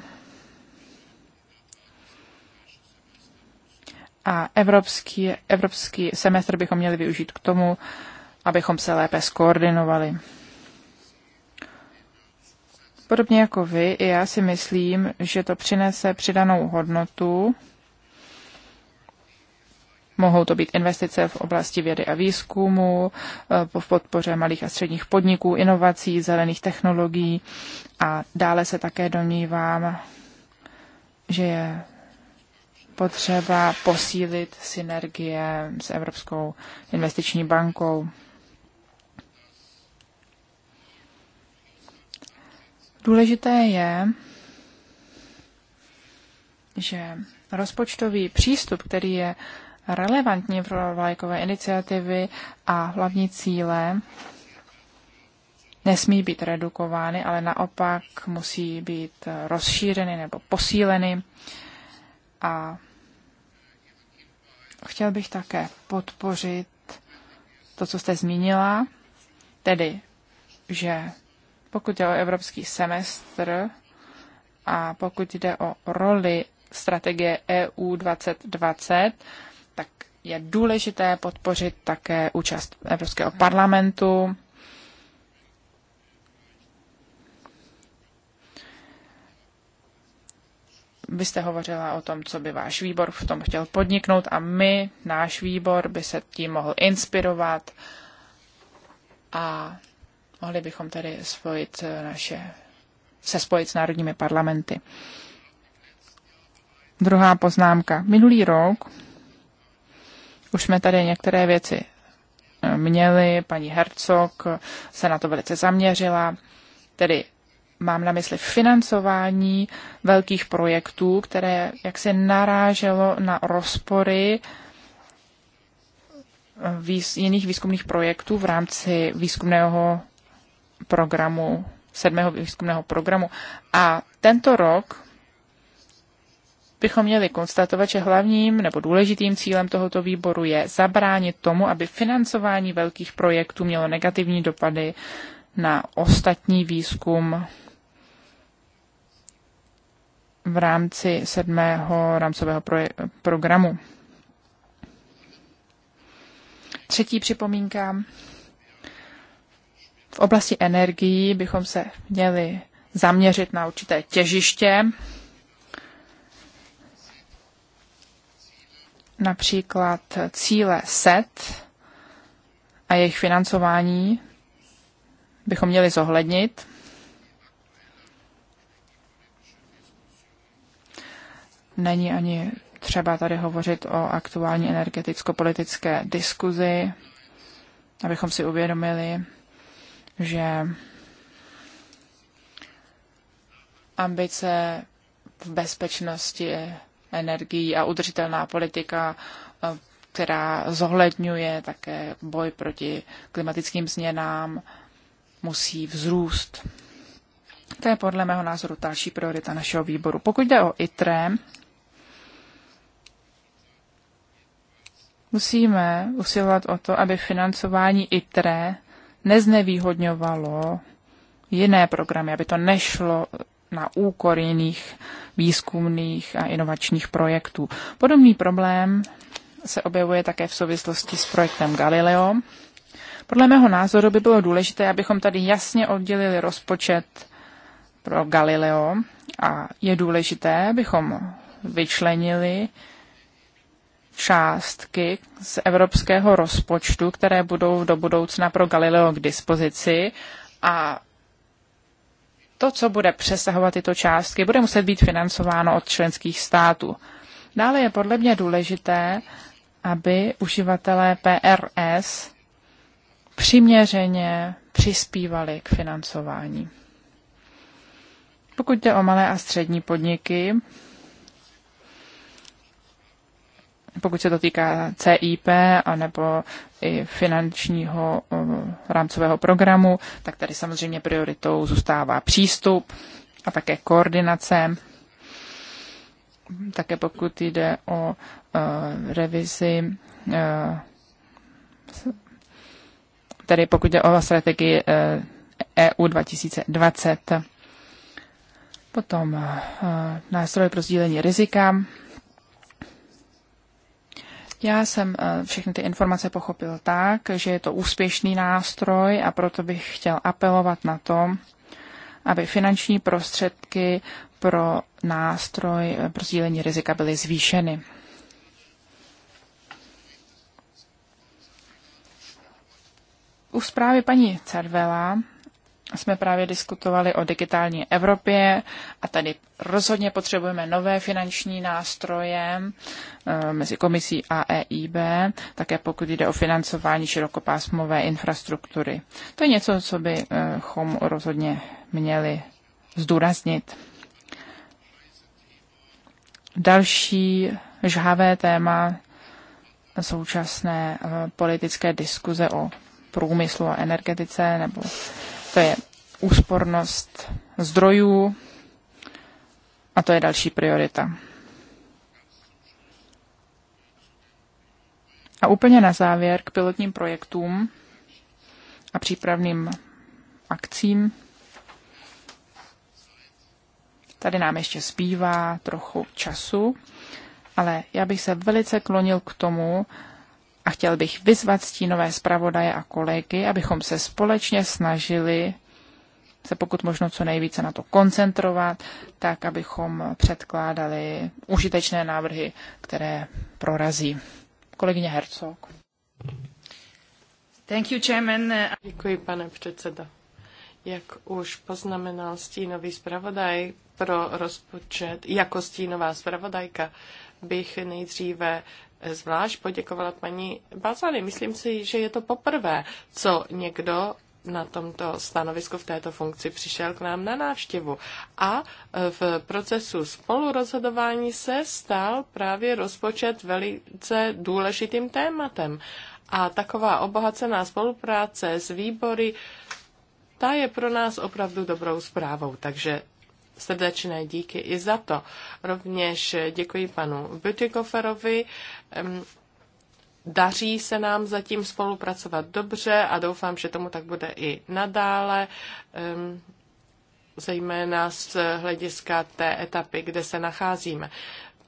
A evropský, evropský semestr bychom měli využít k tomu, abychom se lépe skoordinovali. Podobně jako vy, i já si myslím, že to přinese přidanou hodnotu. Mohou to být investice v oblasti vědy a výzkumu, eh, v podpoře malých a středních podniků, inovací, zelených technologií a dále se také domnívám, že je potřeba posílit synergie s Evropskou investiční bankou. Důležité je, že rozpočtový přístup, který je relevantní pro vlajkové iniciativy a hlavní cíle, nesmí být redukovány, ale naopak musí být rozšířeny nebo posíleny. A chtěl bych také podpořit to, co jste zmínila, tedy, že pokud jde o evropský semestr a pokud jde o roli strategie EU 2020, tak je důležité podpořit také účast Evropského parlamentu. Vy jste hovořila o tom, co by váš výbor v tom chtěl podniknout a my, náš výbor, by se tím mohl inspirovat a Mohli bychom tedy spojit eh, naše, se spojit s národními parlamenty. Druhá poznámka. Minulý rok už jsme tady některé věci eh, měli, paní Hercog se na to velice zaměřila, tedy mám na mysli financování velkých projektů, které jak se naráželo na rozpory eh, výz, jiných výzkumných projektů v rámci výzkumného programu, sedmého výzkumného programu. A tento rok bychom měli konstatovat, že hlavním nebo důležitým cílem tohoto výboru je zabránit tomu, aby financování velkých projektů mělo negativní dopady na ostatní výzkum v rámci sedmého rámcového programu. Třetí připomínka v oblasti energií bychom se měli zaměřit na určité těžiště, například cíle SET a jejich financování bychom měli zohlednit. Není ani třeba tady hovořit o aktuální energeticko-politické diskuzi, abychom si uvědomili, že ambice v bezpečnosti energií a udržitelná politika, která zohledňuje také boj proti klimatickým změnám, musí vzrůst. To je podle mého názoru další priorita našeho výboru. Pokud jde o ITRE, musíme usilovat o to, aby financování ITRE neznevýhodňovalo jiné programy, aby to nešlo na úkor jiných výzkumných a inovačních projektů. Podobný problém se objevuje také v souvislosti s projektem Galileo. Podle mého názoru by bylo důležité, abychom tady jasně oddělili rozpočet pro Galileo a je důležité, abychom vyčlenili částky z evropského rozpočtu, které budou do budoucna pro Galileo k dispozici a to, co bude přesahovat tyto částky, bude muset být financováno od členských států. Dále je podle mě důležité, aby uživatelé PRS přiměřeně přispívali k financování. Pokud jde o malé a střední podniky, pokud se to týká CIP anebo i finančního eh, rámcového programu, tak tady samozřejmě prioritou zůstává přístup a také koordinace. Také pokud jde o uh, revizi, uh, tedy pokud jde o strategii uh, EU 2020, potom uh, nástroj pro sdílení rizika, já jsem eh, všechny ty informace pochopil tak, že je to úspěšný nástroj a proto bych chtěl apelovat na to, aby finanční prostředky pro nástroj eh, pro sdílení rizika byly zvýšeny. U zprávy paní Cervela jsme právě diskutovali o digitální Evropě a tady rozhodně potřebujeme nové finanční nástroje eh, mezi komisí a EIB, také pokud jde o financování širokopásmové infrastruktury. To je něco, co bychom rozhodně měli zdůraznit. Další žhavé téma současné eh, politické diskuze o průmyslu a energetice nebo to je úspornost zdrojů a to je další priorita. A úplně na závěr k pilotním projektům a přípravným akcím. Tady nám ještě zbývá trochu času, ale já bych se velice klonil k tomu, a chtěl bych vyzvat stínové zpravodaje a kolegy, abychom se společně snažili se pokud možno co nejvíce na to koncentrovat, tak abychom předkládali užitečné návrhy, které prorazí. Kolegyně Hercog. Thank you, Chairman. Děkuji, pane předsedo. Jak už poznamenal stínový zpravodaj pro rozpočet, jako stínová zpravodajka bych nejdříve zvlášť poděkovala paní Bazany. Myslím si, že je to poprvé, co někdo na tomto stanovisku v této funkci přišel k nám na návštěvu. A v procesu spolurozhodování se stal právě rozpočet velice důležitým tématem. A taková obohacená spolupráce s výbory, ta je pro nás opravdu dobrou zprávou. Takže srdečné díky i za to. Rovněž děkuji panu Bütikoferovi. Daří se nám zatím spolupracovat dobře a doufám, že tomu tak bude i nadále zejména z hlediska té etapy, kde se nacházíme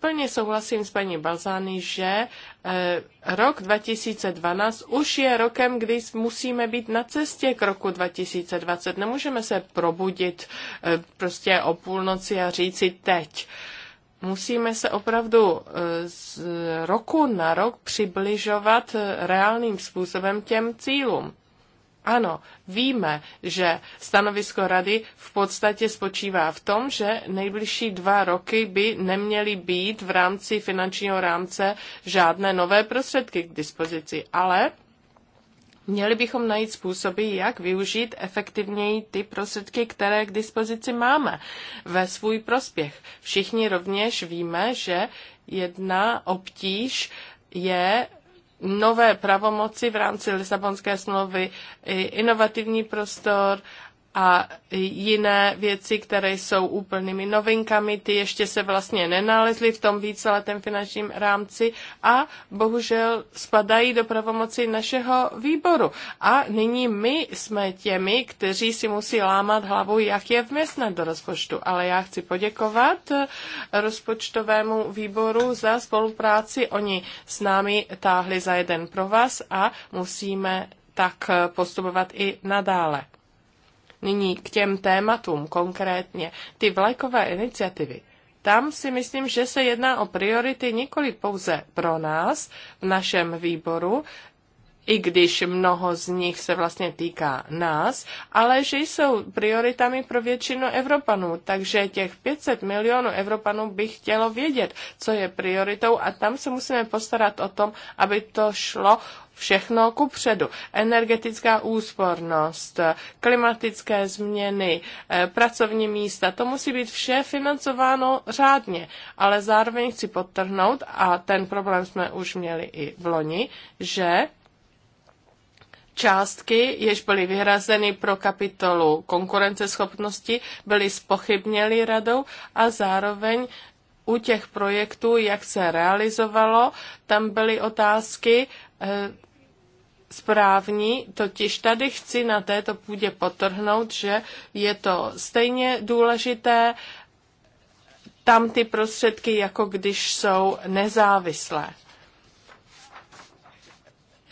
plně souhlasím s paní Balzány, že eh, rok 2012 už je rokem, kdy musíme být na cestě k roku 2020. Nemůžeme se probudit eh, prostě o půlnoci a říci teď musíme se opravdu eh, z roku na rok přibližovat reálným způsobem těm cílům. Ano, víme, že stanovisko rady v podstatě spočívá v tom, že nejbližší dva roky by neměly být v rámci finančního rámce žádné nové prostředky k dispozici, ale Měli bychom najít způsoby, jak využít efektivněji ty prostředky, které k dispozici máme, ve svůj prospěch. Všichni rovněž víme, že jedna obtíž je nové pravomoci v rámci Lisabonské smlouvy, i inovativní prostor a jiné věci, které jsou úplnými novinkami, ty ještě se vlastně nenalezly v tom víceletém finančním rámci a bohužel spadají do pravomoci našeho výboru. A nyní my jsme těmi, kteří si musí lámat hlavu, jak je vměstnat do rozpočtu. Ale já chci poděkovat rozpočtovému výboru za spolupráci. Oni s námi táhli za jeden pro vás a musíme tak postupovat i nadále. Nyní k těm tématům konkrétně. Ty vlajkové iniciativy, tam si myslím, že se jedná o priority nikoli pouze pro nás v našem výboru, i když mnoho z nich se vlastně týká nás, ale že jsou prioritami pro většinu Evropanů. Takže těch 500 milionů Evropanů by chtělo vědět, co je prioritou a tam se musíme postarat o tom, aby to šlo všechno ku předu. Energetická úspornost, klimatické změny, eh, pracovní místa, to musí být vše financováno řádně. Ale zároveň chci podtrhnout, a ten problém jsme už měli i v loni, že částky, jež byly vyhrazeny pro kapitolu konkurenceschopnosti, byly spochybněly radou a zároveň u těch projektů, jak se realizovalo, tam byly otázky eh, správní, totiž tady chci na této půdě potrhnout, že je to stejně důležité tam ty prostředky, jako když jsou nezávislé.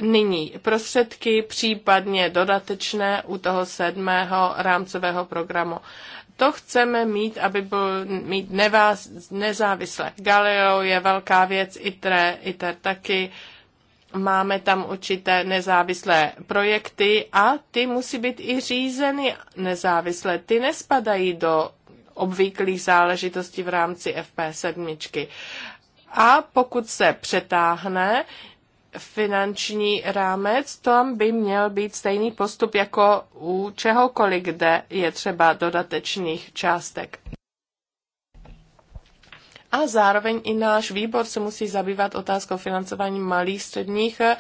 Nyní prostředky, případně dodatečné u toho sedmého rámcového programu. To chceme mít, aby byl mít nevás, nezávisle. Galileo je velká věc, ITRE, ITER taky. Máme tam určité nezávislé projekty a ty musí být i řízeny nezávisle. Ty nespadají do obvyklých záležitostí v rámci FP7. A pokud se přetáhne, finanční rámec, tam by měl být stejný postup jako u čehokoliv, kde je třeba dodatečných částek. A zároveň i náš výbor se musí zabývat otázkou financování malých středních eh,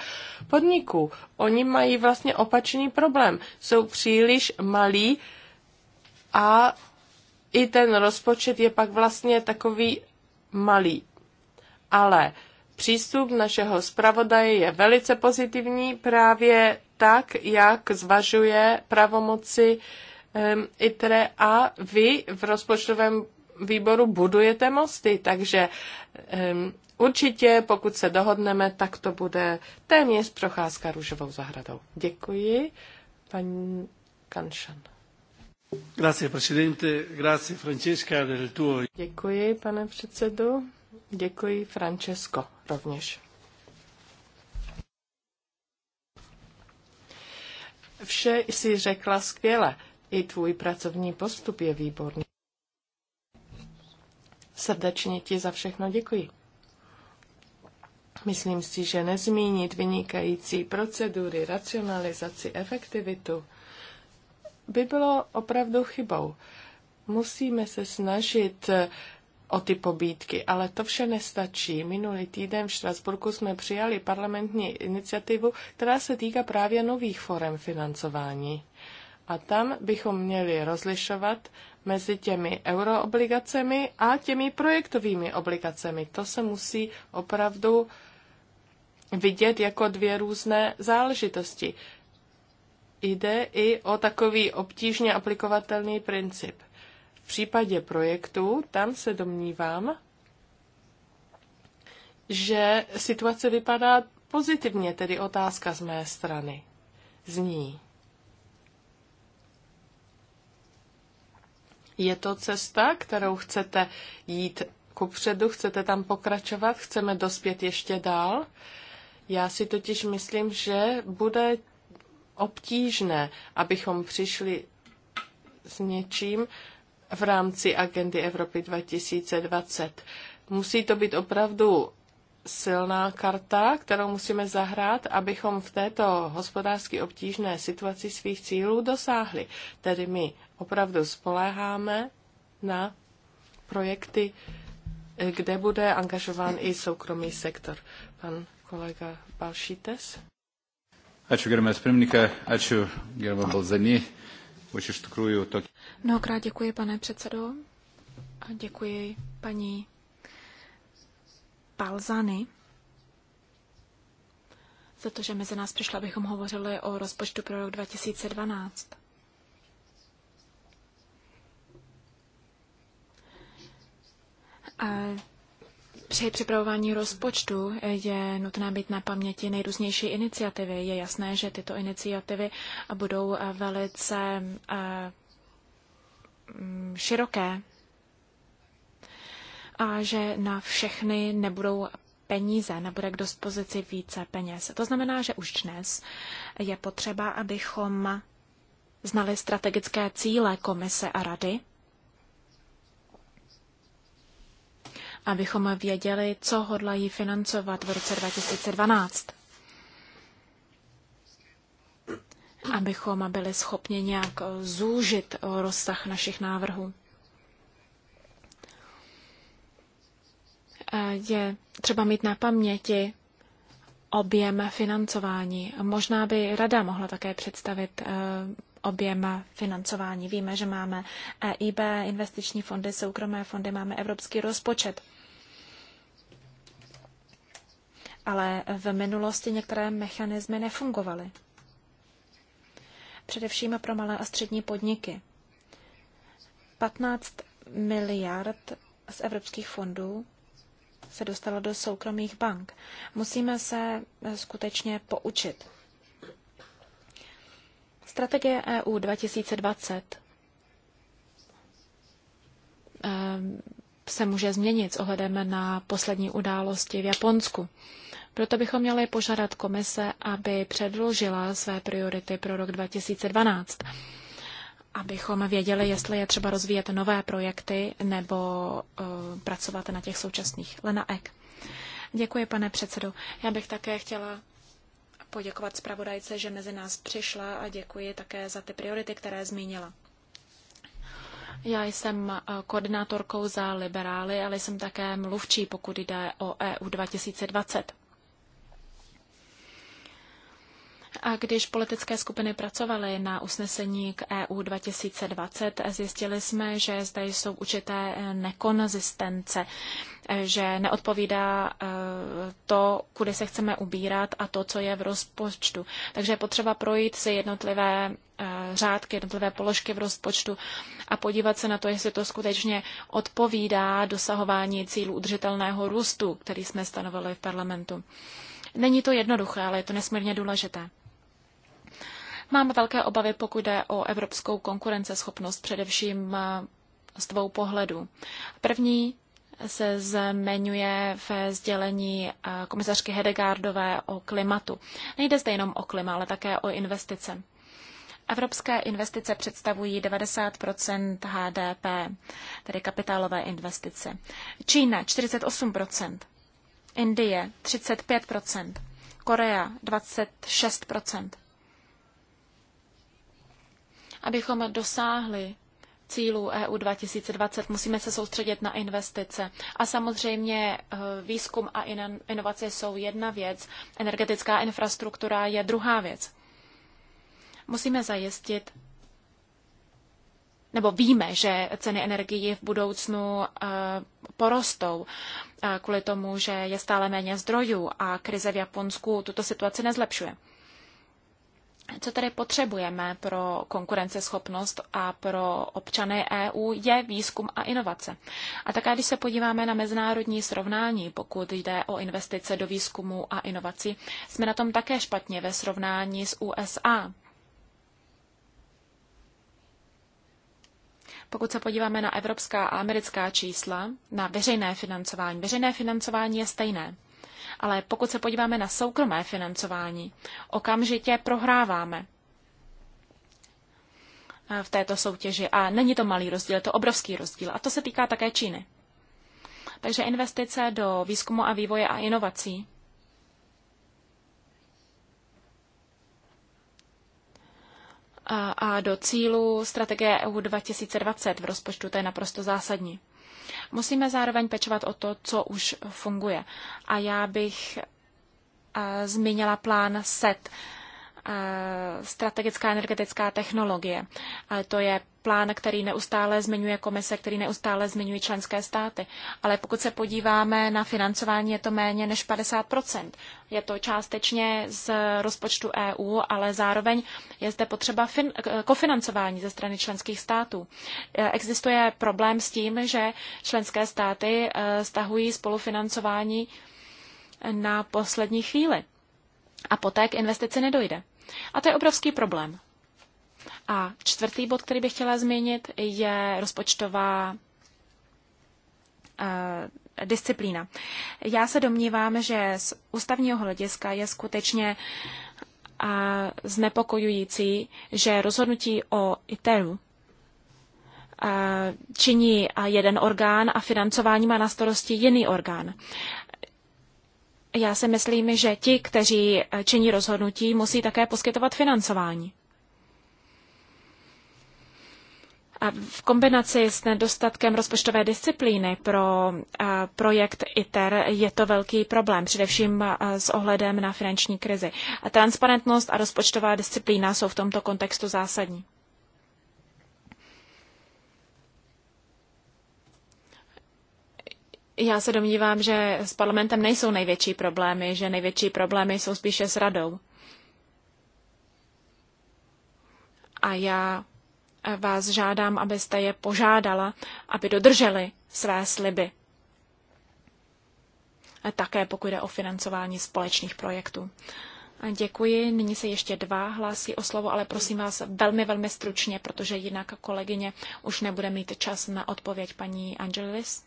podniků. Oni mají vlastně opačný problém. Jsou příliš malí a i ten rozpočet je pak vlastně takový malý. Ale Přístup našeho zpravodaje je velice pozitivní, právě tak, jak zvažuje pravomoci ITRE a vy v rozpočtovém výboru budujete mosty, takže um, určitě, pokud se dohodneme, tak to bude téměř procházka růžovou zahradou. Děkuji, paní Kanšan. Děkuji, pane předsedu. Děkuji, Francesco, rovněž. Vše jsi řekla skvěle. I tvůj pracovní postup je výborný. Srdečně ti za všechno děkuji. Myslím si, že nezmínit vynikající procedury, racionalizaci, efektivitu by bylo opravdu chybou. Musíme se snažit o ty pobídky. Ale to vše nestačí. Minulý týden v Štrasburku jsme přijali parlamentní iniciativu, která se týká právě nových forem financování. A tam bychom měli rozlišovat mezi těmi euroobligacemi a těmi projektovými obligacemi. To se musí opravdu vidět jako dvě různé záležitosti. Jde i o takový obtížně aplikovatelný princip případě projektu, tam se domnívám, že situace vypadá pozitivně, tedy otázka z mé strany zní. Je to cesta, kterou chcete jít kupředu, chcete tam pokračovat, chceme dospět ještě dál? Já si totiž myslím, že bude obtížné, abychom přišli s něčím, v rámci agendy Evropy 2020. Musí to být opravdu silná karta, kterou musíme zahrát, abychom v této hospodářsky obtížné situaci svých cílů dosáhli. Tedy my opravdu spoléháme na projekty, kde bude angažován i soukromý sektor. Pan kolega Balšítes. Ačiū gerbiamas pirmininkė, ačiū gerbiamas Balzani už iš tikrųjų tokį. Mnohokrát děkuji, pane předsedo, a děkuji paní Palzany za to, že mezi nás přišla, abychom hovořili o rozpočtu pro rok 2012. Při připravování rozpočtu je nutné být na paměti nejrůznější iniciativy. Je jasné, že tyto iniciativy budou velice eh, Mm, široké a že na všechny nebudou peníze, nebude k dispozici více peněz. To znamená, že už dnes je potřeba, abychom znali strategické cíle komise a rady, abychom věděli, co hodlají financovat v roce 2012. abychom byli schopni nějak eh, zúžit eh, rozsah našich návrhů. Eh, je třeba mít na paměti objem financování. Možná by rada mohla také představit objem financování. Víme, že máme EIB, investiční fondy, soukromé fondy, máme evropský rozpočet. Ale v minulosti některé mechanismy nefungovaly především pro malé a střední podniky. 15 miliard z evropských fondů se dostalo do soukromých bank. Musíme se skutečně poučit. Strategie EU 2020 ehm, se může změnit s ohledem na poslední události v Japonsku. Proto bychom měli požádat komise, aby předložila své priority pro rok 2012 abychom věděli, jestli je třeba rozvíjet nové projekty nebo uh, pracovat na těch současných. Lena Ek. Děkuji, pane předsedo. Já bych také chtěla poděkovat zpravodajce, že mezi nás přišla a děkuji také za ty priority, které zmínila. Já jsem eh, koordinátorkou za liberály, ale jsem také mluvčí, pokud jde o EU 2020. A když politické skupiny pracovaly na usnesení k EU 2020, zjistili jsme, že zde jsou určité eh, nekonzistence, eh, že neodpovídá eh, to, kudy se chceme ubírat a to, co je v rozpočtu. Takže je potřeba projít si jednotlivé řádky, jednotlivé položky v rozpočtu a podívat se na to, jestli to skutečně odpovídá dosahování cílů udržitelného růstu, který jsme stanovili v parlamentu. Není to jednoduché, ale je to nesmírně důležité. Mám velké obavy, pokud jde o evropskou konkurenceschopnost, především eh, z dvou pohledů. První se zmiňuje ve sdělení eh, komisařky Hedegardové o klimatu. Nejde zde jenom o klima, ale také o investice. Evropské investice představují 90 HDP, tedy kapitálové investice. Čína 48 Indie 35 Korea 26 Abychom dosáhli cílů EU 2020 musíme se soustředit na investice. A samozřejmě eh, výzkum a inovace jsou jedna věc, energetická infrastruktura je druhá věc. Musíme zajistit, nebo víme, že ceny energii v budoucnu eh, porostou eh, kvůli tomu, že je stále méně zdrojů a krize v Japonsku tuto situaci nezlepšuje. Co tedy potřebujeme pro konkurenceschopnost a pro občany EU je výzkum a inovace. A také, když se podíváme na mezinárodní srovnání, pokud jde o investice do výzkumu a inovací, jsme na tom také špatně ve srovnání s USA. Pokud se podíváme na evropská a americká čísla, na veřejné financování, veřejné financování je stejné. Ale pokud se podíváme na soukromé financování, okamžitě prohráváme eh, v této soutěži. A není to malý rozdíl, je to obrovský rozdíl. A to se týká také Číny. Takže investice do výzkumu a vývoje a inovací a do cílu strategie EU 2020 v rozpočtu, to je naprosto zásadní. Musíme zároveň pečovat o to, co už funguje. A já bych eh, zmínila plán SET, eh, strategická energetická technologie. To je plán, který neustále zmiňuje komise, který neustále zmiňují členské státy. Ale pokud se podíváme na financování, je to méně než 50 Je to částečně z rozpočtu EU, ale zároveň je zde potřeba fin- kofinancování ze strany členských států. E, existuje problém s tím, že členské státy e, stahují spolufinancování na poslední chvíli. A poté k investici nedojde. A to je obrovský problém. A čtvrtý bod, který bych chtěla změnit, je rozpočtová eh, disciplína. Já se domnívám, že z ústavního hlediska je skutečně a eh, znepokojující, že rozhodnutí o ITERu eh, činí jeden orgán a financování má na starosti jiný orgán. Já si myslím, že ti, kteří činí rozhodnutí, musí také poskytovat financování. V kombinaci s nedostatkem rozpočtové disciplíny pro eh, projekt ITER je to velký problém, především eh, s ohledem na finanční krizi. Transparentnost a rozpočtová disciplína jsou v tomto kontextu zásadní. Já se domnívám, že s parlamentem nejsou největší problémy, že největší problémy jsou spíše s radou. A já vás žádám, abyste je požádala, aby dodrželi své sliby. A také pokud jde o financování společných projektů. A děkuji. Nyní se ještě dva hlásí o slovo, ale prosím vás velmi, velmi stručně, protože jinak kolegyně už nebude mít čas na odpověď paní Angelis.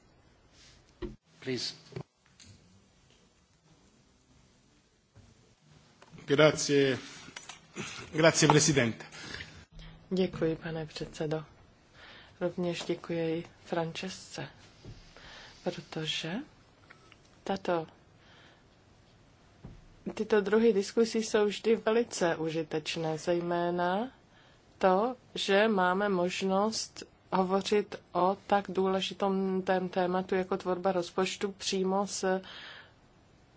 Please. Grazie. Grazie, Presidente. Děkuji, pane předsedo. Rovněž děkuji Francesce, protože tato tyto druhy diskusí jsou vždy velice užitečné, zejména to, že máme možnost hovořit o tak důležitom tém tématu jako tvorba rozpočtu přímo s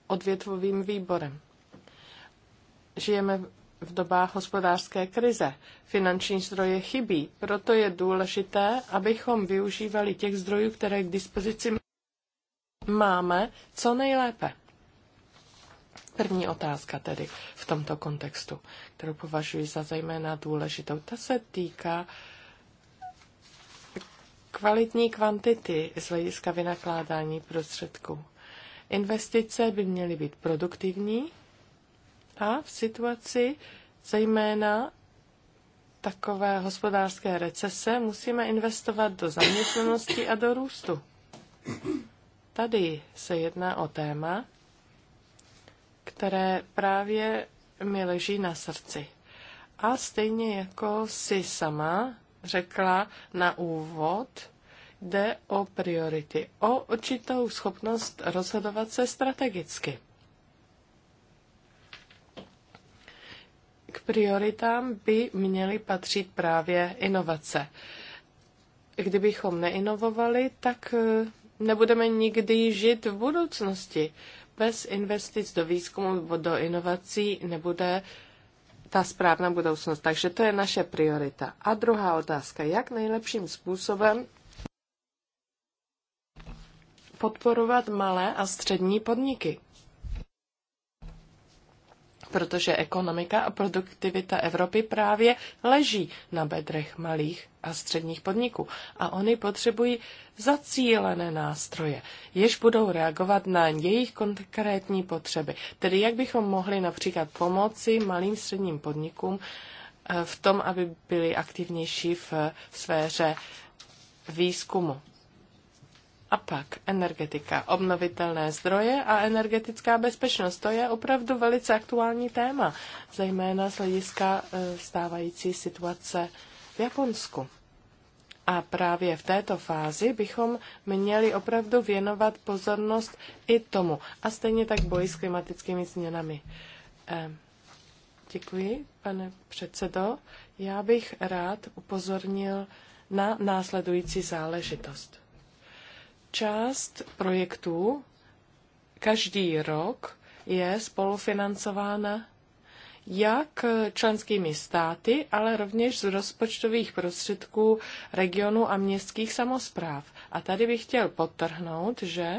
odvětvovým výborem. Žijeme v dobách hospodářské krize. Finanční zdroje chybí, proto je důležité, abychom využívali těch zdrojů, které k dispozici máme, co nejlépe. První otázka tedy v tomto kontextu, kterou považuji za zejména důležitou, ta se týká kvalitní kvantity z hlediska vynakládání prostředků. Investice by měly být produktivní, a v situaci zejména takové hospodářské recese musíme investovat do zaměstnanosti a do růstu. Tady se jedná o téma, které právě mi leží na srdci. A stejně jako si sama řekla na úvod, jde o priority, o určitou schopnost rozhodovat se strategicky. k prioritám by měly patřit právě inovace. Kdybychom neinovovali, tak eh, nebudeme nikdy žít v budoucnosti. Bez investic do výzkumu nebo do inovací nebude ta správná budoucnost. Takže to je naše priorita. A druhá otázka, jak nejlepším způsobem podporovat malé a střední podniky protože ekonomika a produktivita Evropy právě leží na bedrech malých a středních podniků. A oni potřebují zacílené nástroje, jež budou reagovat na jejich konkrétní potřeby. Tedy jak bychom mohli například pomoci malým středním podnikům eh, v tom, aby byli aktivnější v sféře výzkumu. A pak energetika, obnovitelné zdroje a energetická bezpečnost. To je opravdu velice aktuální téma, zejména z hlediska e, stávající situace v Japonsku. A právě v této fázi bychom měli opravdu věnovat pozornost i tomu. A stejně tak boji s klimatickými změnami. E, děkuji, pane předsedo. Já bych rád upozornil na následující záležitost. Část projektů každý rok je spolufinancována jak členskými státy, ale rovněž z rozpočtových prostředků regionu a městských samozpráv. A tady bych chtěl podtrhnout, že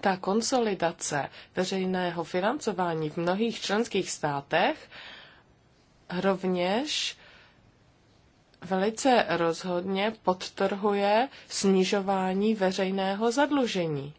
ta konsolidace veřejného financování v mnohých členských státech rovněž velice rozhodně podtrhuje snižování veřejného zadlužení.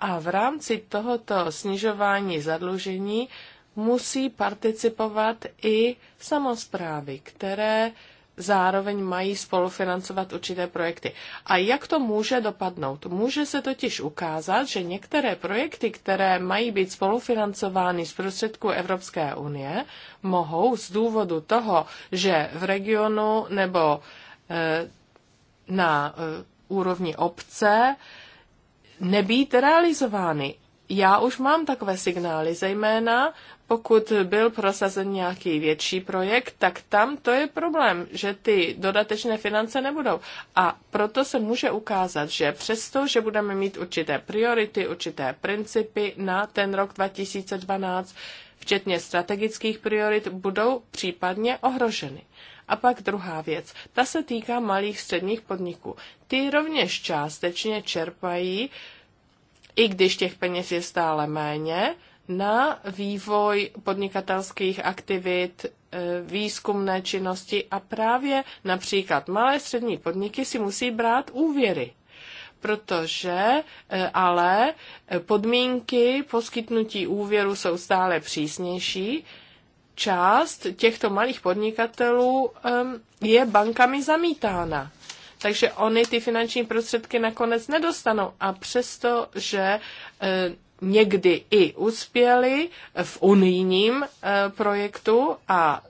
A v rámci tohoto snižování zadlužení musí participovat i samozprávy, které zároveň mají spolufinancovat určité projekty. A jak to může dopadnout? Může se totiž ukázat, že některé projekty, které mají být spolufinancovány z prostředků Evropské unie, mohou z důvodu toho, že v regionu nebo eh, na eh, úrovni obce nebýt realizovány. Já už mám takové signály, zejména pokud byl prosazen nějaký větší projekt, tak tam to je problém, že ty dodatečné finance nebudou. A proto se může ukázat, že přesto, že budeme mít určité priority, určité principy na ten rok 2012, včetně strategických priorit, budou případně ohroženy. A pak druhá věc, ta se týká malých středních podniků. Ty rovněž částečně čerpají, i když těch peněz je stále méně, na vývoj podnikatelských aktivit, e, výzkumné činnosti a právě například malé střední podniky si musí brát úvěry protože e, ale e, podmínky poskytnutí úvěru jsou stále přísnější. Část těchto malých podnikatelů je bankami zamítána. Takže oni ty finanční prostředky nakonec nedostanou. A přesto, že někdy i uspěli v unijním eh, projektu a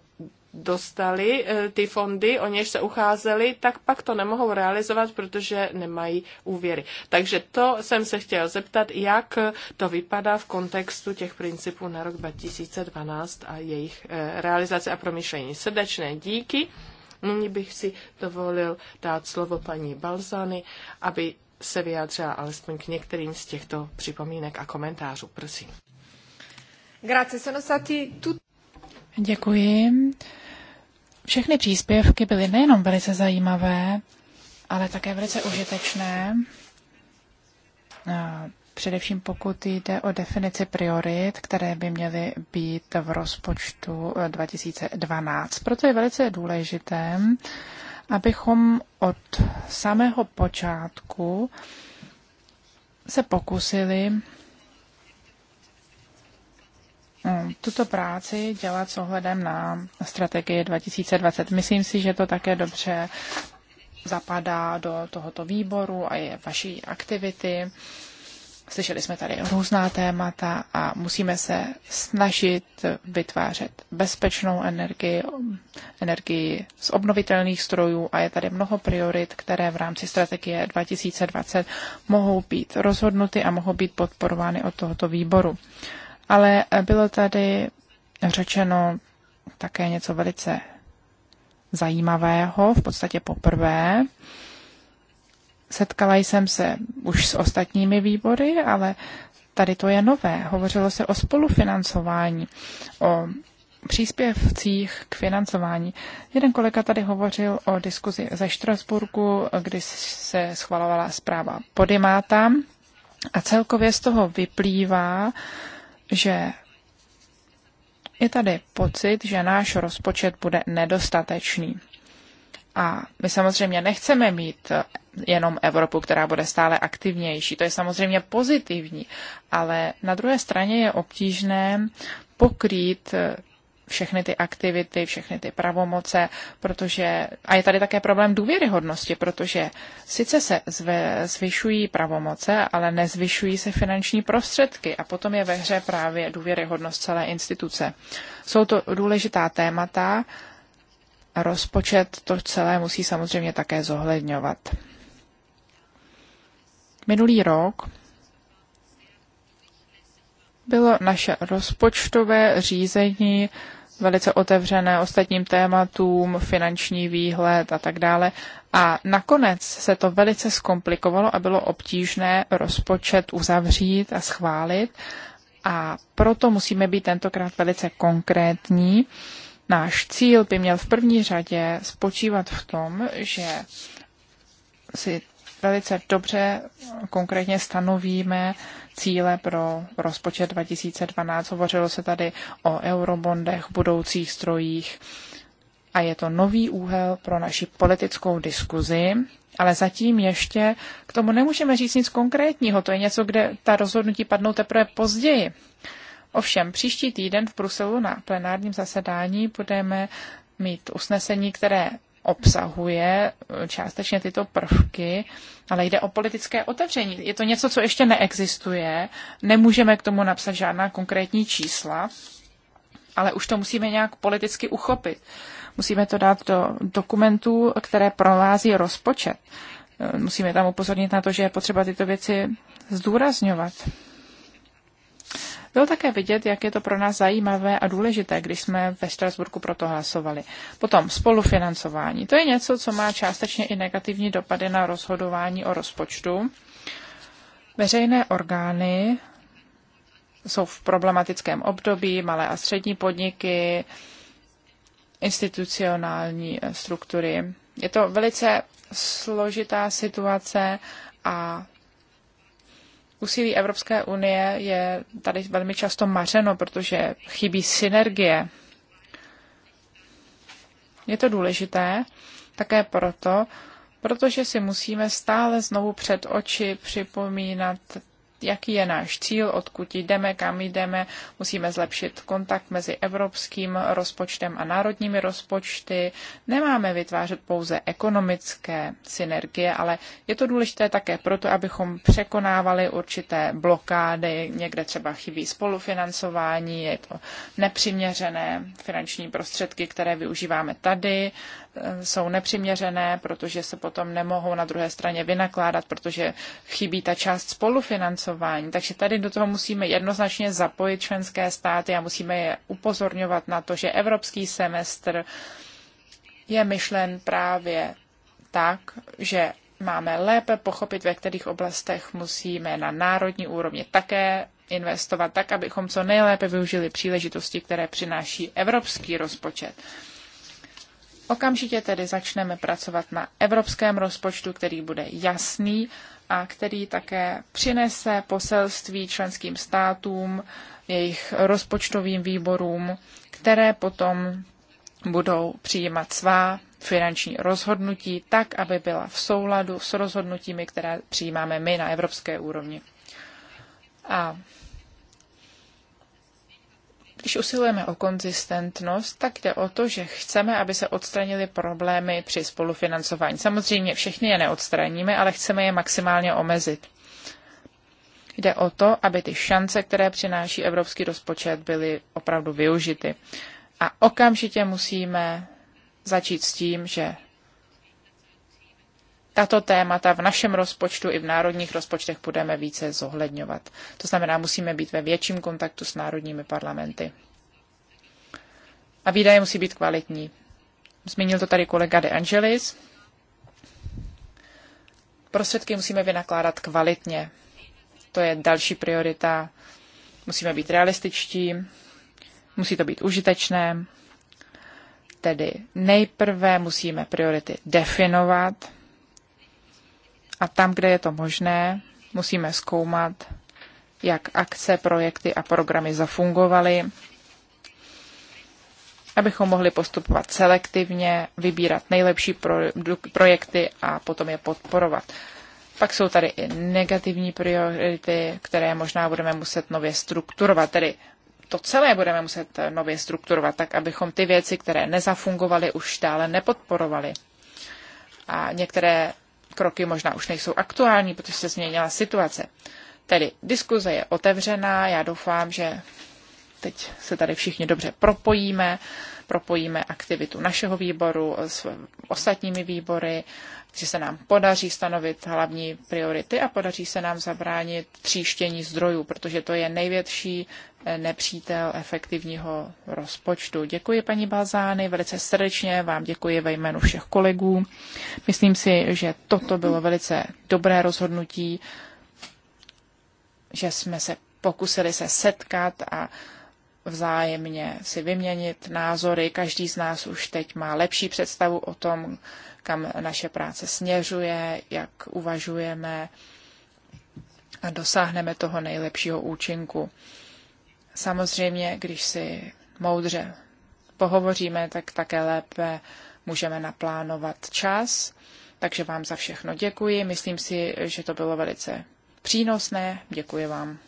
dostali eh, ty fondy, o něž se ucházeli, tak pak to nemohou realizovat, protože nemají úvěry. Takže to jsem se chtěl zeptat, jak to vypadá v kontextu těch principů na rok 2012 a jejich eh, realizace a promyšlení. Srdečné díky. Nyní bych si dovolil dát slovo paní Balzany, aby se vyjádřila alespoň k některým z těchto připomínek a komentářů. Prosím. Grazie, sono stati tut... Děkuji. Všechny příspěvky byly nejenom velice zajímavé, ale také velice užitečné. Především pokud jde o definici priorit, které by měly být v rozpočtu eh, 2012. Proto je velice důležité, abychom od samého počátku se pokusili no, tuto práci dělat s ohledem na strategii 2020. Myslím si, že to také dobře zapadá do tohoto výboru a je vaší aktivity. Slyšeli jsme tady různá témata a musíme se snažit vytvářet bezpečnou energii, energii z obnovitelných strojů a je tady mnoho priorit, které v rámci strategie 2020 mohou být rozhodnuty a mohou být podporovány od tohoto výboru. Ale bylo tady řečeno také něco velice zajímavého, v podstatě poprvé. Setkala jsem se už s ostatními výbory, ale tady to je nové. Hovořilo se o spolufinancování, o příspěvcích k financování. Jeden kolega tady hovořil o diskuzi ze Štrasburku, kdy se schvalovala zpráva Podimáta a celkově z toho vyplývá, že je tady pocit, že náš rozpočet bude nedostatečný. A my samozřejmě nechceme mít eh, jenom Evropu, která bude stále aktivnější. To je samozřejmě pozitivní, ale na druhé straně je obtížné pokrýt eh, všechny ty aktivity, všechny ty pravomoce, protože, a je tady také problém důvěryhodnosti, protože sice se zve, zvyšují pravomoce, ale nezvyšují se finanční prostředky a potom je ve hře právě důvěryhodnost celé instituce. Jsou to důležitá témata, rozpočet to celé musí samozřejmě také zohledňovat. Minulý rok bylo naše rozpočtové řízení velice otevřené ostatním tématům, finanční výhled a tak dále. A nakonec se to velice zkomplikovalo a bylo obtížné rozpočet uzavřít a schválit. A proto musíme být tentokrát velice konkrétní Náš cíl by měl v první řadě spočívat v tom, že si velice dobře konkrétně stanovíme cíle pro rozpočet 2012. Hovořilo se tady o eurobondech, budoucích strojích a je to nový úhel pro naši politickou diskuzi, ale zatím ještě k tomu nemůžeme říct nic konkrétního. To je něco, kde ta rozhodnutí padnou teprve později. Ovšem, příští týden v Bruselu na plenárním zasedání budeme mít usnesení, které obsahuje eh, částečně tyto prvky, ale jde o politické otevření. Je to něco, co ještě neexistuje, nemůžeme k tomu napsat žádná konkrétní čísla, ale už to musíme nějak politicky uchopit. Musíme to dát do dokumentů, které provází rozpočet. Eh, musíme tam upozornit na to, že je potřeba tyto věci zdůrazňovat. Bylo také vidět, jak je to pro nás zajímavé a důležité, když jsme ve Strasburku pro to hlasovali. Potom spolufinancování. To je něco, co má částečně i negativní dopady na rozhodování o rozpočtu. Veřejné orgány jsou v problematickém období, malé a střední podniky, institucionální eh, struktury. Je to velice složitá situace a Úsilí Evropské unie je tady velmi často mařeno, protože chybí synergie. Je to důležité také proto, protože si musíme stále znovu před oči připomínat jaký je náš cíl, odkud jdeme, kam jdeme. Musíme zlepšit kontakt mezi evropským rozpočtem a národními rozpočty. Nemáme vytvářet pouze ekonomické synergie, ale je to důležité také proto, abychom překonávali určité blokády. Někde třeba chybí spolufinancování, je to nepřiměřené finanční prostředky, které využíváme tady. Eh, jsou nepřiměřené, protože se potom nemohou na druhé straně vynakládat, protože chybí ta část spolufinancování. Takže tady do toho musíme jednoznačně zapojit členské státy a musíme je upozorňovat na to, že evropský semestr je myšlen právě tak, že máme lépe pochopit, ve kterých oblastech musíme na národní úrovni také investovat tak, abychom co nejlépe využili příležitosti, které přináší evropský rozpočet. Okamžitě tedy začneme pracovat na evropském rozpočtu, který bude jasný a který také přinese poselství členským státům, jejich rozpočtovým výborům, které potom budou přijímat svá finanční rozhodnutí tak, aby byla v souladu s rozhodnutími, které přijímáme my na evropské úrovni. A když usilujeme o konzistentnost, tak jde o to, že chceme, aby se odstranily problémy při spolufinancování. Samozřejmě všechny je neodstraníme, ale chceme je maximálně omezit. Jde o to, aby ty šance, které přináší evropský rozpočet, byly opravdu využity. A okamžitě musíme začít s tím, že tato témata v našem rozpočtu i v národních rozpočtech budeme více zohledňovat. To znamená, musíme být ve větším kontaktu s národními parlamenty. A výdaje musí být kvalitní. Zmínil to tady kolega De Angelis. Prostředky musíme vynakládat kvalitně. To je další priorita. Musíme být realističtí, musí to být užitečné. Tedy nejprve musíme priority definovat, a tam, kde je to možné, musíme zkoumat, jak akce, projekty a programy zafungovaly, abychom mohli postupovat selektivně, vybírat nejlepší projekty a potom je podporovat. Pak jsou tady i negativní priority, které možná budeme muset nově strukturovat, tedy to celé budeme muset nově strukturovat, tak abychom ty věci, které nezafungovaly, už dále nepodporovali. A některé kroky možná už nejsou aktuální, protože se změnila situace. Tedy diskuze je otevřená, já doufám, že teď se tady všichni dobře propojíme propojíme aktivitu našeho výboru s ostatními výbory, že se nám podaří stanovit hlavní priority a podaří se nám zabránit tříštění zdrojů, protože to je největší eh, nepřítel efektivního rozpočtu. Děkuji paní Balzány, velice srdečně vám děkuji ve jménu všech kolegů. Myslím si, že toto bylo velice dobré rozhodnutí, že jsme se pokusili se setkat a vzájemně si vyměnit názory. Každý z nás už teď má lepší představu o tom, kam naše práce směřuje, jak uvažujeme a dosáhneme toho nejlepšího účinku. Samozřejmě, když si moudře pohovoříme, tak také lépe můžeme naplánovat čas. Takže vám za všechno děkuji. Myslím si, že to bylo velice přínosné. Děkuji vám.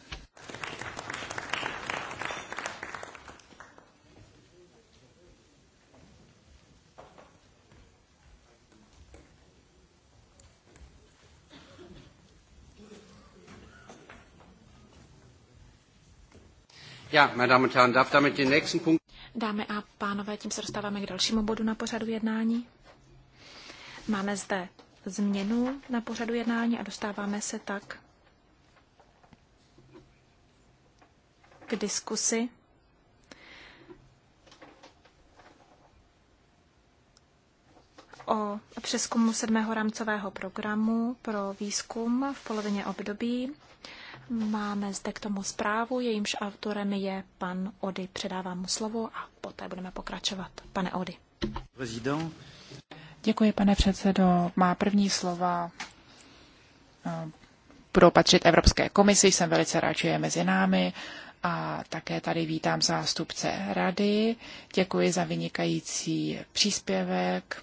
Dámy a pánové, tím se dostáváme k dalšímu bodu na pořadu jednání. Máme zde změnu na pořadu jednání a dostáváme se tak k diskusi o přeskumu sedmého rámcového programu pro výzkum v polovině období Máme zde k tomu zprávu, jejímž autorem je pan Ody. Předávám mu slovo a poté budeme pokračovat. Pane Ody. Děkuji, pane předsedo. Má první slova eh, budou patřit Evropské komisi. Jsem velice rád, že je mezi námi a také tady vítám zástupce rady. Děkuji za vynikající příspěvek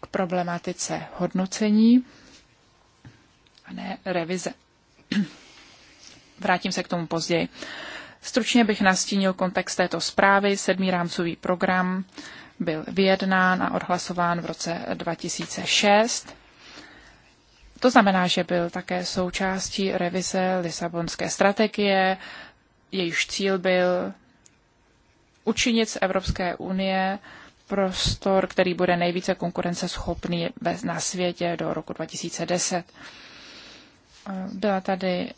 k problematice hodnocení a ne revize. Vrátím se k tomu později. Stručně bych nastínil kontext této zprávy. Sedmý rámcový program byl vyjednán a odhlasován v roce 2006. To znamená, že byl také součástí revize Lisabonské strategie, jejíž cíl byl učinit z Evropské unie prostor, který bude nejvíce konkurenceschopný na světě do roku 2010. Byla tady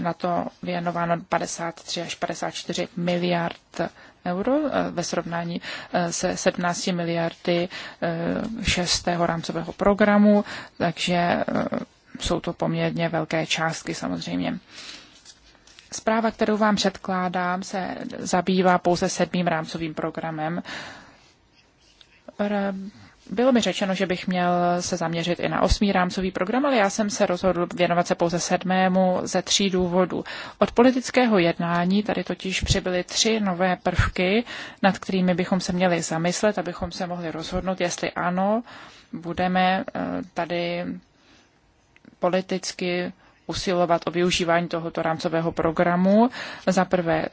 na to věnováno 53 až 54 miliard euro ve srovnání se 17 miliardy e, šestého rámcového programu, takže e, jsou to poměrně velké částky samozřejmě. Zpráva, kterou vám předkládám, se zabývá pouze sedmým rámcovým programem. Bylo mi řečeno, že bych měl se zaměřit i na osmý rámcový program, ale já jsem se rozhodl věnovat se pouze sedmému ze tří důvodů. Od politického jednání tady totiž přibyly tři nové prvky, nad kterými bychom se měli zamyslet, abychom se mohli rozhodnout, jestli ano, budeme eh, tady politicky usilovat o využívání tohoto rámcového programu. Za prvé, eh,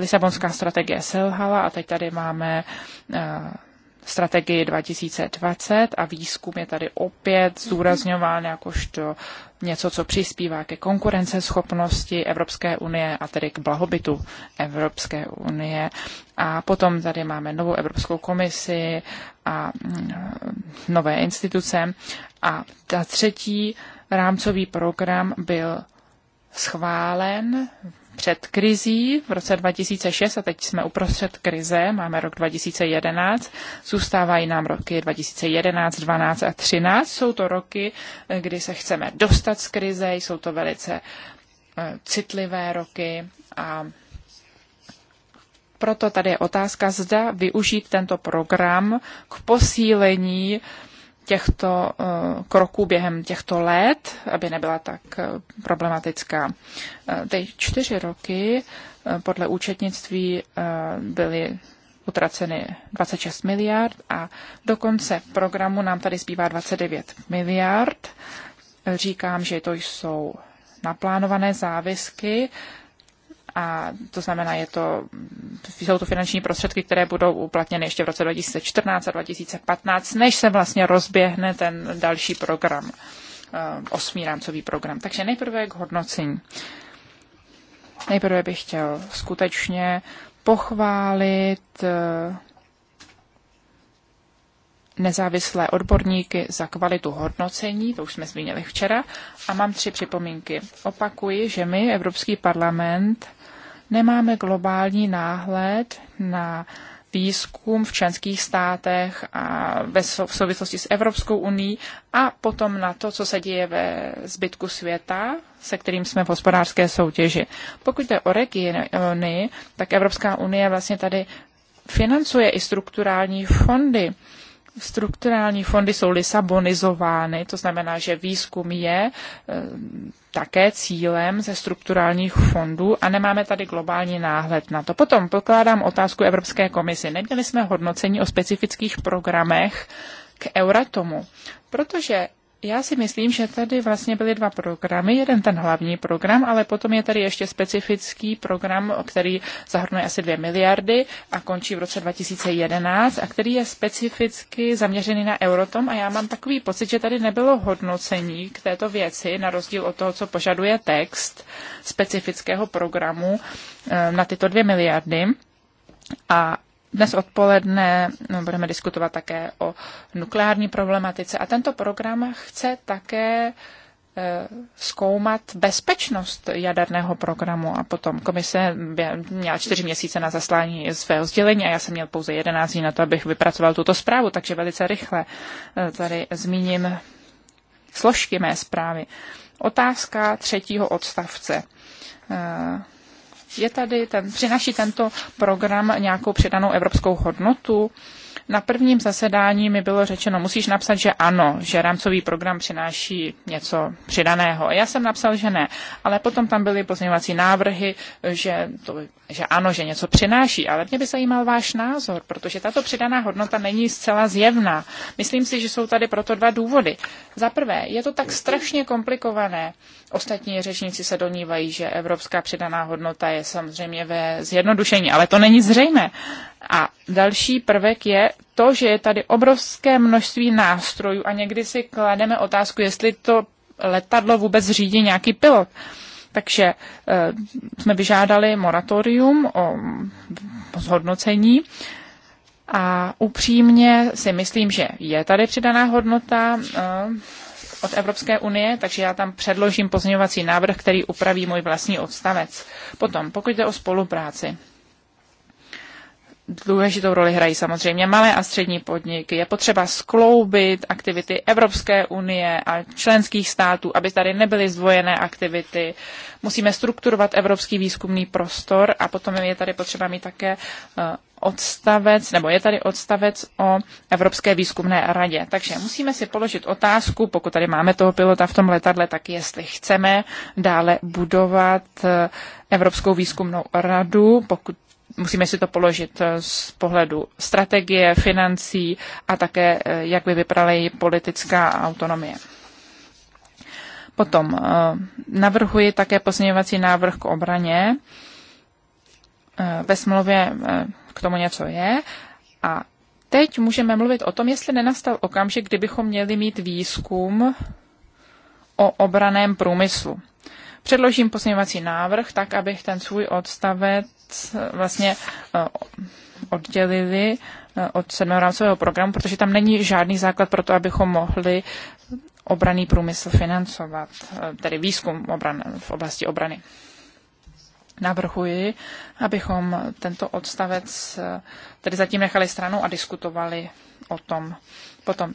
Lisabonská strategie selhala a teď tady máme eh, strategii 2020 a výzkum je tady opět zúrazňován jakožto něco, co přispívá ke konkurenceschopnosti Evropské unie a tedy k blahobytu Evropské unie. A potom tady máme novou Evropskou komisi a mm, nové instituce. A ta třetí rámcový program byl schválen před krizí v roce 2006 a teď jsme uprostřed krize, máme rok 2011, zůstávají nám roky 2011, 12 a 13. Jsou to roky, kdy se chceme dostat z krize, jsou to velice eh, citlivé roky a proto tady je otázka, zda využít tento program k posílení těchto eh, kroků během těchto let, aby nebyla tak eh, problematická. Eh, ty čtyři roky podle účetnictví byly utraceny 26 miliard a do konce programu nám tady zbývá 29 miliard. Říkám, že to jsou naplánované závisky, a to znamená, je to, jsou to finanční prostředky, které budou uplatněny ještě v roce 2014 a 2015, než se vlastně rozběhne ten další program, eh, osmý rámcový program. Takže nejprve k hodnocení. Nejprve bych chtěl skutečně pochválit eh, nezávislé odborníky za kvalitu hodnocení, to už jsme zmínili včera, a mám tři připomínky. Opakuji, že my, Evropský parlament, nemáme globální náhled na výzkum v členských státech a ve, v souvislosti s Evropskou uní a potom na to, co se děje ve zbytku světa, se kterým jsme v hospodářské soutěži. Pokud jde o regiony, tak Evropská unie vlastně tady financuje i strukturální fondy strukturální fondy jsou lisabonizovány, to znamená, že výzkum je eh, také cílem ze strukturálních fondů a nemáme tady globální náhled na to. Potom pokládám otázku Evropské komisi. Neměli jsme hodnocení o specifických programech k Euratomu, protože já si myslím, že tady vlastně byly dva programy. Jeden ten hlavní program, ale potom je tady ještě specifický program, který zahrnuje asi dvě miliardy a končí v roce 2011 a který je specificky zaměřený na Eurotom a já mám takový pocit, že tady nebylo hodnocení k této věci, na rozdíl od toho, co požaduje text specifického programu eh, na tyto dvě miliardy. A dnes odpoledne no, budeme diskutovat také o nukleární problematice a tento program chce také e, zkoumat bezpečnost jaderného programu a potom komise měla čtyři měsíce na zaslání svého sdělení a já jsem měl pouze jedenáct dní na to, abych vypracoval tuto zprávu, takže velice rychle e, tady zmíním složky mé zprávy. Otázka třetího odstavce. E, je tady ten, přináší tento program nějakou přidanou evropskou hodnotu? Na prvním zasedání mi bylo řečeno, musíš napsat, že ano, že rámcový program přináší něco přidaného. Já jsem napsal, že ne, ale potom tam byly pozměňovací návrhy, že, to, že ano, že něco přináší. Ale mě by zajímal váš názor, protože tato přidaná hodnota není zcela zjevná. Myslím si, že jsou tady proto dva důvody. Za prvé, je to tak strašně komplikované. Ostatní řečníci se domnívají, že evropská přidaná hodnota je samozřejmě ve zjednodušení, ale to není zřejmé. A další prvek je to, že je tady obrovské množství nástrojů a někdy si klademe otázku, jestli to letadlo vůbec řídí nějaký pilot. Takže eh, jsme vyžádali moratorium o zhodnocení a upřímně si myslím, že je tady přidaná hodnota eh, od Evropské unie, takže já tam předložím pozměňovací návrh, který upraví můj vlastní odstavec. Potom, pokud jde o spolupráci. Důležitou roli hrají samozřejmě malé a střední podniky. Je potřeba skloubit aktivity Evropské unie a členských států, aby tady nebyly zdvojené aktivity. Musíme strukturovat evropský výzkumný prostor a potom je tady potřeba mít také eh, odstavec, nebo je tady odstavec o Evropské výzkumné radě. Takže musíme si položit otázku, pokud tady máme toho pilota v tom letadle, tak jestli chceme dále budovat eh, Evropskou výzkumnou radu, pokud musíme si to položit eh, z pohledu strategie, financí a také, eh, jak by vypadala její politická autonomie. Potom eh, navrhuji také pozměňovací návrh k obraně. Ve smlouvě k tomu něco je. A teď můžeme mluvit o tom, jestli nenastal okamžik, kdybychom měli mít výzkum o obraném průmyslu. Předložím pozměňovací návrh tak, abych ten svůj odstavec vlastně eh, oddělili eh, od sedmého programu, protože tam není žádný základ pro to, abychom mohli obraný průmysl financovat, eh, tedy výzkum obran, v oblasti obrany. Navrhuji, abychom tento odstavec tedy zatím nechali stranou a diskutovali o tom Potom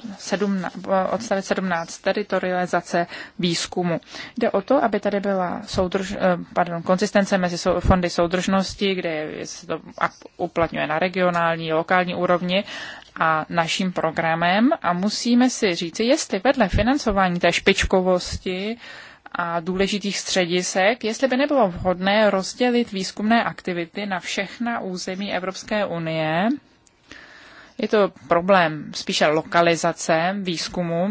odstavit 17, teritorializace výzkumu. Jde o to, aby tady byla soudrž, eh, pardon, konsistence mezi fondy soudržnosti, kde se to uplatňuje na regionální, lokální úrovni a naším programem a musíme si říci, jestli vedle financování té špičkovosti a důležitých středisek, jestli by nebylo vhodné rozdělit výzkumné aktivity na všechna území Evropské unie, je to problém spíše lokalizace výzkumu.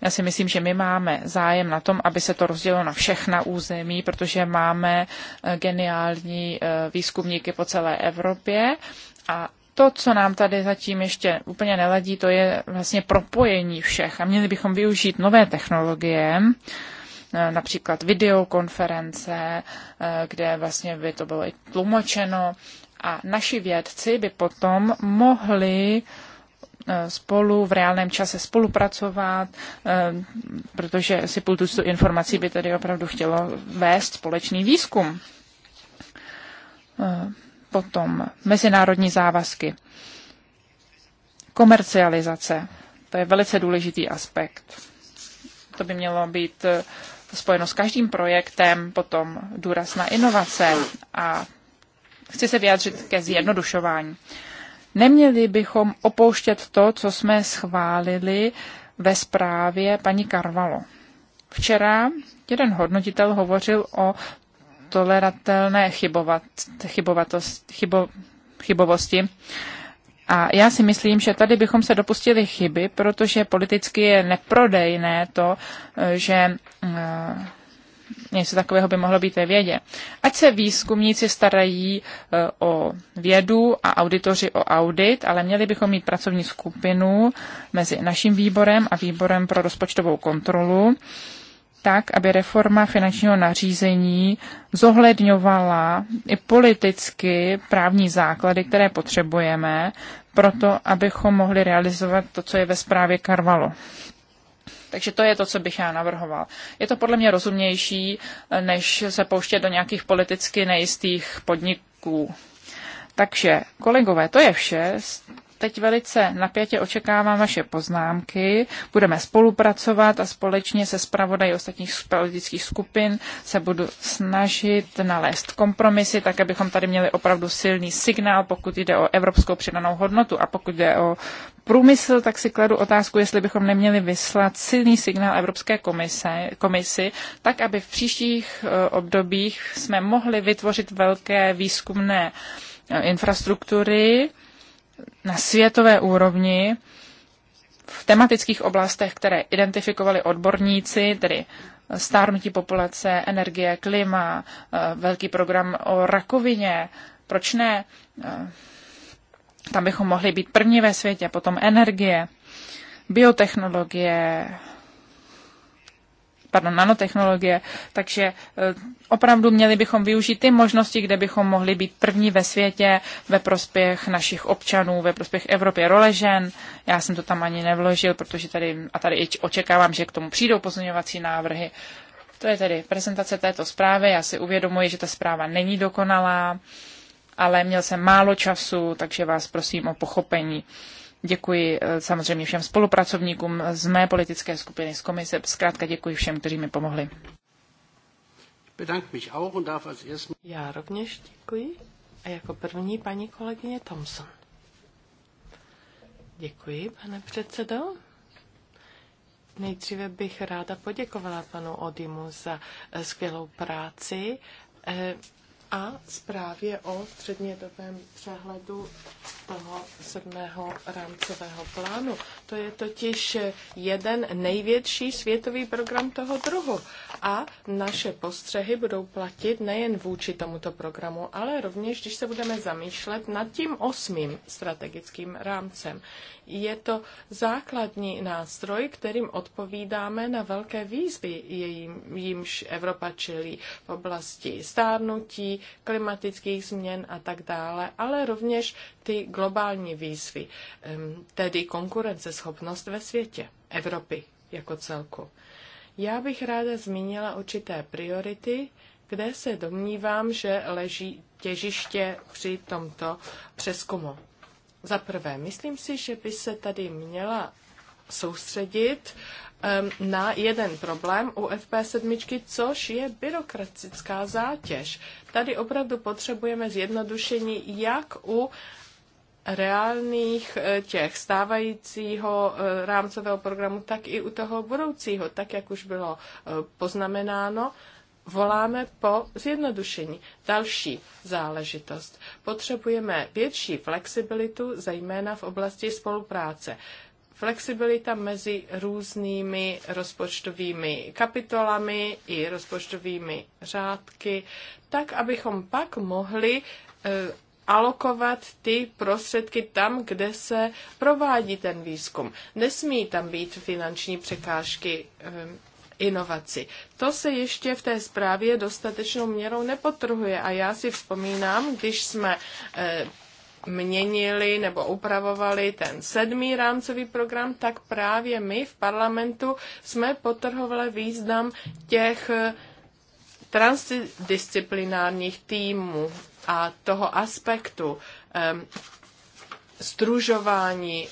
Já si myslím, že my máme zájem na tom, aby se to rozdělilo na všechna území, protože máme eh, geniální eh, výzkumníky po celé Evropě a to, co nám tady zatím ještě úplně neladí, to je vlastně propojení všech a měli bychom využít nové technologie, eh, například videokonference, kde vlastně by to bylo i tlumočeno a naši vědci by potom mohli eh, spolu v reálném čase spolupracovat, eh, protože si tu informací by tedy opravdu chtělo vést společný výzkum. Eh, potom mezinárodní závazky, komercializace, to je velice důležitý aspekt. To by mělo být spojeno s každým projektem, potom důraz na inovace a chci se vyjádřit ke zjednodušování. Neměli bychom opouštět to, co jsme schválili ve zprávě paní Karvalo. Včera jeden hodnotitel hovořil o toleratelné chybovat, chybovatost, chybo, chybovosti. A já si myslím, že tady bychom se dopustili chyby, protože politicky je neprodejné to, že eh, něco takového by mohlo být ve vědě. Ať se výzkumníci starají e, o vědu a auditoři o audit, ale měli bychom mít pracovní skupinu mezi naším výborem a výborem pro rozpočtovou kontrolu, tak, aby reforma finančního nařízení zohledňovala i politicky právní základy, které potřebujeme, proto abychom mohli realizovat to, co je ve zprávě Karvalo. Takže to je to, co bych já navrhoval. Je to podle mě rozumnější, eh, než se pouštět do nějakých politicky nejistých podniků. Takže, kolegové, to je vše teď velice napětě očekávám vaše poznámky. Budeme spolupracovat a společně se zpravodají ostatních politických skupin se budu snažit nalézt kompromisy, tak abychom tady měli opravdu silný signál, pokud jde o evropskou přidanou hodnotu a pokud jde o průmysl, tak si kladu otázku, jestli bychom neměli vyslat silný signál Evropské komise, komisi, tak aby v příštích eh, obdobích jsme mohli vytvořit velké výzkumné eh, infrastruktury, na světové úrovni v tematických oblastech, které identifikovali odborníci, tedy stárnutí populace, energie, klima, eh, velký program o rakovině, proč ne? Eh, tam bychom mohli být první ve světě, potom energie, biotechnologie, pardon, nanotechnologie. Takže e, opravdu měli bychom využít ty možnosti, kde bychom mohli být první ve světě ve prospěch našich občanů, ve prospěch Evropy role žen. Já jsem to tam ani nevložil, protože tady, a tady i očekávám, že k tomu přijdou pozměňovací návrhy. To je tedy prezentace této zprávy. Já si uvědomuji, že ta zpráva není dokonalá, ale měl jsem málo času, takže vás prosím o pochopení. Děkuji eh, samozřejmě všem spolupracovníkům z mé politické skupiny, z komise. Zkrátka děkuji všem, kteří mi pomohli. Já rovněž děkuji. A jako první paní kolegyně Thompson. Děkuji, pane předsedo. Nejdříve bych ráda poděkovala panu Odimu za eh, skvělou práci eh, a zprávě o střednědobém přehledu toho sedmého rámcového plánu. To je totiž jeden největší světový program toho druhu. A naše postřehy budou platit nejen vůči tomuto programu, ale rovněž, když se budeme zamýšlet nad tím osmým strategickým rámcem. Je to základní nástroj, kterým odpovídáme na velké výzvy, jim, jimž Evropa čelí v oblasti stárnutí, klimatických změn a tak dále, ale rovněž ty globální výzvy, tedy konkurenceschopnost ve světě Evropy jako celku. Já bych ráda zmínila určité priority, kde se domnívám, že leží těžiště při tomto přeskumu. Za prvé, myslím si, že by se tady měla soustředit um, na jeden problém u FP7, což je byrokratická zátěž. Tady opravdu potřebujeme zjednodušení jak u reálných eh, těch stávajícího eh, rámcového programu, tak i u toho budoucího, tak jak už bylo eh, poznamenáno voláme po zjednodušení. Další záležitost. Potřebujeme větší flexibilitu, zejména v oblasti spolupráce. Flexibilita mezi různými rozpočtovými kapitolami i rozpočtovými řádky, tak abychom pak mohli eh, alokovat ty prostředky tam, kde se provádí ten výzkum. Nesmí tam být finanční překážky eh, inovaci. To se ještě v té zprávě dostatečnou měrou nepotrhuje a já si vzpomínám, když jsme eh, měnili nebo upravovali ten sedmý rámcový program, tak právě my v parlamentu jsme potrhovali význam těch eh, transdisciplinárních týmů a toho aspektu um, eh, stružování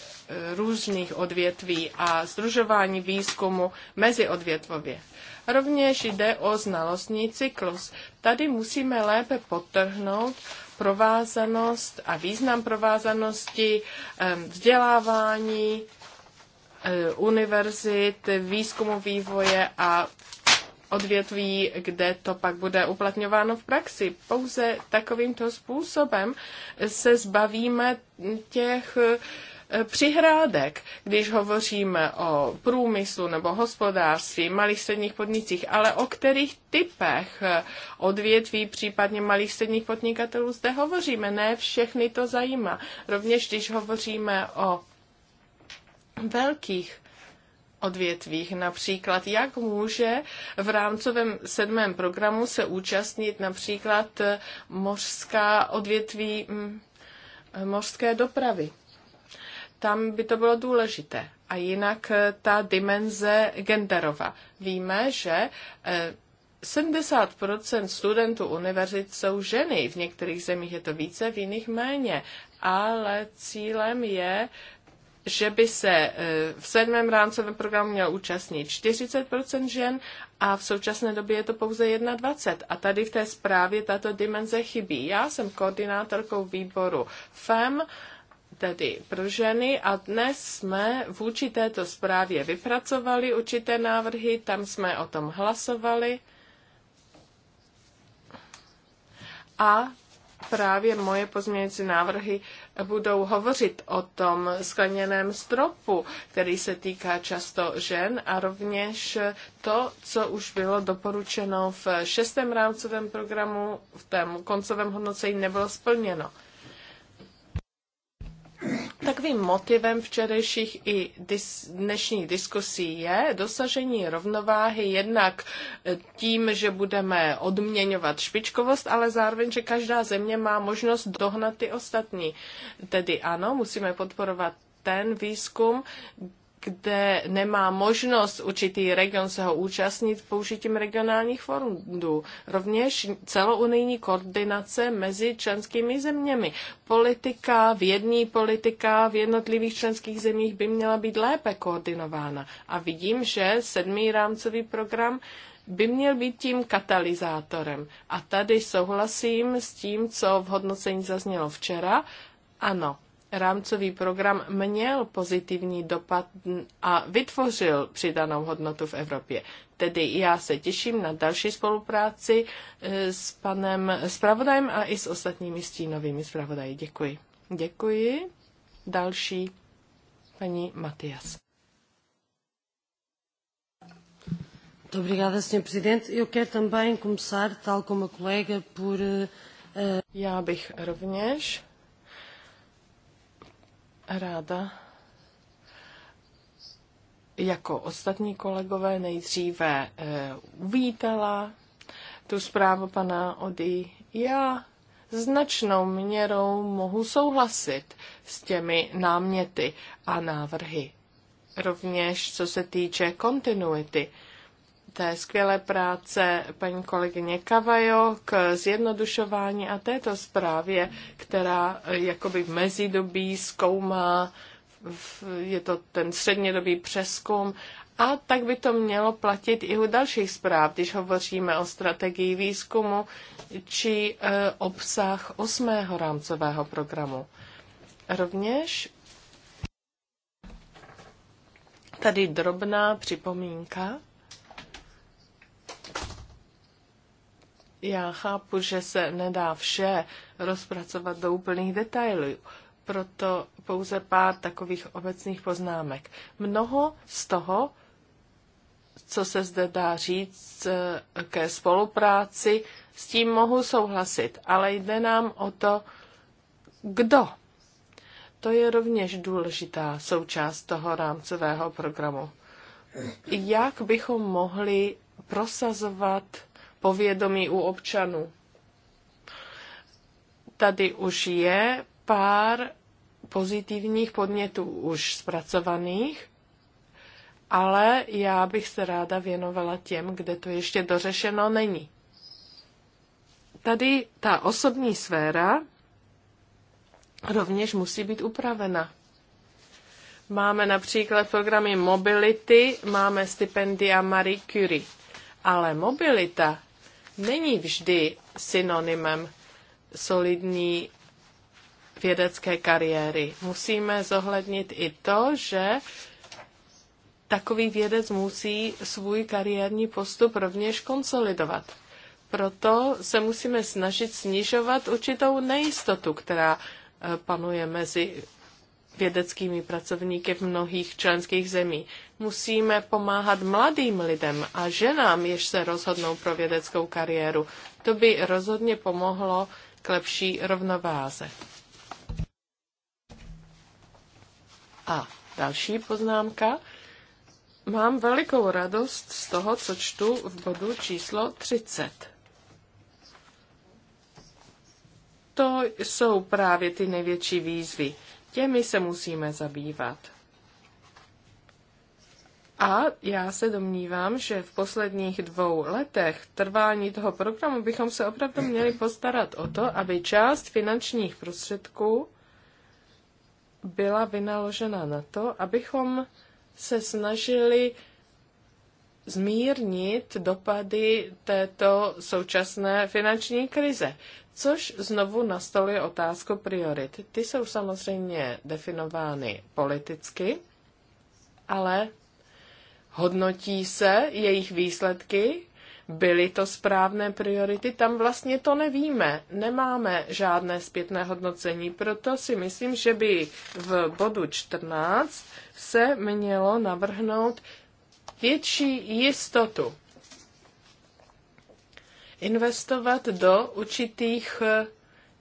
různých odvětví a združování výzkumu mezi odvětvově. Rovněž jde o znalostní cyklus. Tady musíme lépe potrhnout provázanost a význam provázanosti vzdělávání eh, univerzit, výzkumu vývoje a odvětví, kde to pak bude uplatňováno v praxi. Pouze takovýmto způsobem se zbavíme těch přihrádek, když hovoříme o průmyslu nebo hospodářství, malých středních podnicích, ale o kterých typech odvětví, případně malých středních podnikatelů zde hovoříme. Ne všechny to zajímá. Rovněž když hovoříme o velkých odvětvích. Například, jak může v rámcovém sedmém programu se účastnit například mořská odvětví mm, mořské dopravy tam by to bylo důležité. A jinak eh, ta dimenze genderová Víme, že 70% eh, studentů univerzit jsou ženy. V některých zemích je to více, v jiných méně. Ale cílem je že by se eh, v sedmém rámcovém programu měl účastnit 40% žen a v současné době je to pouze 21%. A tady v té zprávě tato dimenze chybí. Já jsem koordinátorkou výboru FEM tedy pro ženy a dnes jsme vůči této zprávě vypracovali určité návrhy, tam jsme o tom hlasovali. A právě moje pozměňující návrhy budou hovořit o tom skleněném stropu, který se týká často žen a rovněž to, co už bylo doporučeno v šestém rámcovém programu, v tom koncovém hodnocení nebylo splněno takovým motivem včerejších i dis, dnešních diskusí je dosažení rovnováhy jednak eh, tím, že budeme odměňovat špičkovost, ale zároveň, že každá země má možnost dohnat ty ostatní. Tedy ano, musíme podporovat ten výzkum, kde nemá možnost určitý region se ho účastnit použitím regionálních fondů. Rovněž celounijní koordinace mezi členskými zeměmi. Politika, vědní politika v jednotlivých členských zemích by měla být lépe koordinována. A vidím, že sedmý rámcový program by měl být tím katalyzátorem. A tady souhlasím s tím, co v hodnocení zaznělo včera. Ano, rámcový program měl pozitivní dopad a vytvořil přidanou hodnotu v Evropě. Tedy já se těším na další spolupráci eh, s panem zpravodajem a i s ostatními stínovými zpravodaji. Děkuji. Děkuji. Další paní Matias. obrigada, Sr. Presidente. Eu quero também começar, tal como a colega, por. Eh, já bych rovněž ráda jako ostatní kolegové nejdříve e, uvítala tu zprávu pana Ody. Já značnou měrou mohu souhlasit s těmi náměty a návrhy. Rovněž co se týče kontinuity té skvělé práce paní kolegyně Kavajo k zjednodušování a této zprávě, která eh, jakoby v mezidobí zkoumá, je to ten střednědobý přeskum a tak by to mělo platit i u dalších zpráv, když hovoříme o strategii výzkumu či eh, obsah osmého rámcového programu. Rovněž tady drobná připomínka Já chápu, že se nedá vše rozpracovat do úplných detailů, proto pouze pár takových obecných poznámek. Mnoho z toho, co se zde dá říct eh, ke spolupráci, s tím mohu souhlasit, ale jde nám o to, kdo. To je rovněž důležitá součást toho rámcového programu. Jak bychom mohli prosazovat povědomí u občanů. Tady už je pár pozitivních podnětů už zpracovaných, ale já bych se ráda věnovala těm, kde to ještě dořešeno není. Tady ta osobní sféra rovněž musí být upravena. Máme například programy mobility, máme stipendia Marie Curie, ale mobilita není vždy synonymem solidní vědecké kariéry. Musíme zohlednit i to, že takový vědec musí svůj kariérní postup rovněž konsolidovat. Proto se musíme snažit snižovat určitou nejistotu, která eh, panuje mezi vědeckými pracovníky v mnohých členských zemí musíme pomáhat mladým lidem a ženám, jež se rozhodnou pro vědeckou kariéru. To by rozhodně pomohlo k lepší rovnováze. A další poznámka. Mám velikou radost z toho, co čtu v bodu číslo 30. To jsou právě ty největší výzvy. Těmi se musíme zabývat. A já se domnívám, že v posledních dvou letech trvání toho programu bychom se opravdu měli postarat o to, aby část finančních prostředků byla vynaložena na to, abychom se snažili zmírnit dopady této současné finanční krize, což znovu nastoluje otázku priorit. Ty jsou samozřejmě definovány politicky, ale hodnotí se jejich výsledky, byly to správné priority, tam vlastně to nevíme. Nemáme žádné zpětné hodnocení, proto si myslím, že by v bodu 14 se mělo navrhnout větší jistotu. Investovat do určitých eh,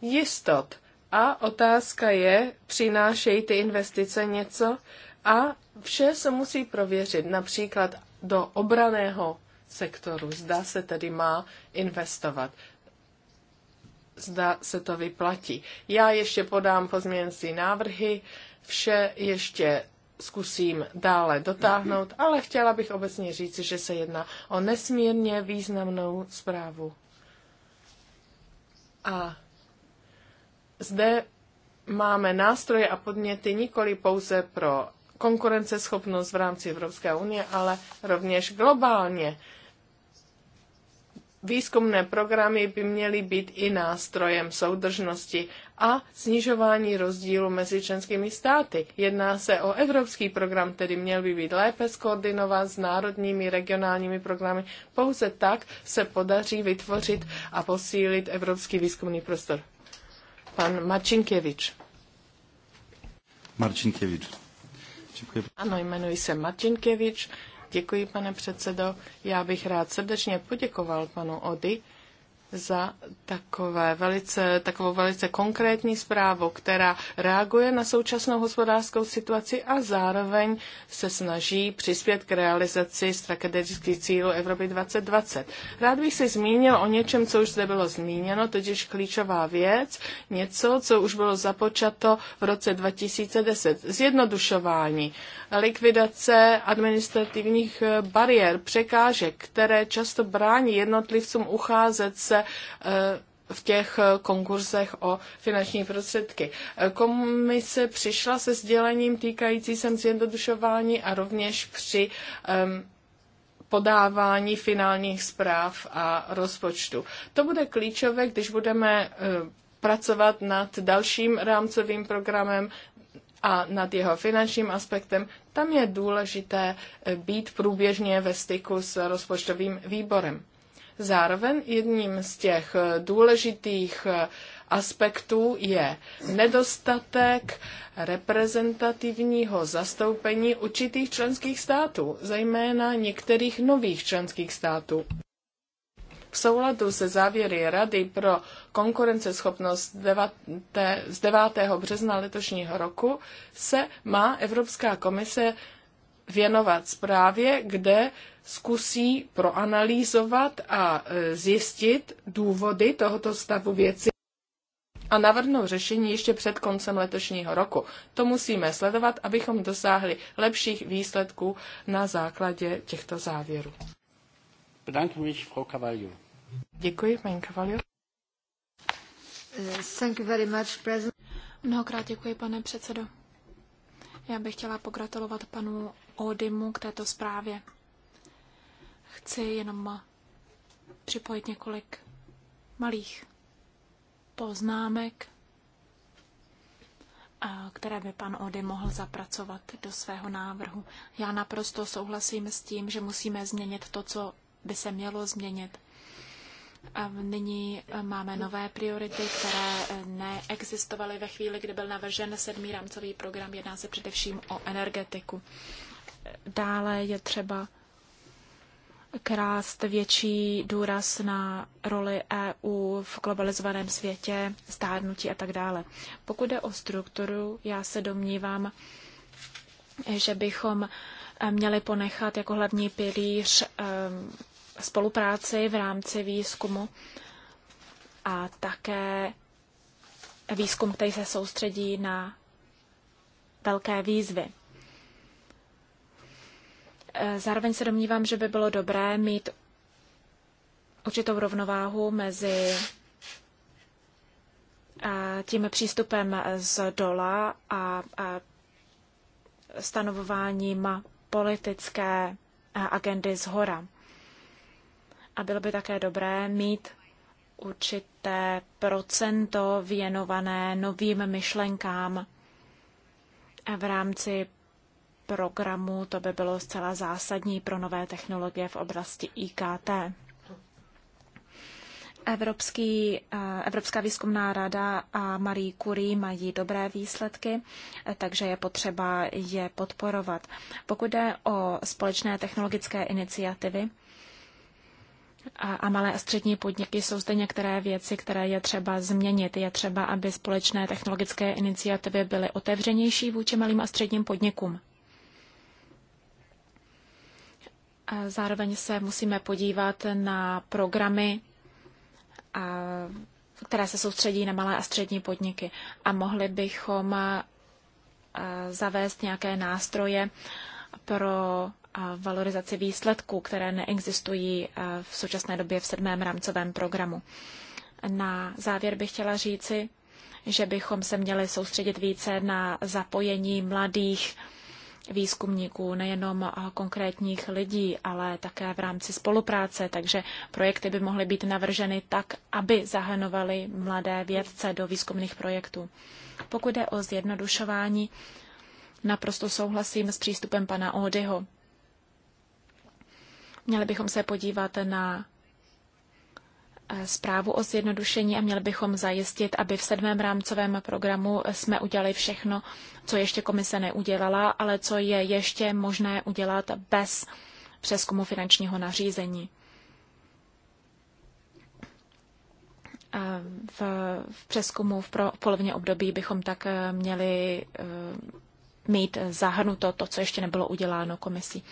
jistot. A otázka je, přinášejí ty investice něco? A vše se musí prověřit, například do obraného sektoru. Zda se tedy má investovat. Zda se to vyplatí. Já ještě podám pozměňovací návrhy, vše ještě zkusím dále dotáhnout, ale chtěla bych obecně říct, že se jedná o nesmírně významnou zprávu. A zde máme nástroje a podněty nikoli pouze pro konkurenceschopnost v rámci Evropské unie, ale rovněž globálně. Výzkumné programy by měly být i nástrojem soudržnosti a snižování rozdílu mezi členskými státy. Jedná se o evropský program, tedy měl by být lépe skoordinován s národními regionálními programy. Pouze tak se podaří vytvořit a posílit evropský výzkumný prostor. Pan Marcinkiewicz. Marcinkiewicz. Ano, jmenuji se Kevič. Děkuji, pane předsedo. Já bych rád srdečně poděkoval panu Ody za takové velice, takovou velice konkrétní zprávu, která reaguje na současnou hospodářskou situaci a zároveň se snaží přispět k realizaci strategických cílů Evropy 2020. Rád bych se zmínil o něčem, co už zde bylo zmíněno, totiž klíčová věc, něco, co už bylo započato v roce 2010. Zjednodušování, likvidace administrativních bariér, překážek, které často brání jednotlivcům ucházet se v těch konkurzech o finanční prostředky. Komise přišla se sdělením týkající se zjednodušování a rovněž při um, podávání finálních zpráv a rozpočtu. To bude klíčové, když budeme um, pracovat nad dalším rámcovým programem a nad jeho finančním aspektem. Tam je důležité e, být průběžně ve styku s rozpočtovým výborem. Zároveň jedním z těch eh, důležitých eh, aspektů je nedostatek reprezentativního zastoupení určitých členských států, zejména některých nových členských států. V souladu se závěry Rady pro konkurenceschopnost z 9. března letošního roku se má Evropská komise věnovat zprávě, kde zkusí proanalýzovat a e, zjistit důvody tohoto stavu věci a navrhnou řešení ještě před koncem letošního roku. To musíme sledovat, abychom dosáhli lepších výsledků na základě těchto závěrů. Děkuji, paní Cavalio. Thank you very much, President. Mnohokrát děkuji, pane předsedo. Já bych chtěla pogratulovat panu Odimu k této zprávě. Chci jenom připojit několik malých poznámek, které by pan Ody mohl zapracovat do svého návrhu. Já naprosto souhlasím s tím, že musíme změnit to, co by se mělo změnit. A nyní e, máme nové priority, které e, neexistovaly ve chvíli, kdy byl navržen sedmý rámcový program. Jedná se především o energetiku. E, dále je třeba krást větší důraz na roli EU v globalizovaném světě, stárnutí a tak dále. Pokud jde o strukturu, já se domnívám, že bychom eh, měli ponechat jako hlavní pilíř eh, spolupráci v rámci výzkumu a také výzkum, který se soustředí na velké výzvy. Zároveň se domnívám, že by bylo dobré mít určitou rovnováhu mezi tím přístupem z dola a stanovováním politické agendy z hora. A bylo by také dobré mít určité procento věnované novým myšlenkám v rámci programu, to by bylo zcela zásadní pro nové technologie v oblasti IKT. Evropský, eh, Evropská výzkumná rada a Marie Curie mají dobré výsledky, eh, takže je potřeba je podporovat. Pokud jde o společné technologické iniciativy, a malé a střední podniky jsou zde některé věci, které je třeba změnit. Je třeba, aby společné technologické iniciativy byly otevřenější vůči malým a středním podnikům. Zároveň se musíme podívat na programy, které se soustředí na malé a střední podniky. A mohli bychom zavést nějaké nástroje pro valorizaci výsledků, které neexistují v současné době v sedmém rámcovém programu. Na závěr bych chtěla říci, že bychom se měli soustředit více na zapojení mladých výzkumníků, nejenom konkrétních lidí, ale také v rámci spolupráce, takže projekty by mohly být navrženy tak, aby zahrnovaly mladé vědce do výzkumných projektů. Pokud jde o zjednodušování, naprosto souhlasím s přístupem pana Odyho. Měli bychom se podívat na Eh, zprávu o zjednodušení a měli bychom zajistit, aby v sedmém rámcovém programu jsme udělali všechno, co ještě komise neudělala, ale co je ještě možné udělat bez přeskumu finančního nařízení. V, v přeskumu v, pro, v polovině období bychom tak eh, měli eh, mít zahrnuto to, co ještě nebylo uděláno komisí.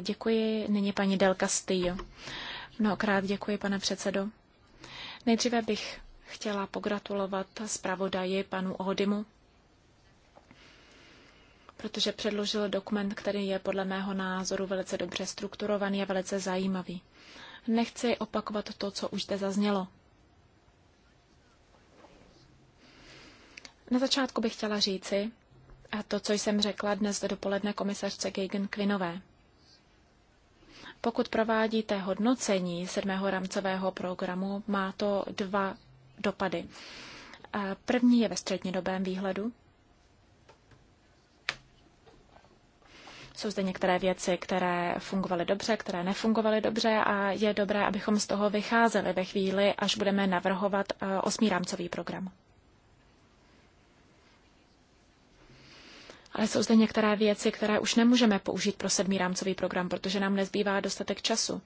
Děkuji. Nyní paní Del Castillo. Mnohokrát děkuji, pane předsedo. Nejdříve bych chtěla pogratulovat zpravodaji panu Ohodimu, protože předložil dokument, který je podle mého názoru velice dobře strukturovaný a velice zajímavý. Nechci opakovat to, co už zde zaznělo. Na začátku bych chtěla říci a to, co jsem řekla dnes dopoledne komisařce Geigen Quinové, pokud provádíte hodnocení sedmého rámcového programu, má to dva dopady. Eh, první je ve střednědobém výhledu. Jsou zde některé věci, které fungovaly dobře, které nefungovaly dobře a je dobré, abychom z toho vycházeli ve chvíli, až budeme navrhovat eh, osmý rámcový program. Ale jsou zde některé věci, které už nemůžeme použít pro sedmý rámcový program, protože nám nezbývá dostatek času.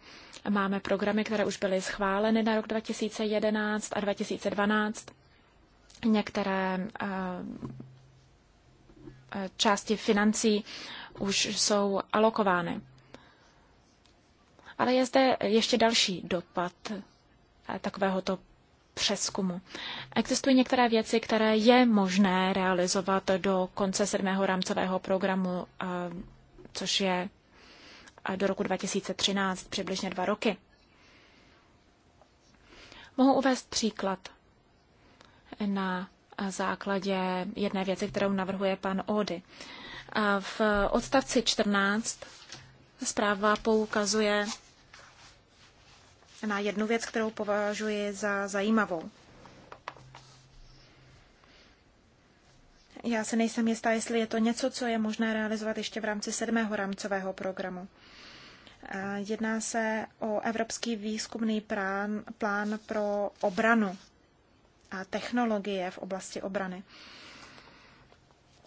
Máme programy, které už byly schváleny na rok 2011 a 2012. Některé eh, eh, části financí už jsou alokovány. Ale je zde ještě další dopad eh, takovéhoto přeskumu. Existují některé věci, které je možné realizovat do konce sedmého rámcového programu, eh, což je eh, do roku 2013, přibližně dva roky. Mohu uvést příklad na základě jedné věci, kterou navrhuje pan Ody. V odstavci 14 zpráva poukazuje na jednu věc, kterou považuji za zajímavou. Já se nejsem jistá, jestli je to něco, co je možné realizovat ještě v rámci sedmého rámcového programu. Jedná se o Evropský výzkumný plán, plán pro obranu a technologie v oblasti obrany.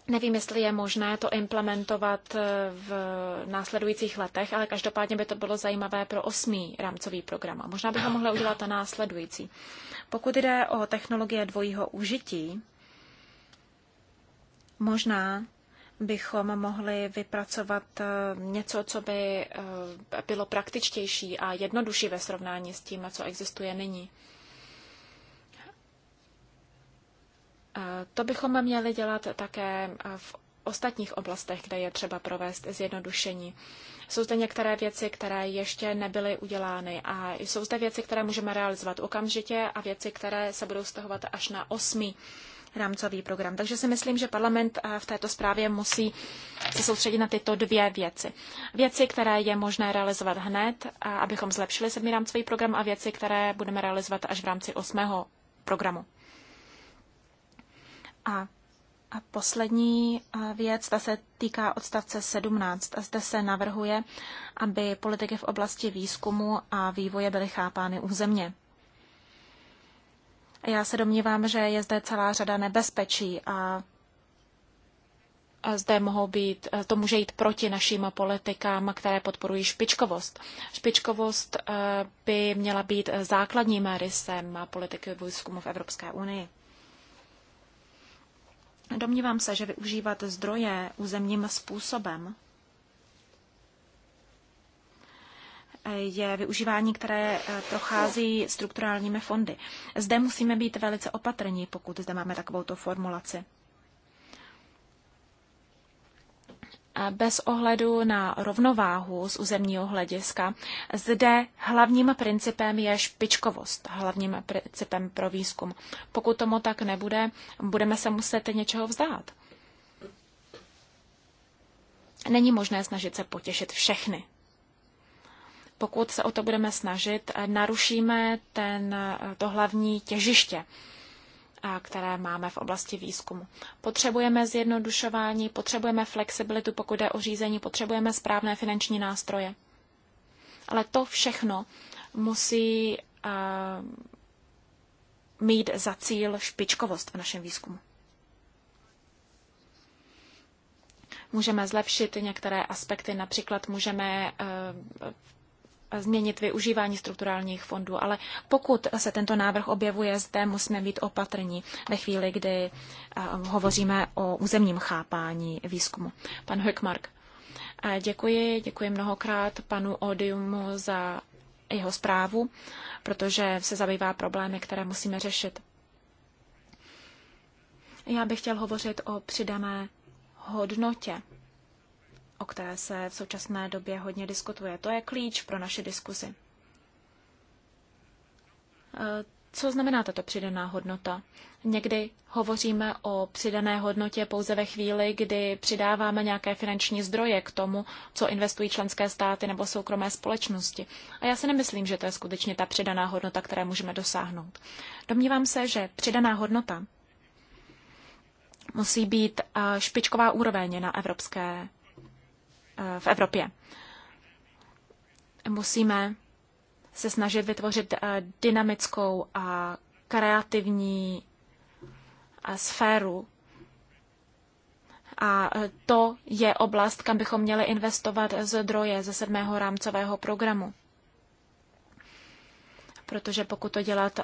Nevím, jestli je možné to implementovat eh, v následujících letech, ale každopádně by to bylo zajímavé pro osmý rámcový program. A možná bychom mohli udělat ta následující. Pokud jde o technologie dvojího užití, možná bychom mohli vypracovat eh, něco, co by eh, bylo praktičtější a jednodušší ve srovnání s tím, co existuje nyní. Eh, to bychom měli dělat také eh, v ostatních oblastech, kde je třeba provést zjednodušení. Jsou zde některé věci, které ještě nebyly udělány a jsou zde věci, které můžeme realizovat okamžitě a věci, které se budou stahovat až na osmi rámcový program. Takže si myslím, že parlament eh, v této zprávě musí se soustředit na tyto dvě věci. Věci, které je možné realizovat hned, abychom zlepšili sedmý rámcový program a věci, které budeme realizovat až v rámci osmého programu. A a poslední věc, ta se týká odstavce 17. A Zde se navrhuje, aby politiky v oblasti výzkumu a vývoje byly chápány územně. Já se domnívám, že je zde celá řada nebezpečí a zde mohou být, to může jít proti našim politikám, které podporují špičkovost. Špičkovost e, by měla být základním rysem politiky výzkumu v Evropské unii. Domnívám se, že využívat zdroje územním způsobem je využívání, které eh, prochází strukturálními fondy. Zde musíme být velice opatrní, pokud zde máme takovouto formulaci. bez ohledu na rovnováhu z územního hlediska. Zde hlavním principem je špičkovost, hlavním principem pro výzkum. Pokud tomu tak nebude, budeme se muset něčeho vzdát. Není možné snažit se potěšit všechny. Pokud se o to budeme snažit, narušíme ten, to hlavní těžiště které máme v oblasti výzkumu. Potřebujeme zjednodušování, potřebujeme flexibilitu, pokud jde o řízení, potřebujeme správné finanční nástroje. Ale to všechno musí uh, mít za cíl špičkovost v našem výzkumu. Můžeme zlepšit některé aspekty, například můžeme uh, změnit využívání strukturálních fondů, ale pokud se tento návrh objevuje zde, musíme být opatrní ve chvíli, kdy eh, hovoříme o územním chápání výzkumu. Pan Hökmark, eh, Děkuji, děkuji mnohokrát panu Odiumu za jeho zprávu, protože se zabývá problémy, které musíme řešit. Já bych chtěl hovořit o přidané hodnotě o které se v současné době hodně diskutuje. To je klíč pro naše diskuzi. E, co znamená tato přidaná hodnota? Někdy hovoříme o přidané hodnotě pouze ve chvíli, kdy přidáváme nějaké finanční zdroje k tomu, co investují členské státy nebo soukromé společnosti. A já si nemyslím, že to je skutečně ta přidaná hodnota, které můžeme dosáhnout. Domnívám se, že přidaná hodnota musí být e, špičková úroveň na evropské Eh, v Evropě. Musíme se snažit vytvořit eh, dynamickou a kreativní eh, sféru. A to je oblast, kam bychom měli investovat zdroje ze sedmého rámcového programu. Protože pokud to dělat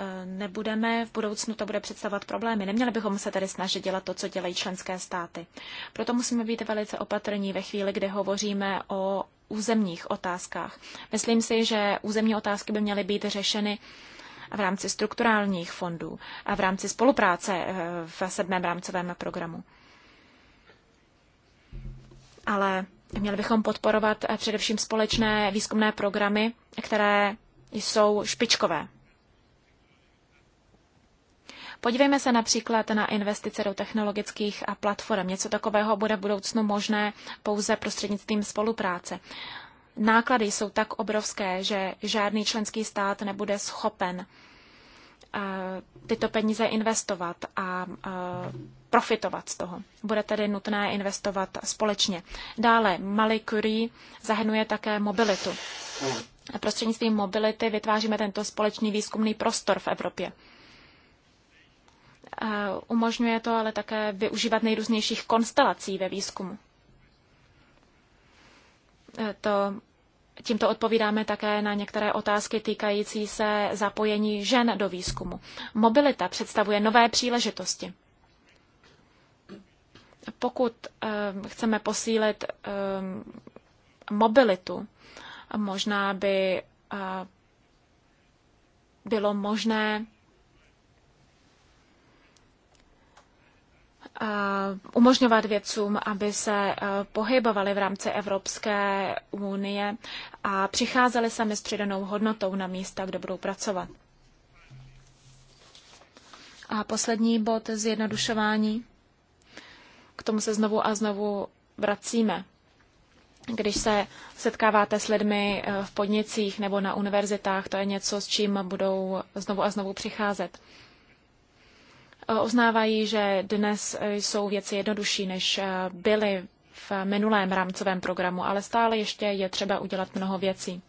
Eh, nebudeme, v budoucnu to bude představovat problémy. Neměli bychom se tedy snažit dělat to, co dělají členské státy. Proto musíme být velice opatrní ve chvíli, kdy hovoříme o územních otázkách. Myslím si, že územní otázky by měly být řešeny v rámci strukturálních fondů a v rámci spolupráce eh, v sedmém rámcovém programu. Ale měli bychom podporovat eh, především společné výzkumné programy, které jsou špičkové. Podívejme se například na investice do technologických platform. Něco takového bude v budoucnu možné pouze prostřednictvím spolupráce. Náklady jsou tak obrovské, že žádný členský stát nebude schopen eh, tyto peníze investovat a eh, profitovat z toho. Bude tedy nutné investovat společně. Dále malý Curie zahrnuje také mobilitu. Prostřednictvím mobility vytváříme tento společný výzkumný prostor v Evropě. Eh, umožňuje to ale také využívat nejrůznějších konstelací ve výzkumu. Eh, to, tímto odpovídáme také na některé otázky týkající se zapojení žen do výzkumu. Mobilita představuje nové příležitosti. Pokud eh, chceme posílit mobilitu, možná by bylo možné Eh, umožňovat vědcům, aby se eh, pohybovali v rámci Evropské unie a přicházeli sami s přidanou hodnotou na místa, kde budou pracovat. A poslední bod zjednodušování. K tomu se znovu a znovu vracíme. Když se setkáváte s lidmi eh, v podnicích nebo na univerzitách, to je něco, s čím budou znovu a znovu přicházet. Uznávají, že dnes jsou věci jednodušší, než eh, byly v minulém rámcovém programu, ale stále ještě je třeba udělat mnoho věcí.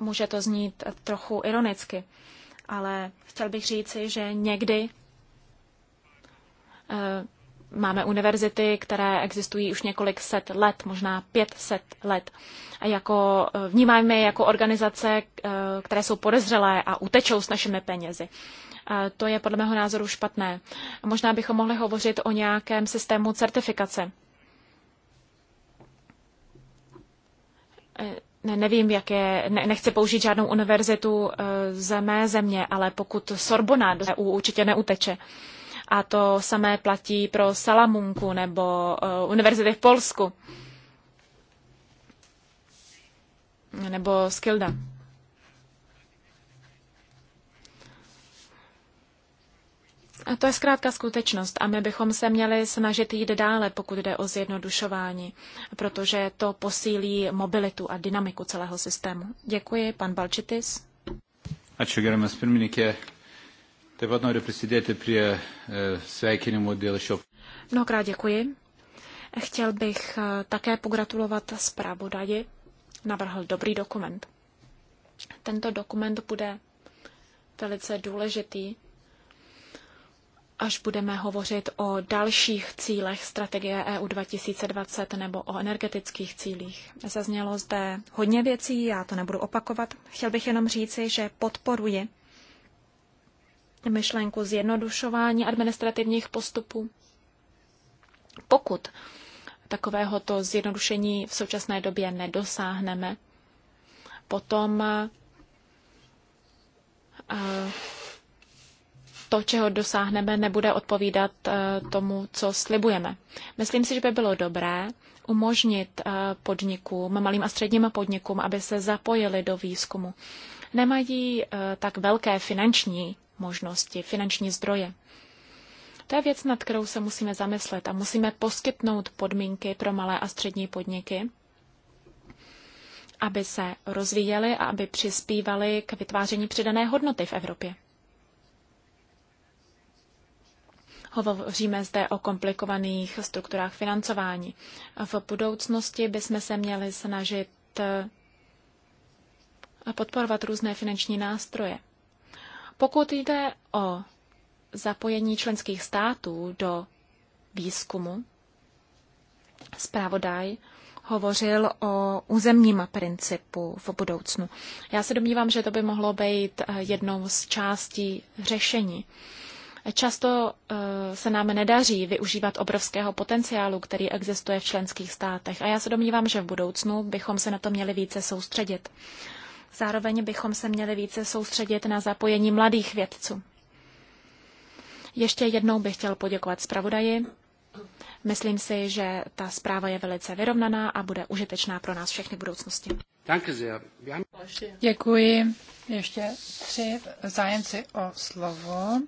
Může to znít trochu ironicky, ale chtěl bych říci, že někdy eh, Máme univerzity, které existují už několik set let, možná pět set let. A jako, eh, vnímáme je jako organizace, eh, které jsou podezřelé a utečou s našimi penězi. A eh, to je podle mého názoru špatné. A možná bychom mohli hovořit o nějakém systému certifikace. Ne, nevím, jak je, ne, nechci použít žádnou univerzitu ze mé země, ale pokud Sorbona do EU určitě neuteče. Uh, a to samé platí pro Salamunku nebo uh, univerzity v Polsku. Nebo Skilda. A to je zkrátka skutečnost a my bychom se měli snažit jít dále, pokud jde o zjednodušování, protože to posílí mobilitu a dynamiku celého systému. Děkuji, pan Balčitis. Ačiū, gerbiamas pirmininkė. Taip pat noriu prisidėti prie e, sveikinimų dėl šio. Mnohokrát děkuji. Chtěl bych e, také pogratulovat Dadi. Navrhl dobrý dokument. Tento dokument bude velice důležitý, až budeme hovořit o dalších cílech strategie EU 2020 nebo o energetických cílích. Zaznělo zde hodně věcí, já to nebudu opakovat. Chtěl bych jenom říci, že podporuji myšlenku zjednodušování administrativních postupů. Pokud takovéhoto zjednodušení v současné době nedosáhneme, potom eh, to, čeho dosáhneme, nebude odpovídat eh, tomu, co slibujeme. Myslím si, že by bylo dobré umožnit eh, podnikům, malým a středním podnikům, aby se zapojili do výzkumu. Nemají tak velké finanční možnosti, finanční zdroje. To je věc, nad kterou se musíme zamyslet a musíme poskytnout podmínky pro malé a střední podniky, aby se rozvíjely a aby přispívaly k vytváření přidané hodnoty v Evropě. Hovoříme zde o komplikovaných strukturách financování. V budoucnosti bychom se měli snažit podporovat různé finanční nástroje. Pokud jde o zapojení členských států do výzkumu, zpravodaj hovořil o územním principu v budoucnu. Já se domnívám, že to by mohlo být eh, jednou z částí řešení. Často eh, se nám nedaří využívat obrovského potenciálu, který existuje v členských státech a já se domnívám, že v budoucnu bychom se na to měli více soustředit. Zároveň bychom se měli více soustředit na zapojení mladých vědců. Ještě jednou bych chtěl poděkovat zpravodaji. Myslím si, že ta zpráva je velice vyrovnaná a bude užitečná pro nás všechny v budoucnosti. Děkuji. Ještě tři zájemci o slovo.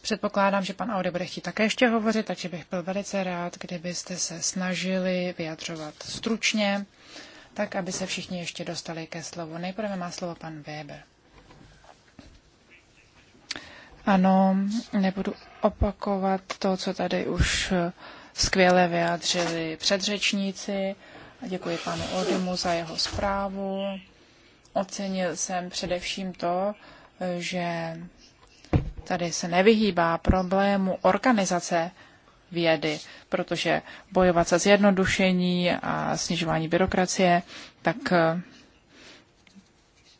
Předpokládám, že pan Audi bude chtít také ještě hovořit, takže bych byl velice rád, kdybyste se snažili vyjadřovat stručně tak aby se všichni ještě dostali ke slovu. Nejprve má slovo pan Weber. Ano, nebudu opakovat to, co tady už skvěle vyjádřili předřečníci. Děkuji panu Odimu za jeho zprávu. Ocenil jsem především to, že tady se nevyhýbá problému organizace vědy, protože bojovat se zjednodušení a snižování byrokracie, tak eh,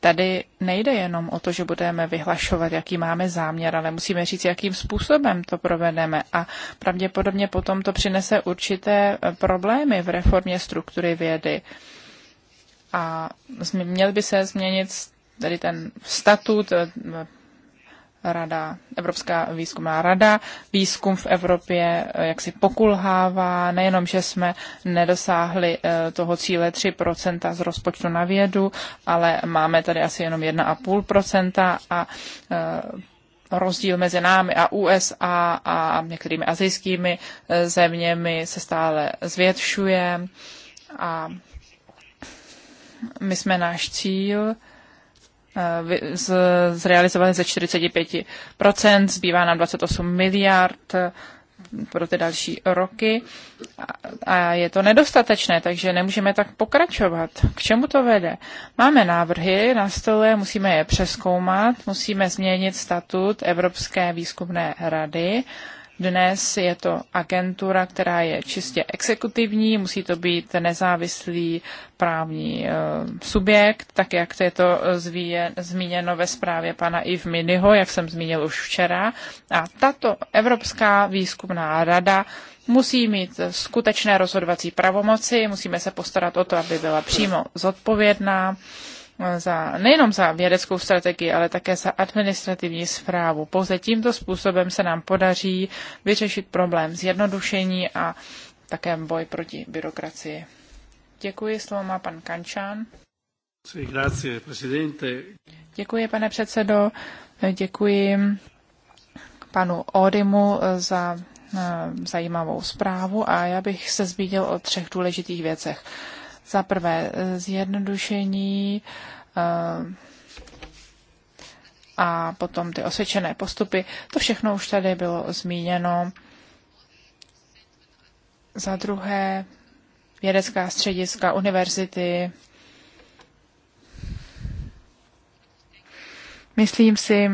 tady nejde jenom o to, že budeme vyhlašovat, jaký máme záměr, ale musíme říct, jakým způsobem to provedeme. A pravděpodobně potom to přinese určité eh, problémy v reformě struktury vědy. A měl by se změnit tady ten statut eh, rada, Evropská výzkumná rada. Výzkum v Evropě eh, jaksi pokulhává, nejenom, že jsme nedosáhli eh, toho cíle 3% z rozpočtu na vědu, ale máme tady asi jenom 1,5% a eh, rozdíl mezi námi a USA a některými azijskými zeměmi se stále zvětšuje a my jsme náš cíl Eh, zrealizovali ze 45%, zbývá nám 28 miliard eh, pro ty další roky a je to nedostatečné, takže nemůžeme tak pokračovat. K čemu to vede? Máme návrhy na stole, musíme je přeskoumat, musíme změnit statut Evropské výzkumné rady dnes je to agentura, která je čistě exekutivní, musí to být nezávislý právní eh, subjekt, tak jak to je to eh, zmíněno ve zprávě pana Iv Miniho, jak jsem zmínil už včera. A tato Evropská výzkumná rada musí mít skutečné rozhodovací pravomoci, musíme se postarat o to, aby byla přímo zodpovědná za, nejenom za vědeckou strategii, ale také za administrativní zprávu. Pouze tímto způsobem se nám podaří vyřešit problém zjednodušení a také boj proti byrokracii. Děkuji, slovo má pan Kančan. Děkuji, pane předsedo. Děkuji panu Odimu za eh, zajímavou zprávu a já bych se zmínil o třech důležitých věcech. Za prvé eh, zjednodušení eh, a potom ty osvědčené postupy. To všechno už tady bylo zmíněno. Za druhé vědecká střediska, univerzity. Myslím si,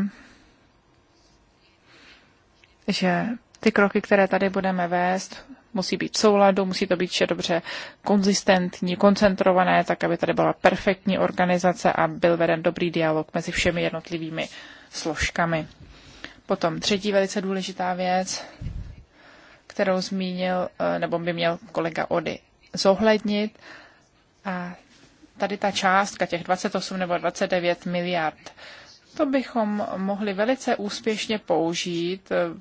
že ty kroky, které tady budeme vést, musí být v souladu, musí to být vše dobře konzistentní, koncentrované, tak aby tady byla perfektní organizace a byl veden dobrý dialog mezi všemi jednotlivými složkami. Potom třetí velice důležitá věc, kterou zmínil, eh, nebo by měl kolega Ody zohlednit, a tady ta částka těch 28 nebo 29 miliard, to bychom mohli velice úspěšně použít eh,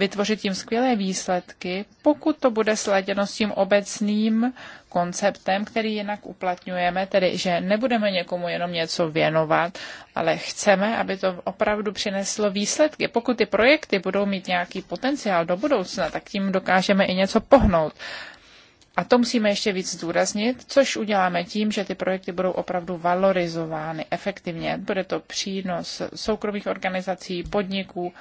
vytvořit tím skvělé výsledky, pokud to bude sladěno s tím obecným konceptem, který jinak uplatňujeme, tedy že nebudeme někomu jenom něco věnovat, ale chceme, aby to opravdu přineslo výsledky. Pokud ty projekty budou mít nějaký potenciál do budoucna, tak tím dokážeme i něco pohnout. A to musíme ještě víc zdůraznit, což uděláme tím, že ty projekty budou opravdu valorizovány efektivně. Bude to přínos soukromých organizací, podniků,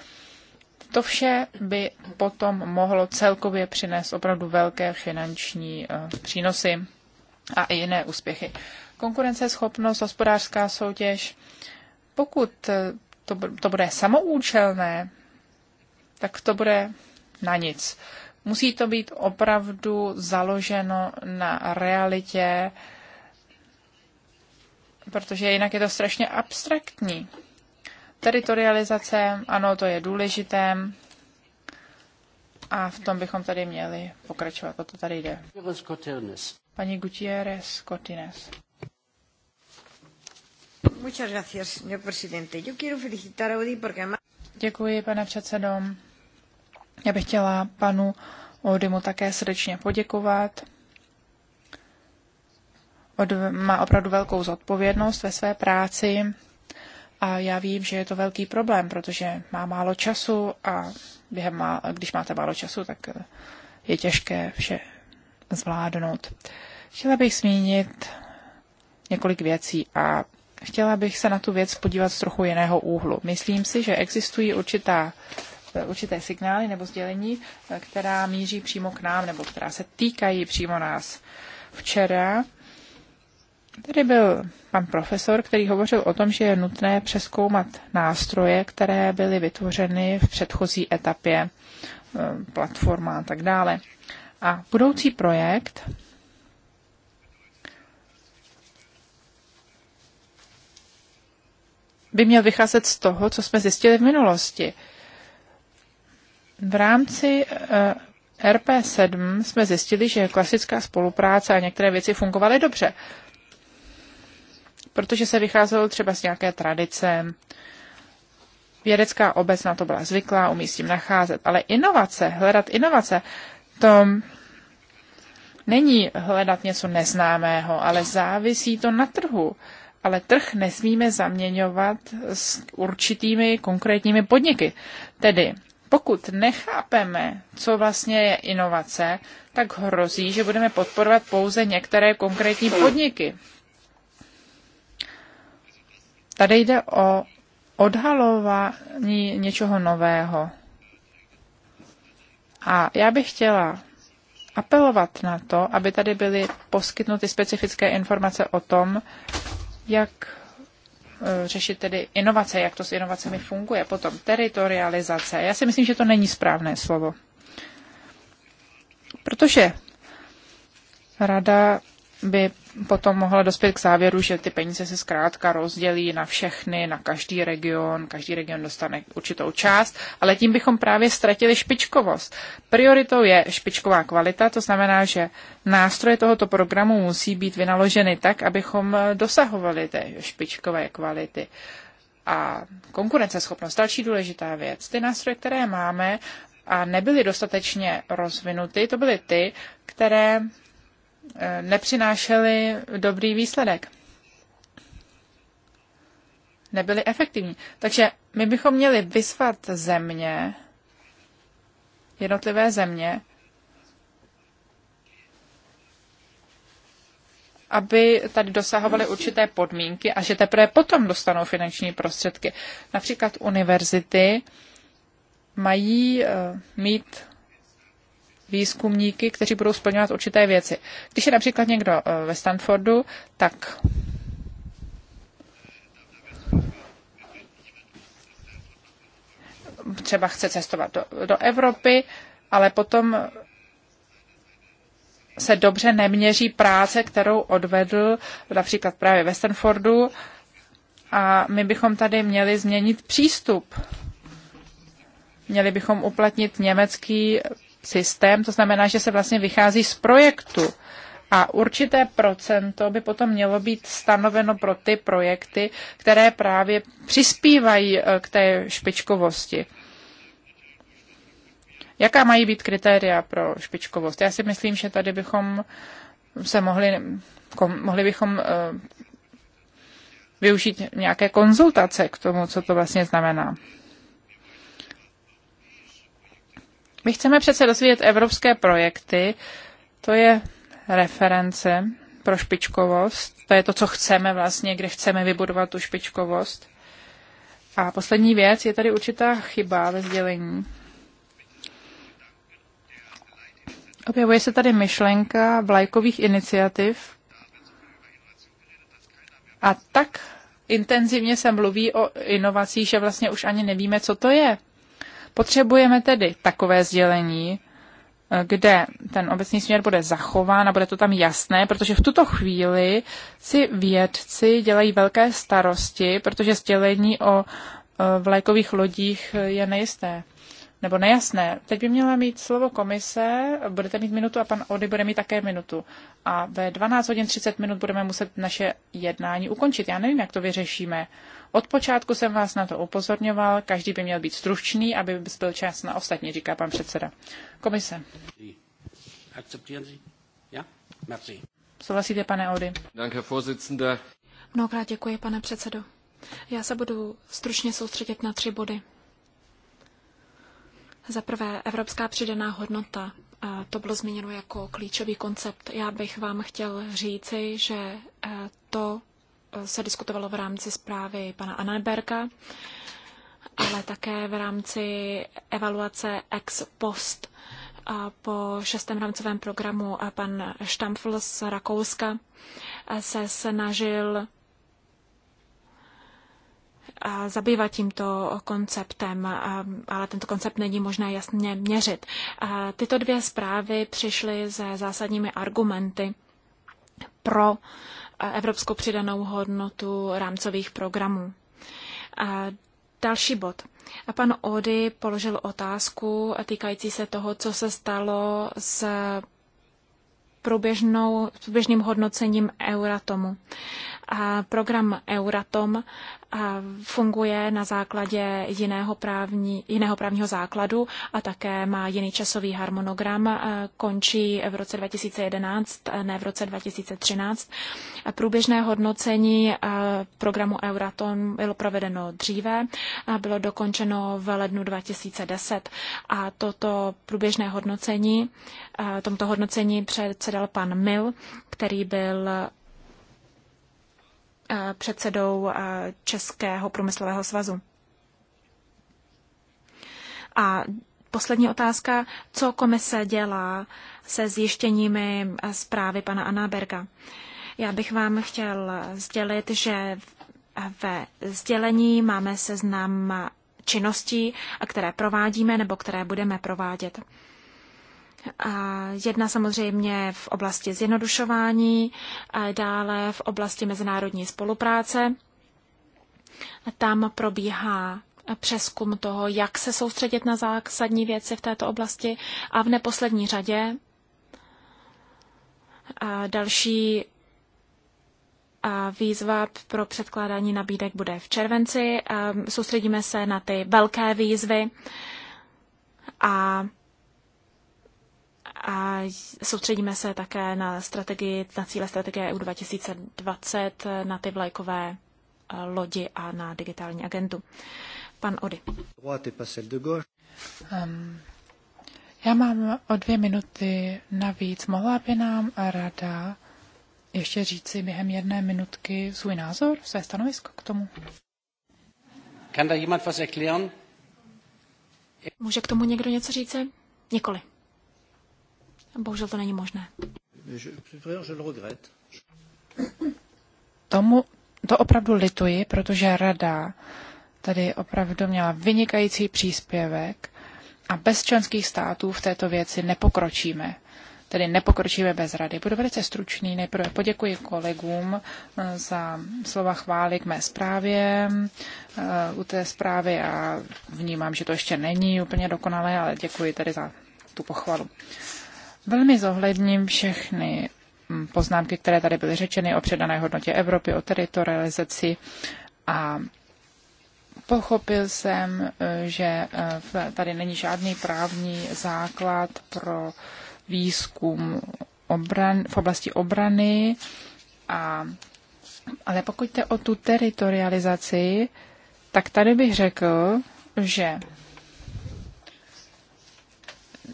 to vše by potom mohlo celkově přinést opravdu velké finanční eh, přínosy a i jiné úspěchy. Konkurenceschopnost, hospodářská soutěž, pokud eh, to, to bude samoučelné, tak to bude na nic. Musí to být opravdu založeno na realitě, protože jinak je to strašně abstraktní. Teritorializace, ano, to je důležité. A v tom bychom tady měli pokračovat, o to tady jde. Paní Gutierrez Cortines. Muchas gracias, señor presidente. Yo quiero felicitar a Odi porque además... Děkuji, pane předsedo. Já bych chtěla panu Odymu také srdečně poděkovat. Od, má opravdu velkou zodpovědnost ve své práci a já vím, že je to velký problém, protože má málo času a během má, když máte málo času, tak je těžké vše zvládnout. Chtěla bych zmínit několik věcí a chtěla bych se na tu věc podívat z trochu jiného úhlu. Myslím si, že existují určitá, určité signály nebo sdělení, která míří přímo k nám nebo která se týkají přímo nás. Včera Tady byl pan profesor, který hovořil o tom, že je nutné přeskoumat nástroje, které byly vytvořeny v předchozí etapě, eh, platforma a tak dále. A budoucí projekt by měl vycházet z toho, co jsme zjistili v minulosti. V rámci eh, RP7 jsme zjistili, že klasická spolupráce a některé věci fungovaly dobře protože se vycházelo třeba z nějaké tradice. Vědecká obec na to byla zvyklá, umí s tím nacházet, ale inovace, hledat inovace, to není hledat něco neznámého, ale závisí to na trhu. Ale trh nesmíme zaměňovat s určitými konkrétními podniky. Tedy pokud nechápeme, co vlastně je inovace, tak hrozí, že budeme podporovat pouze některé konkrétní podniky. Tady jde o odhalování něčeho nového. A já bych chtěla apelovat na to, aby tady byly poskytnuty specifické informace o tom, jak e, řešit tedy inovace, jak to s inovacemi funguje, potom teritorializace. Já si myslím, že to není správné slovo. Protože rada by potom mohla dospět k závěru, že ty peníze se zkrátka rozdělí na všechny, na každý region, každý region dostane určitou část, ale tím bychom právě ztratili špičkovost. Prioritou je špičková kvalita, to znamená, že nástroje tohoto programu musí být vynaloženy tak, abychom dosahovali té špičkové kvality. A konkurenceschopnost, další důležitá věc. Ty nástroje, které máme a nebyly dostatečně rozvinuty, to byly ty, které nepřinášely dobrý výsledek. Nebyly efektivní. Takže my bychom měli vysvat země, jednotlivé země, aby tady dosahovaly určité podmínky a že teprve potom dostanou finanční prostředky. Například univerzity mají eh, mít výzkumníky, kteří budou splňovat určité věci. Když je například někdo eh, ve Stanfordu, tak třeba chce cestovat do, do Evropy, ale potom se dobře neměří práce, kterou odvedl například právě ve Stanfordu a my bychom tady měli změnit přístup. Měli bychom uplatnit německý systém, to znamená, že se vlastně vychází z projektu. A určité procento by potom mělo být stanoveno pro ty projekty, které právě přispívají eh, k té špičkovosti. Jaká mají být kritéria pro špičkovost? Já si myslím, že tady bychom se mohli, mohli bychom eh, využít nějaké konzultace k tomu, co to vlastně znamená. My chceme přece rozvíjet evropské projekty, to je reference pro špičkovost, to je to, co chceme vlastně, kde chceme vybudovat tu špičkovost. A poslední věc, je tady určitá chyba ve sdělení. Objevuje se tady myšlenka vlajkových iniciativ a tak intenzivně se mluví o inovacích, že vlastně už ani nevíme, co to je. Potřebujeme tedy takové sdělení, eh, kde ten obecný směr bude zachován a bude to tam jasné, protože v tuto chvíli si vědci dělají velké starosti, protože sdělení o eh, vlajkových lodích je nejisté nebo nejasné. Teď by měla mít slovo komise, budete mít minutu a pan Ody bude mít také minutu. A ve 12 hodin 30 minut budeme muset naše jednání ukončit. Já nevím, jak to vyřešíme. Od počátku jsem vás na to upozorňoval, každý by měl být stručný, aby byl čas na ostatní, říká pan předseda. Komise. Souhlasíte, pane Ody? Mnohokrát děkuji, pane předsedo. Já se budu stručně soustředit na tři body. Za prvé, evropská přidaná hodnota. To bylo zmíněno jako klíčový koncept. Já bych vám chtěl říci, že e, to se diskutovalo v rámci zprávy pana Anneberga, ale také v rámci evaluace ex post po šestém rámcovém programu a pan Štamfl z Rakouska se snažil zabývat tímto konceptem, ale tento koncept není možné jasně měřit. Tyto dvě zprávy přišly se zásadními argumenty pro evropskou přidanou hodnotu rámcových programů. A další bod. A pan Ody položil otázku týkající se toho, co se stalo s průběžnou, průběžným hodnocením Euratomu. A program Euratom funguje na základě jiného, právní, jiného právního základu a také má jiný časový harmonogram. Eh, končí v roce 2011, ne v roce 2013. Průběžné hodnocení eh, programu Euratom bylo provedeno dříve, bylo dokončeno v lednu 2010 a toto průběžné hodnocení, eh, tomto hodnocení předsedal pan Mil, který byl Eh, předsedou eh, Českého průmyslového svazu. A poslední otázka, co komise dělá se zjištěními eh, zprávy pana Anáberga. Já bych vám chtěl sdělit, že ve sdělení máme seznam činností, které provádíme nebo které budeme provádět. Jedna samozřejmě v oblasti zjednodušování, dále v oblasti mezinárodní spolupráce. Tam probíhá přeskum toho, jak se soustředit na zásadní věci v této oblasti a v neposlední řadě další a výzva pro předkládání nabídek bude v červenci. Soustředíme se na ty velké výzvy a a soustředíme se také na strategii, na cíle strategie EU 2020, na ty vlajkové eh, lodi a na digitální agendu. Pan Ody. Um, já mám o dvě minuty navíc. Mohla by nám rada ještě říci během jedné minutky svůj názor, své stanovisko k tomu? Kann da jemand was erklären? Může k tomu někdo něco říci? Nikoli. Bohužel to není možné. Tomu, to opravdu lituji, protože rada tady opravdu měla vynikající příspěvek a bez členských států v této věci nepokročíme. Tedy nepokročíme bez rady. Budu velice stručný. Nejprve poděkuji kolegům eh, za slova chvály k mé zprávě. Eh, u té zprávy a vnímám, že to ještě není úplně dokonalé, ale děkuji tedy za tu pochvalu. Velmi zohledním všechny mm, poznámky, které tady byly řečeny o předané hodnotě Evropy, o teritorializaci a pochopil jsem, e, že e, tady není žádný právní základ pro výzkum obran, v oblasti obrany, a, ale pokud jde o tu teritorializaci, tak tady bych řekl, že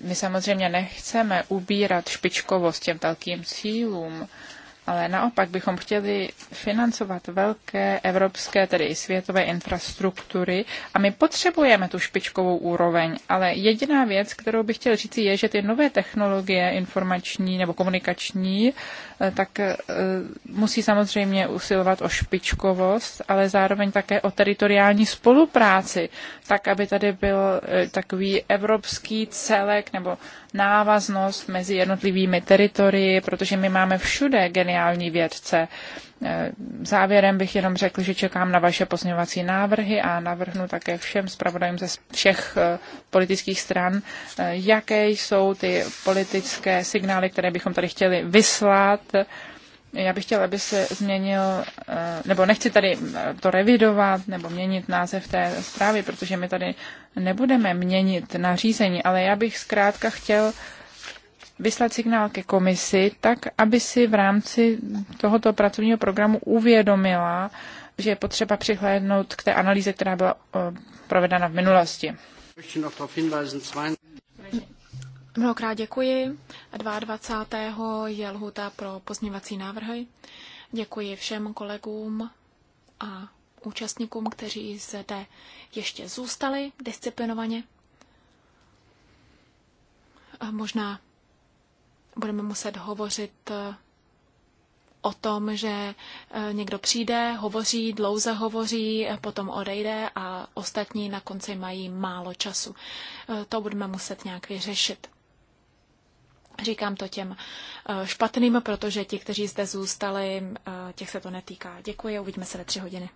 my samozřejmě nechceme ubírat špičkovost těm velkým cílům, ale naopak bychom chtěli financovat velké evropské, tedy i světové infrastruktury a my potřebujeme tu špičkovou úroveň, ale jediná věc, kterou bych chtěl říct, je, že ty nové technologie informační nebo komunikační Eh, tak eh, musí samozřejmě usilovat o špičkovost, ale zároveň také o teritoriální spolupráci, tak aby tady byl eh, takový evropský celek nebo návaznost mezi jednotlivými teritorii, protože my máme všude geniální vědce Eh, závěrem bych jenom řekl, že čekám na vaše pozměňovací návrhy a navrhnu také všem zpravodajům ze všech eh, politických stran, eh, jaké jsou ty politické signály, které bychom tady chtěli vyslat. Já bych chtěla, aby se změnil, nebo nechci tady to revidovat nebo měnit název té zprávy, protože my tady nebudeme měnit nařízení, ale já bych zkrátka chtěl vyslat signál ke komisi, tak aby si v rámci tohoto pracovního programu uvědomila, že je potřeba přihlédnout k té analýze, která byla eh, provedena v minulosti. Mnohokrát děkuji. 22. je lhuta pro pozměvací návrhy. Děkuji všem kolegům a účastníkům, kteří zde ještě zůstali disciplinovaně. A možná budeme muset hovořit eh, o tom, že eh, někdo přijde, hovoří, dlouze hovoří, eh, potom odejde a ostatní na konci mají málo času. To budeme muset nějak vyřešit. Říkám to těm špatným, protože ti, kteří zde zůstali, těch se to netýká. Děkuji, uvidíme se ve tři hodiny.